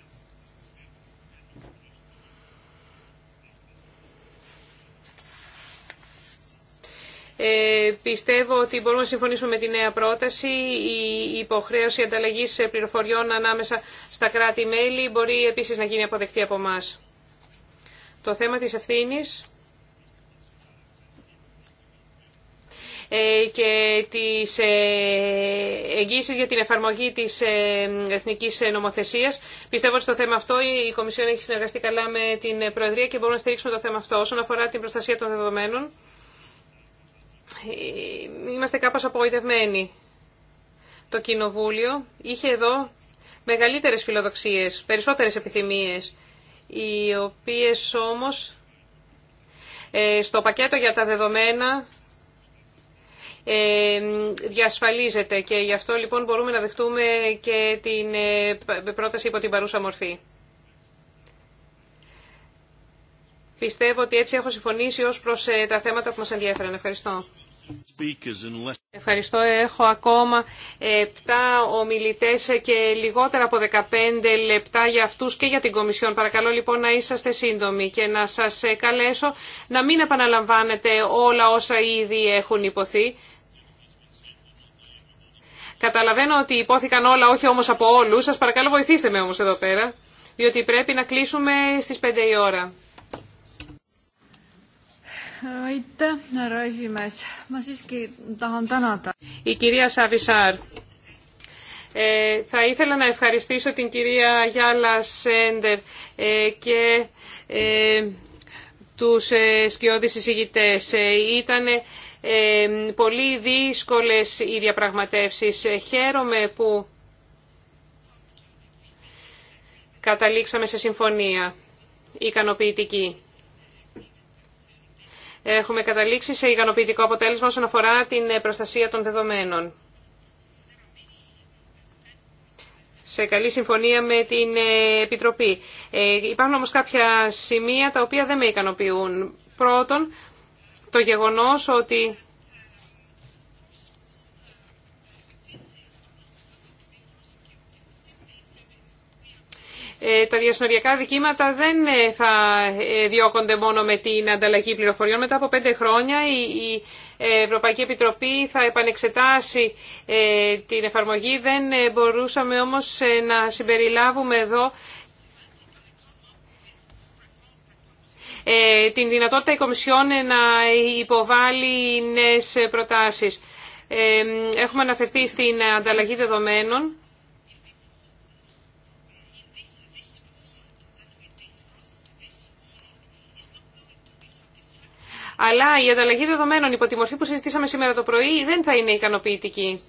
Ε, πιστεύω ότι μπορούμε να συμφωνήσουμε με τη νέα πρόταση. Η υποχρέωση ανταλλαγή πληροφοριών ανάμεσα στα κράτη-μέλη μπορεί επίσης να γίνει αποδεκτή από εμά. Το θέμα της ευθύνη. Ε, και τις ε, εγγύσεις για την εφαρμογή της εθνικής νομοθεσίας. Πιστεύω ότι στο θέμα αυτό η Κομισιόν έχει συνεργαστεί καλά με την Προεδρία και μπορούμε να στηρίξουμε το θέμα αυτό όσον αφορά την προστασία των δεδομένων. Ε, είμαστε κάπως απογοητευμένοι. Το Κοινοβούλιο είχε εδώ μεγαλύτερες φιλοδοξίες, περισσότερες επιθυμίες, οι οποίες όμως ε, στο πακέτο για τα δεδομένα ε, διασφαλίζεται και γι' αυτό λοιπόν μπορούμε να δεχτούμε και την πρόταση υπό την παρούσα μορφή. Πιστεύω ότι έτσι έχω συμφωνήσει ως προς τα θέματα που μας ενδιαφέραν. Ευχαριστώ. Ευχαριστώ. Έχω ακόμα 7 ομιλητές και λιγότερα από 15 λεπτά για αυτούς και για την Κομισιόν. Παρακαλώ λοιπόν να είσαστε σύντομοι και να σας καλέσω να μην επαναλαμβάνετε όλα όσα ήδη έχουν υποθεί. Καταλαβαίνω ότι υπόθηκαν όλα, όχι όμως από όλους. Σας παρακαλώ βοηθήστε με όμως εδώ πέρα, διότι πρέπει να κλείσουμε στις 5 η ώρα. Η κυρία Σαβισάρ. Ε, θα ήθελα να ευχαριστήσω την κυρία Γιάλα Σέντερ ε, και ε, τους ε, σκιώδεις εισηγητές. Ε, ήταν πολύ δύσκολες οι διαπραγματεύσεις. χαίρομαι που καταλήξαμε σε συμφωνία ικανοποιητική έχουμε καταλήξει σε ικανοποιητικό αποτέλεσμα όσον αφορά την προστασία των δεδομένων. σε καλή συμφωνία με την ε, Επιτροπή. Ε, υπάρχουν όμως κάποια σημεία τα οποία δεν με ικανοποιούν. Πρώτον, το γεγονός ότι Ε, τα διασυνοριακά δικήματα δεν ε, θα ε, διώκονται μόνο με την ανταλλαγή πληροφοριών. Μετά από πέντε χρόνια η Ευρωπαϊκή Επιτροπή θα επανεξετάσει την εφαρμογή. Δεν μπορούσαμε όμως να συμπεριλάβουμε εδώ την δυνατότητα η Κομισιόν να υποβάλει νέες προτάσεις. Έχουμε αναφερθεί στην ανταλλαγή δεδομένων. αλλά η ανταλλαγή δεδομένων υπό τη μορφή που συζητήσαμε σήμερα το πρωί δεν θα είναι ικανοποιητική.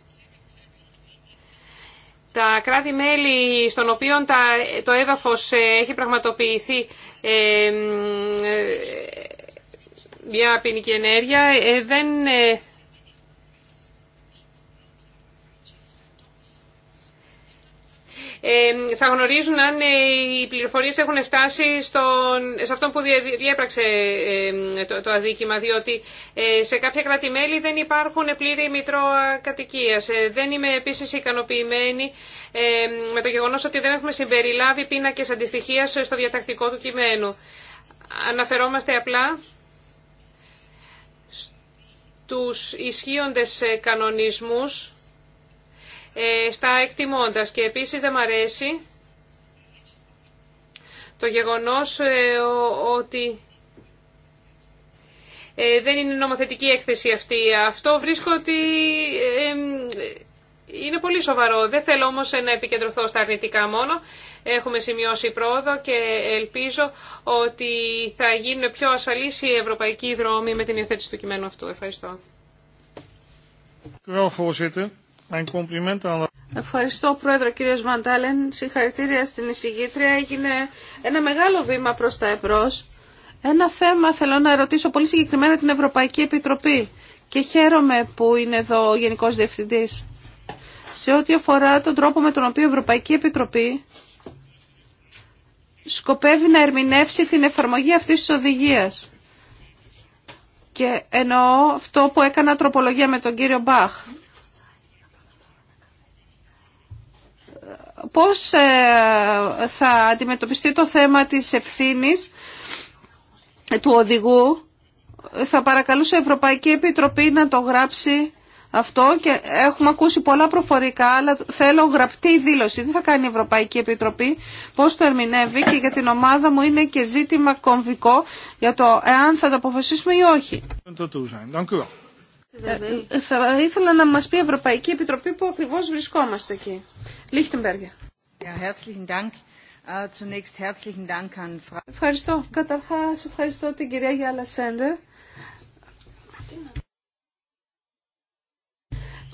Τα κράτη-μέλη στον οποίο το έδαφος ε, έχει πραγματοποιηθεί ε, ε, μια ποινική ενέργεια δεν Ε, θα γνωρίζουν αν ε, οι πληροφορίες έχουν φτάσει στον, σε αυτόν που διέπραξε ε, το αδίκημα, διότι σε κάποια δεν υπάρχουν πλήρη μητρώα κατοικίας. Δεν είμαι επίσης ικανοποιημένη με το γεγονός ότι δεν έχουμε συμπεριλάβει πίνακες αντιστοιχίας στο διατακτικό του κειμένου. Αναφερόμαστε απλά τους ισχύοντες κανονισμούς ε, στα εκτιμώντας. Και επίσης δεν μ' αρέσει το γεγονός ε, ότι ε, δεν είναι νομοθετική έκθεση αυτή. Αυτό βρίσκω ότι είναι πολύ σοβαρό. Δεν θέλω όμως να επικεντρωθώ στα αρνητικά μόνο. Έχουμε σημειώσει πρόοδο και ελπίζω ότι θα γίνουν πιο ασφαλείς οι ευρωπαϊκοί δρόμοι με την υιοθέτηση του κειμένου αυτού. Ευχαριστώ. Ευχαριστώ. Ευχαριστώ πρόεδρο κύριος Βαντάλεν. Συγχαρητήρια στην εισηγήτρια. Έγινε ένα μεγάλο βήμα προς τα εμπρός. Ένα θέμα θέλω να ρωτήσω πολύ συγκεκριμένα την Ευρωπαϊκή Επιτροπή και χαίρομαι που είναι εδώ ο Γενικός Διευθυντής. Σε ό,τι αφορά τον τρόπο με τον οποίο η Ευρωπαϊκή Επιτροπή σκοπεύει να ερμηνεύσει την εφαρμογή αυτής της οδηγίας. Και εννοώ αυτό που έκανα τροπολογία με τον κύριο Μπαχ πώς ε, θα αντιμετωπιστεί το θέμα της ευθύνης του οδηγού. Θα παρακαλούσε η Ευρωπαϊκή Επιτροπή να το γράψει αυτό και έχουμε ακούσει πολλά προφορικά, αλλά θέλω γραπτή δήλωση. Τι θα κάνει η Ευρωπαϊκή Επιτροπή πώς το ερμηνεύει και για την ομάδα μου είναι και ζήτημα κομβικό για το εάν θα το αποφασίσουμε ή όχι. Ε, ε, θα ήθελα να μας πει η Ευρωπαϊκή Επιτροπή που ακριβώς βρισκόμαστε εκεί. Λίχτεμπεργε. Äh, ευχαριστώ. Καταρχάς ευχαριστώ την κυρία Γιάλα Σέντερ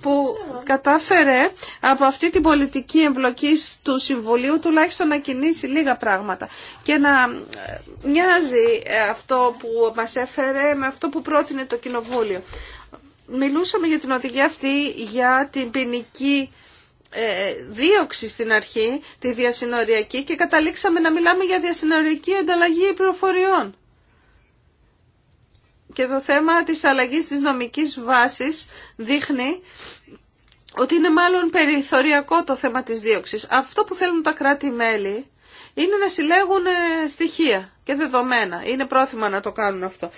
που κατάφερε από αυτή την πολιτική εμπλοκή του Συμβουλίου τουλάχιστον να κινήσει λίγα πράγματα και να ε, μοιάζει αυτό που μας έφερε με αυτό που πρότεινε το Κοινοβούλιο. Μιλούσαμε για την οδηγία αυτή για την ποινική ε, δίωξη στην αρχή, τη διασυνοριακή και καταλήξαμε να μιλάμε για διασυνοριακή ανταλλαγή πληροφοριών. Και το θέμα της αλλαγής της νομικής βάσης δείχνει ότι είναι μάλλον περιθωριακό το θέμα της δίωξης. Αυτό που θέλουν τα κράτη-μέλη είναι να συλλέγουν ε, στοιχεία και δεδομένα. Είναι πρόθυμα να το κάνουν αυτό.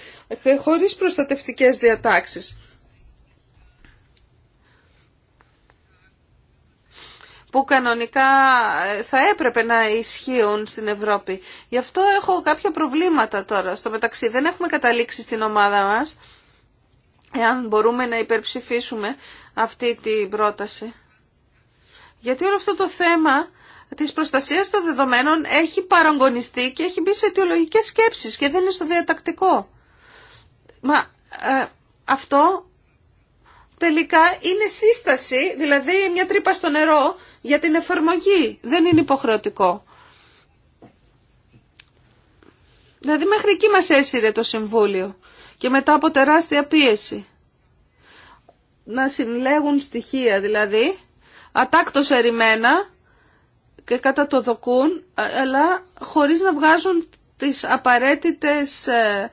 Ε, χωρίς προστατευτικές διατάξεις. που κανονικά ε, θα έπρεπε να ισχύουν στην Ευρώπη. Γι' αυτό έχω κάποια προβλήματα τώρα. Στο μεταξύ δεν έχουμε καταλήξει στην ομάδα μας εάν μπορούμε να υπερψηφίσουμε αυτή την πρόταση. Γιατί όλο αυτό το θέμα της προστασίας των δεδομένων έχει παραγωνιστεί και έχει μπει σε αιτιολογικές σκέψεις και δεν είναι στο διατακτικό. Μα ε, αυτό τελικά είναι σύσταση, δηλαδή μια τρύπα στο νερό για την εφαρμογή. Δεν είναι υποχρεωτικό. Δηλαδή μέχρι εκεί μας έσυρε το Συμβούλιο και μετά από τεράστια πίεση. Να συλλέγουν στοιχεία δηλαδή, ατάκτως ερημένα και κατά το δοκούν, ε, αλλά χωρίς να βγάζουν τις απαραίτητες ε,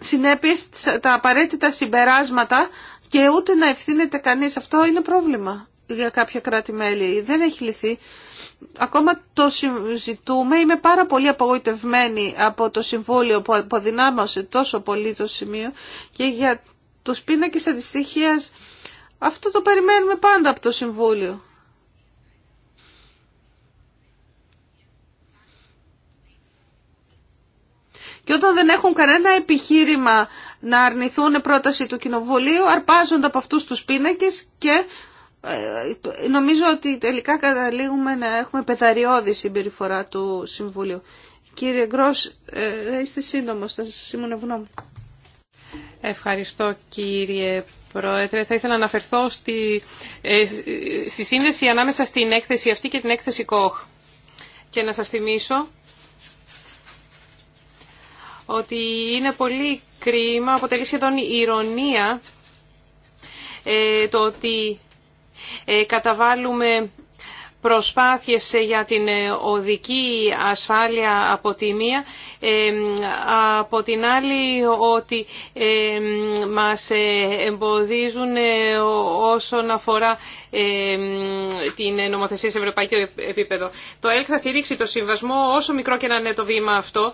συνέπειες, τα απαραίτητα συμπεράσματα και ούτε να ευθύνεται κανείς. Αυτό είναι πρόβλημα για κάποια κράτη-μέλη. Δεν έχει λυθεί. Ακόμα το συζητούμε. Είμαι πάρα πολύ απογοητευμένη από το Συμβούλιο που αποδυνάμωσε τόσο πολύ το σημείο και για τους πίνακες αντιστοιχίας αυτό το περιμένουμε πάντα από το Συμβούλιο. Και όταν δεν έχουν κανένα επιχείρημα να αρνηθούν πρόταση του Κοινοβουλίου, αρπάζονται από αυτούς τους πίνακες και ε, νομίζω ότι τελικά καταλήγουμε να έχουμε πεταριώδη συμπεριφορά του Συμβουλίου. Κύριε Γκρός, ε, είστε σύντομος, θα σας ήμουν ευγνώμη. Ευχαριστώ κύριε Πρόεδρε. Θα ήθελα να αναφερθώ στη, ε, στη σύνδεση ανάμεσα στην έκθεση αυτή και την έκθεση ΚΟΧ. Και να σας θυμίσω ότι είναι πολύ κρίμα, αποτελεί σχεδόν ηρωνία ε, το ότι ε, καταβάλουμε προσπάθειες για την ε, οδική ασφάλεια από τη μία, ε, από την άλλη ότι ε, μας εμποδίζουν όσον αφορά την νομοθεσία σε ευρωπαϊκό επίπεδο. Το ΕΛΚ θα στηρίξει το συμβασμό όσο μικρό και να είναι το βήμα αυτό.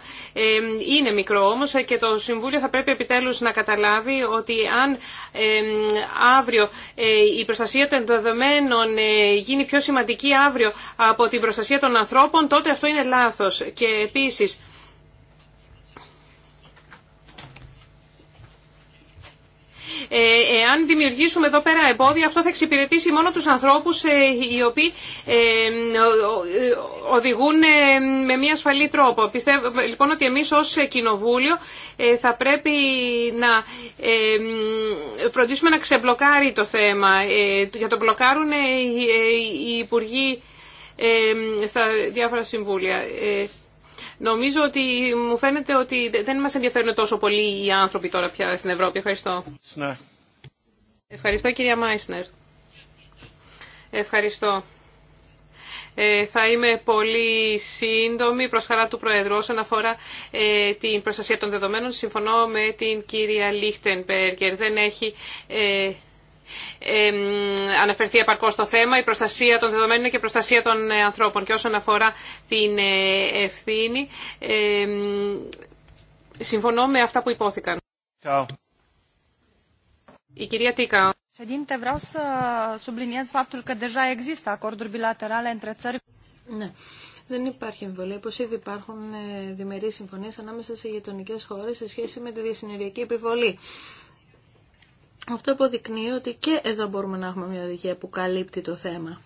Είναι μικρό όμως και το Συμβούλιο θα πρέπει επιτέλους να καταλάβει ότι αν αύριο η προστασία των δεδομένων γίνει πιο σημαντική αύριο από την προστασία των ανθρώπων, τότε αυτό είναι λάθος. Και επίσης, Ε, εάν δημιουργήσουμε εδώ πέρα εμπόδια, αυτό θα εξυπηρετήσει μόνο τους ανθρώπους ε, οι οποίοι ε, οδηγούν με μία ασφαλή τρόπο. Πιστεύω λοιπόν ότι εμείς ως κοινοβούλιο θα πρέπει να φροντίσουμε να ξεμπλοκάρει το θέμα. Για το μπλοκάρουν οι υπουργοί στα διάφορα συμβούλια. Νομίζω ότι μου φαίνεται ότι δεν μας ενδιαφέρουν τόσο πολύ οι άνθρωποι τώρα πια στην Ευρώπη. Ευχαριστώ. Ναι. Ευχαριστώ κυρία Μάισνερ. Ευχαριστώ. Ε, θα είμαι πολύ σύντομη προς χαρά του Προέδρου όσον αφορά ε, την προστασία των δεδομένων. Συμφωνώ με την κυρία Λίχτενπεργκερ. Δεν έχει... Ε, αναφερθεί επαρκώς στο θέμα, η προστασία των δεδομένων και η προστασία των ε, ανθρώπων. Και όσον αφορά την ε, ευθύνη, συμφωνώ με αυτά που υπόθηκαν. Η κυρία Τίκα. Δεν υπάρχει εμβολία, Όπω ήδη υπάρχουν ε, διμερεί συμφωνίε ανάμεσα σε γειτονικέ χώρε σε σχέση με τη διασυνοριακή επιβολή. Αυτό αποδεικνύει ότι και εδώ μπορούμε να έχουμε μια οδηγία που καλύπτει το θέμα.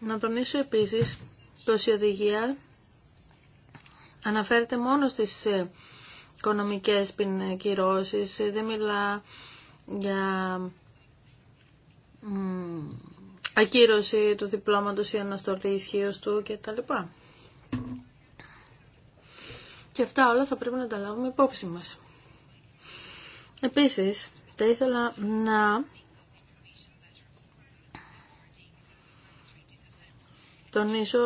Να τονίσω επίσης πως η οδηγία αναφέρεται μόνο στις ε, οικονομικές ε, κυρώσεις, ε, δεν μιλά για ακύρωση του διπλώματος ή αναστολή ισχύω του κτλ. Και αυτά όλα θα πρέπει να τα λάβουμε υπόψη μας. Επίσης, θα ήθελα να τονίσω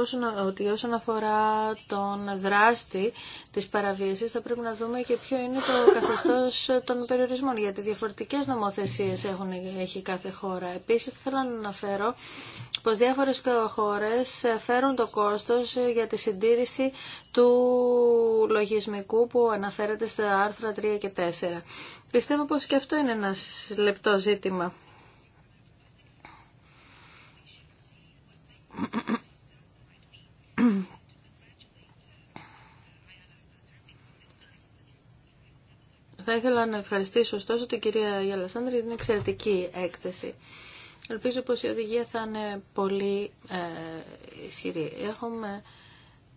ότι όσον αφορά τον δράστη της παραβίασης θα πρέπει να δούμε και ποιο είναι το καθεστώ των περιορισμών γιατί διαφορετικές νομοθεσίες έχουν, έχει κάθε χώρα. Επίσης θέλω να αναφέρω πως διάφορες χώρες φέρουν το κόστος για τη συντήρηση του λογισμικού που αναφέρεται στα άρθρα 3 και 4. Πιστεύω πως και αυτό είναι ένα λεπτό ζήτημα. Θα ήθελα να ευχαριστήσω ωστόσο την κυρία Γιαλασάνδρη για την εξαιρετική έκθεση. Ελπίζω πως η οδηγία θα είναι πολύ ε, ισχυρή. Έχουμε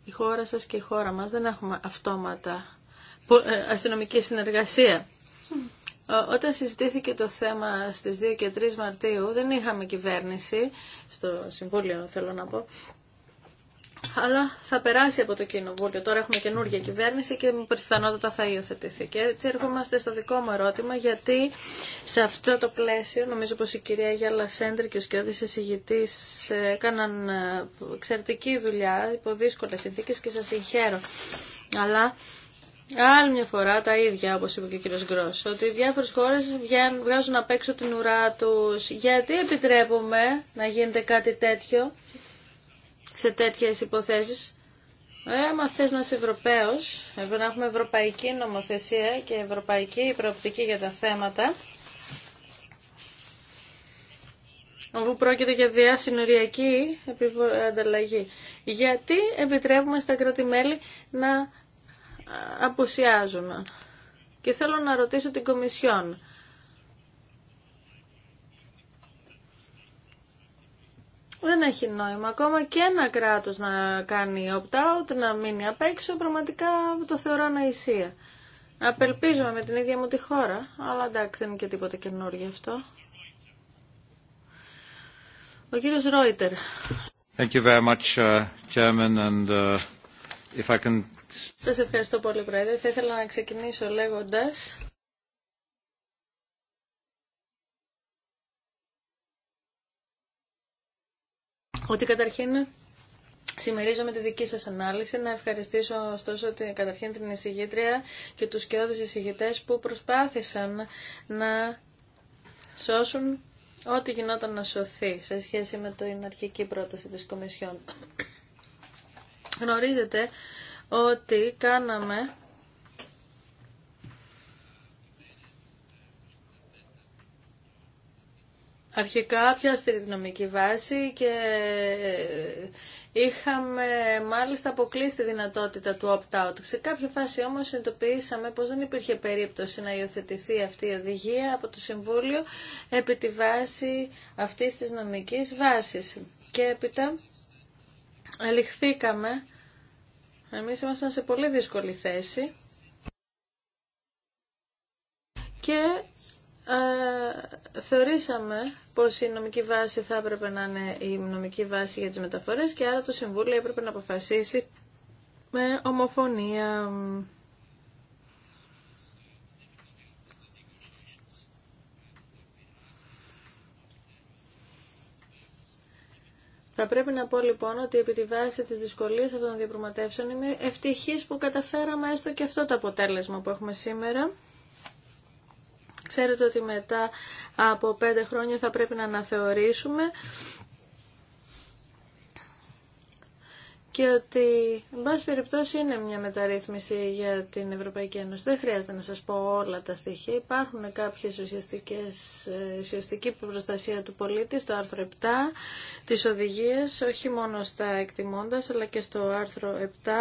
η χώρα σας και η χώρα μας δεν έχουμε αυτόματα ε, αστυνομική συνεργασία. Όταν συζητήθηκε το θέμα στις 2 και 3 Μαρτίου δεν είχαμε κυβέρνηση, στο Συμβούλιο θέλω να πω, αλλά θα περάσει από το Κοινοβούλιο. Τώρα έχουμε καινούργια κυβέρνηση και πιθανότατα θα υιοθετηθεί. Και έτσι ερχόμαστε στο δικό μου ερώτημα, γιατί σε αυτό το πλαίσιο, νομίζω πως η κυρία Γιάλα Σέντρη και ο Σκιώδης εισηγητής έκαναν ε, εξαιρετική δουλειά υπό δύσκολες συνθήκες και σας συγχαίρω. Αλλά Άλλη μια φορά τα ίδια, όπως είπε και ο κύριος Γκρός, ότι οι διάφορες χώρες βγάζουν απ' έξω την ουρά τους. Γιατί επιτρέπουμε να γίνεται κάτι τέτοιο σε τέτοιες υποθέσεις. Ε, άμα θες να είσαι Ευρωπαίος, να έχουμε ευρωπαϊκή νομοθεσία και ευρωπαϊκή προοπτική για τα θέματα, Όπου πρόκειται για διασυνοριακή ανταλλαγή. Γιατί επιτρέπουμε στα κράτη-μέλη να απουσιάζουν. Και θέλω να ρωτήσω την Κομισιόν. δεν έχει νόημα. Ακόμα και ένα κράτος να κάνει opt-out, να μείνει απ' έξω, πραγματικά το θεωρώ αναησία. Απελπίζομαι με την ίδια μου τη χώρα, αλλά εντάξει δεν είναι και τίποτα καινούργιο αυτό. Ο κύριος Ρόιτερ. Thank Σας ευχαριστώ πολύ, Πρόεδρε. Θα ήθελα να ξεκινήσω λέγοντας ότι καταρχήν Συμμερίζομαι τη δική σας ανάλυση. Να ευχαριστήσω ωστόσο την, καταρχήν την εισηγήτρια και τους σκιώδεις εισηγητές που προσπάθησαν να σώσουν ό,τι γινόταν να σωθεί σε σχέση με την αρχική πρόταση της Κομισιόν. Γνωρίζετε ότι κάναμε αρχικά πια στη νομική βάση και ε, είχαμε μάλιστα αποκλείσει τη δυνατότητα του opt-out. Σε κάποια φάση όμως συνειδητοποιήσαμε πως δεν υπήρχε περίπτωση να υιοθετηθεί αυτή η οδηγία από το Συμβούλιο επί τη βάση αυτής της νομικής βάσης. Και έπειτα ελιχθήκαμε, εμείς ήμασταν σε πολύ δύσκολη θέση και ε, θεωρήσαμε πως η νομική βάση θα έπρεπε να είναι η νομική βάση για τις μεταφορές και άρα το Συμβούλιο έπρεπε να αποφασίσει με ομοφωνία. Θα πρέπει να πω λοιπόν ότι επί τη βάση της δυσκολίας αυτών των διαπραγματεύσεων είμαι ευτυχής που καταφέραμε έστω και αυτό το αποτέλεσμα που έχουμε σήμερα. Ξέρετε ότι μετά από πέντε χρόνια θα πρέπει να αναθεωρήσουμε και ότι, εν πάση περιπτώσει, είναι μια μεταρρύθμιση για την Ευρωπαϊκή Ένωση. Δεν χρειάζεται να σας πω όλα τα στοιχεία. Υπάρχουν κάποιες ουσιαστικές, ε, ουσιαστική προστασία του πολίτη στο άρθρο 7 της οδηγίας, όχι μόνο στα εκτιμώντας, αλλά και στο άρθρο 7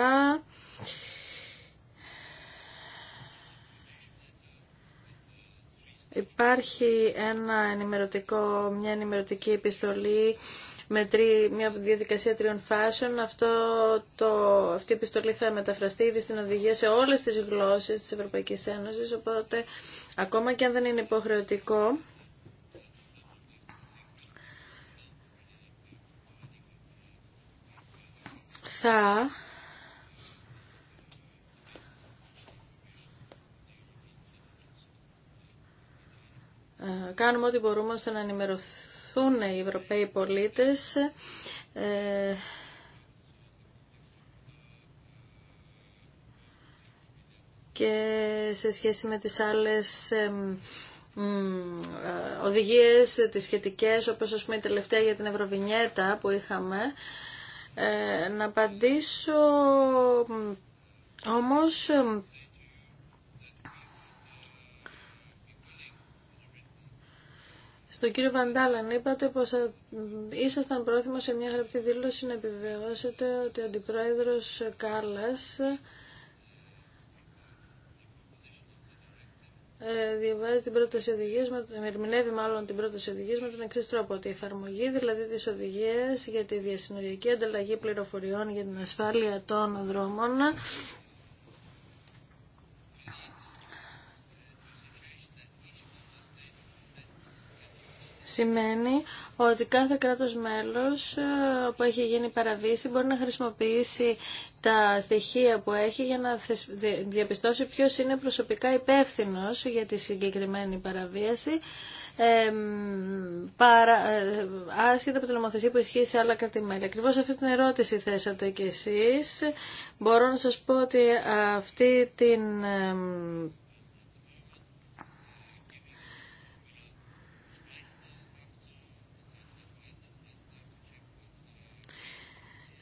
Υπάρχει ένα ενημερωτικό, μια ενημερωτική επιστολή με τρι, μια διαδικασία τριών φάσεων. Αυτό το, αυτή η επιστολή θα μεταφραστεί ήδη στην οδηγία σε όλες τις γλώσσες της Ευρωπαϊκής Ένωσης, οπότε ακόμα και αν δεν είναι υποχρεωτικό, θα κάνουμε ό,τι μπορούμε ώστε να ενημερωθούν οι Ευρωπαίοι πολίτες ε, και σε σχέση με τις άλλες οδηγίες, τις σχετικές, όπως ας πούμε η τελευταία για την Ευρωβινιέτα που είχαμε, ε, να απαντήσω όμως Στον κύριο Βαντάλαν είπατε πως ε, ήσασταν πρόθυμος σε μια γραπτή δήλωση να επιβεβαιώσετε ότι ο αντιπρόεδρος Κάλλας ε, διαβάζει την πρόταση οδηγίας, ερμηνεύει μάλλον την πρόταση οδηγίας με τον εξή τρόπο, ότι εφαρμογή δηλαδή της οδηγίας για τη διασυνοριακή ανταλλαγή πληροφοριών για την ασφάλεια των δρόμων σημαίνει ότι κάθε κράτος μέλος ε, που έχει γίνει παραβίαση μπορεί να χρησιμοποιήσει τα στοιχεία που έχει για να διαπιστώσει ποιος είναι προσωπικά υπεύθυνος για τη συγκεκριμένη παραβίαση ε, παρα, άσχετα από την νομοθεσία που ισχύει σε άλλα κρατημέλη. Ακριβώ αυτή την ερώτηση θέσατε κι εσείς. Μπορώ να σας πω ότι αυτή την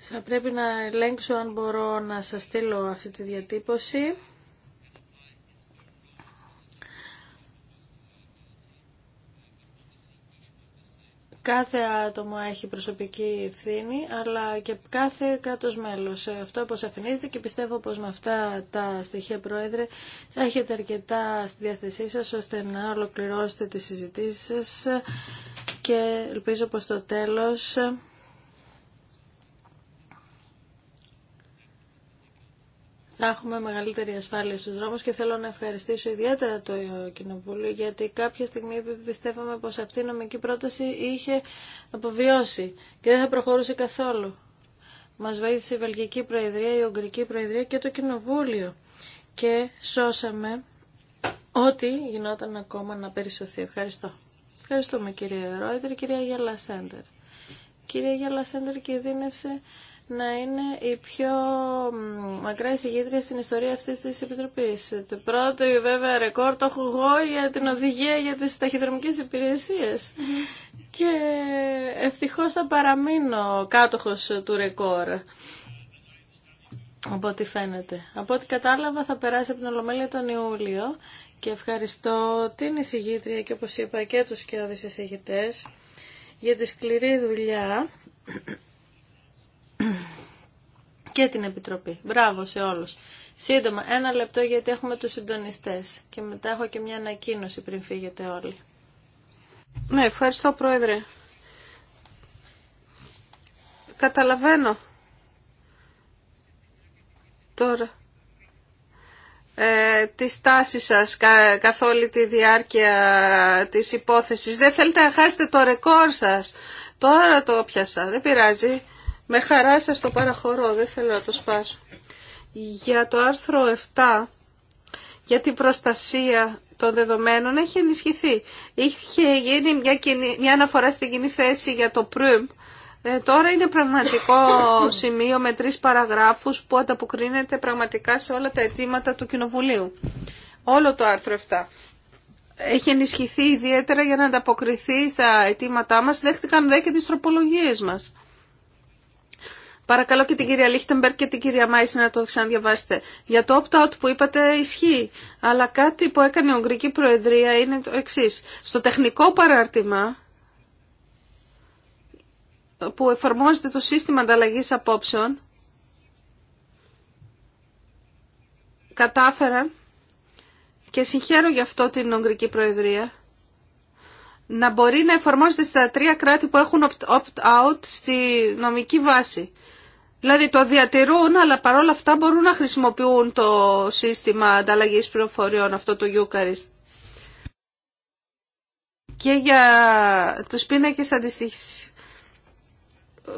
Θα πρέπει να ελέγξω αν μπορώ να σας στείλω αυτή τη διατύπωση. Κάθε άτομο έχει προσωπική ευθύνη, αλλά και κάθε κράτος μέλος. Αυτό αφηνίζεται και πιστεύω πως με αυτά τα στοιχεία, Πρόεδρε, θα έχετε αρκετά στη διάθεσή σας, ώστε να ολοκληρώσετε τις συζητήσεις σας και ελπίζω πως το τέλος θα έχουμε μεγαλύτερη ασφάλεια στους δρόμους και θέλω να ευχαριστήσω ιδιαίτερα το Κοινοβούλιο γιατί κάποια στιγμή πιστεύαμε πως αυτή η νομική πρόταση είχε αποβιώσει και δεν θα προχωρούσε καθόλου. Μας βοήθησε η Βελγική Προεδρία, η Ουγγρική Προεδρία και το Κοινοβούλιο και σώσαμε ό,τι γινόταν ακόμα να περισωθεί. Ευχαριστώ. Ευχαριστούμε κυρία Ρόιτερ, κυρία Γιαλασέντερ. Κυρία Γιαλασέντερ κινδύνευσε να είναι η πιο μακρά εισηγήτρια στην ιστορία αυτής της Επιτροπής. Το πρώτο βέβαια ρεκόρ το έχω εγώ για την οδηγία για τις ταχυδρομικές υπηρεσίες. Mm-hmm. Και ευτυχώς θα παραμείνω κάτοχος του ρεκόρ. Από ό,τι φαίνεται. Από ό,τι κατάλαβα θα περάσει από την Ολομέλεια τον Ιούλιο και ευχαριστώ την εισηγήτρια και όπως είπα και τους και εισηγητές για τη σκληρή δουλειά και την Επιτροπή. Μπράβο σε όλους. Σύντομα, ένα λεπτό γιατί έχουμε τους συντονιστές και μετά έχω και μια ανακοίνωση πριν φύγετε όλοι. Ναι, ευχαριστώ Πρόεδρε. Καταλαβαίνω τώρα ε, τη στάση σας κα, καθ' όλη τη διάρκεια της υπόθεσης. Δεν θέλετε να χάσετε το ρεκόρ σας. Τώρα το πιάσα. Δεν πειράζει. Με χαρά σας το παραχωρώ, δεν θέλω να το σπάσω. Για το άρθρο 7, για την προστασία των δεδομένων, έχει ενισχυθεί. Είχε γίνει μια, αναφορά στην κοινή θέση για το ΠΡΟΥΜ. Ε, τώρα είναι πραγματικό σημείο με τρεις παραγράφους που ανταποκρίνεται πραγματικά σε όλα τα αιτήματα του Κοινοβουλίου. Όλο το άρθρο 7 έχει ενισχυθεί ιδιαίτερα για να ανταποκριθεί στα αιτήματά μας. Δέχτηκαν δε και τις τροπολογίες μας. Παρακαλώ και την κυρία Λίχτεμπερ και την κυρία Μάης να το ξαναδιαβάσετε. Για το opt-out που είπατε ισχύει, αλλά κάτι που έκανε η Ουγγρική Προεδρία είναι το εξή. Στο τεχνικό παράρτημα που εφαρμόζεται το σύστημα ανταλλαγή απόψεων, κατάφερα και συγχαίρω γι' αυτό την Ουγγρική Προεδρία να μπορεί να εφαρμόζεται στα τρία κράτη που έχουν opt-out στη νομική βάση. Δηλαδή το διατηρούν, αλλά παρόλα αυτά μπορούν να χρησιμοποιούν το σύστημα ανταλλαγή πληροφοριών, αυτό το Ιούκαρι. Και για τους πίνακες αντιστοίχησης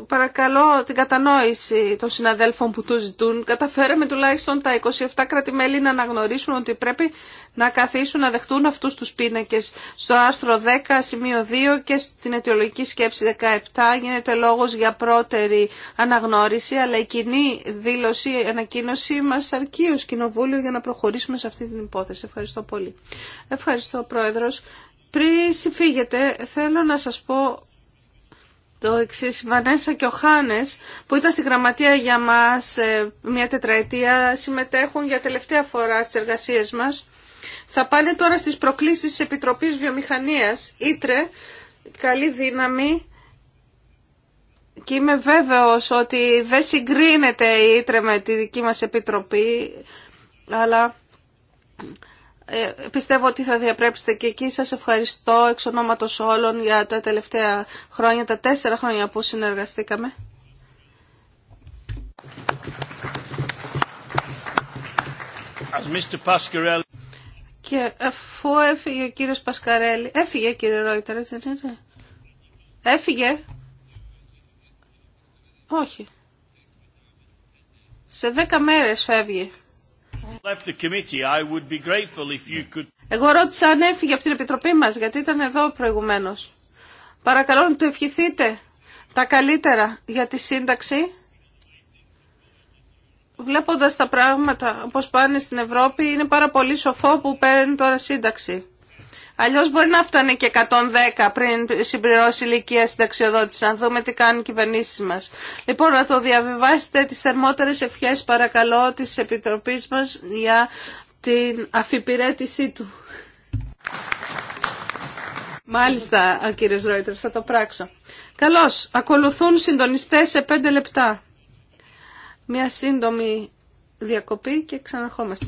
παρακαλώ την κατανόηση των συναδέλφων που του ζητούν. Καταφέραμε τουλάχιστον τα 27 κρατημέλη να αναγνωρίσουν ότι πρέπει να καθίσουν να δεχτούν αυτούς τους πίνακες. Στο άρθρο 10, σημείο 2 και στην αιτιολογική σκέψη 17 γίνεται λόγος για πρώτερη αναγνώριση, αλλά η κοινή δήλωση, η ανακοίνωση μας αρκεί ως κοινοβούλιο για να προχωρήσουμε σε αυτή την υπόθεση. Ευχαριστώ πολύ. Ευχαριστώ, Πρόεδρος. Πριν συμφύγετε, θέλω να σας πω το εξή. και ο Χάνε, που ήταν στη γραμματεία για μα ε, μια τετραετία, συμμετέχουν για τελευταία φορά στι εργασίε μα. Θα πάνε τώρα στι προκλήσει τη Επιτροπή Βιομηχανία. Ήτρε, καλή δύναμη. Και είμαι βέβαιος ότι δεν συγκρίνεται η Ήτρε με τη δική μας Επιτροπή, αλλά ε, πιστεύω ότι θα διαπρέψετε και εκεί. Σας ευχαριστώ εξ ονόματος όλων για τα τελευταία χρόνια, τα τέσσερα χρόνια που συνεργαστήκαμε. Mr. Και αφού έφυγε ο κύριος Πασκαρέλη, έφυγε κύριε Ρόιτερ, έτσι Έφυγε. Όχι. Σε δέκα μέρες φεύγει. Εγώ ρώτησα αν έφυγε από την Επιτροπή μας, γιατί ήταν εδώ προηγουμένως. Παρακαλώ να του ευχηθείτε τα καλύτερα για τη σύνταξη. Βλέποντας τα πράγματα όπως πάνε στην Ευρώπη, είναι πάρα πολύ σοφό που παίρνει τώρα σύνταξη. Αλλιώ μπορεί να φτάνει και 110 πριν συμπληρώσει ηλικία συνταξιοδότηση, αν δούμε τι κάνουν οι κυβερνήσει μας. Λοιπόν, να το διαβιβάσετε τις θερμότερε ευχές παρακαλώ τη Επιτροπής μας για την αφιπηρέτησή του. Μάλιστα, κύριε Ρόιτερ, θα το πράξω. Καλώς, ακολουθούν συντονιστές σε 5 λεπτά. Μια σύντομη διακοπή και ξαναρχόμαστε.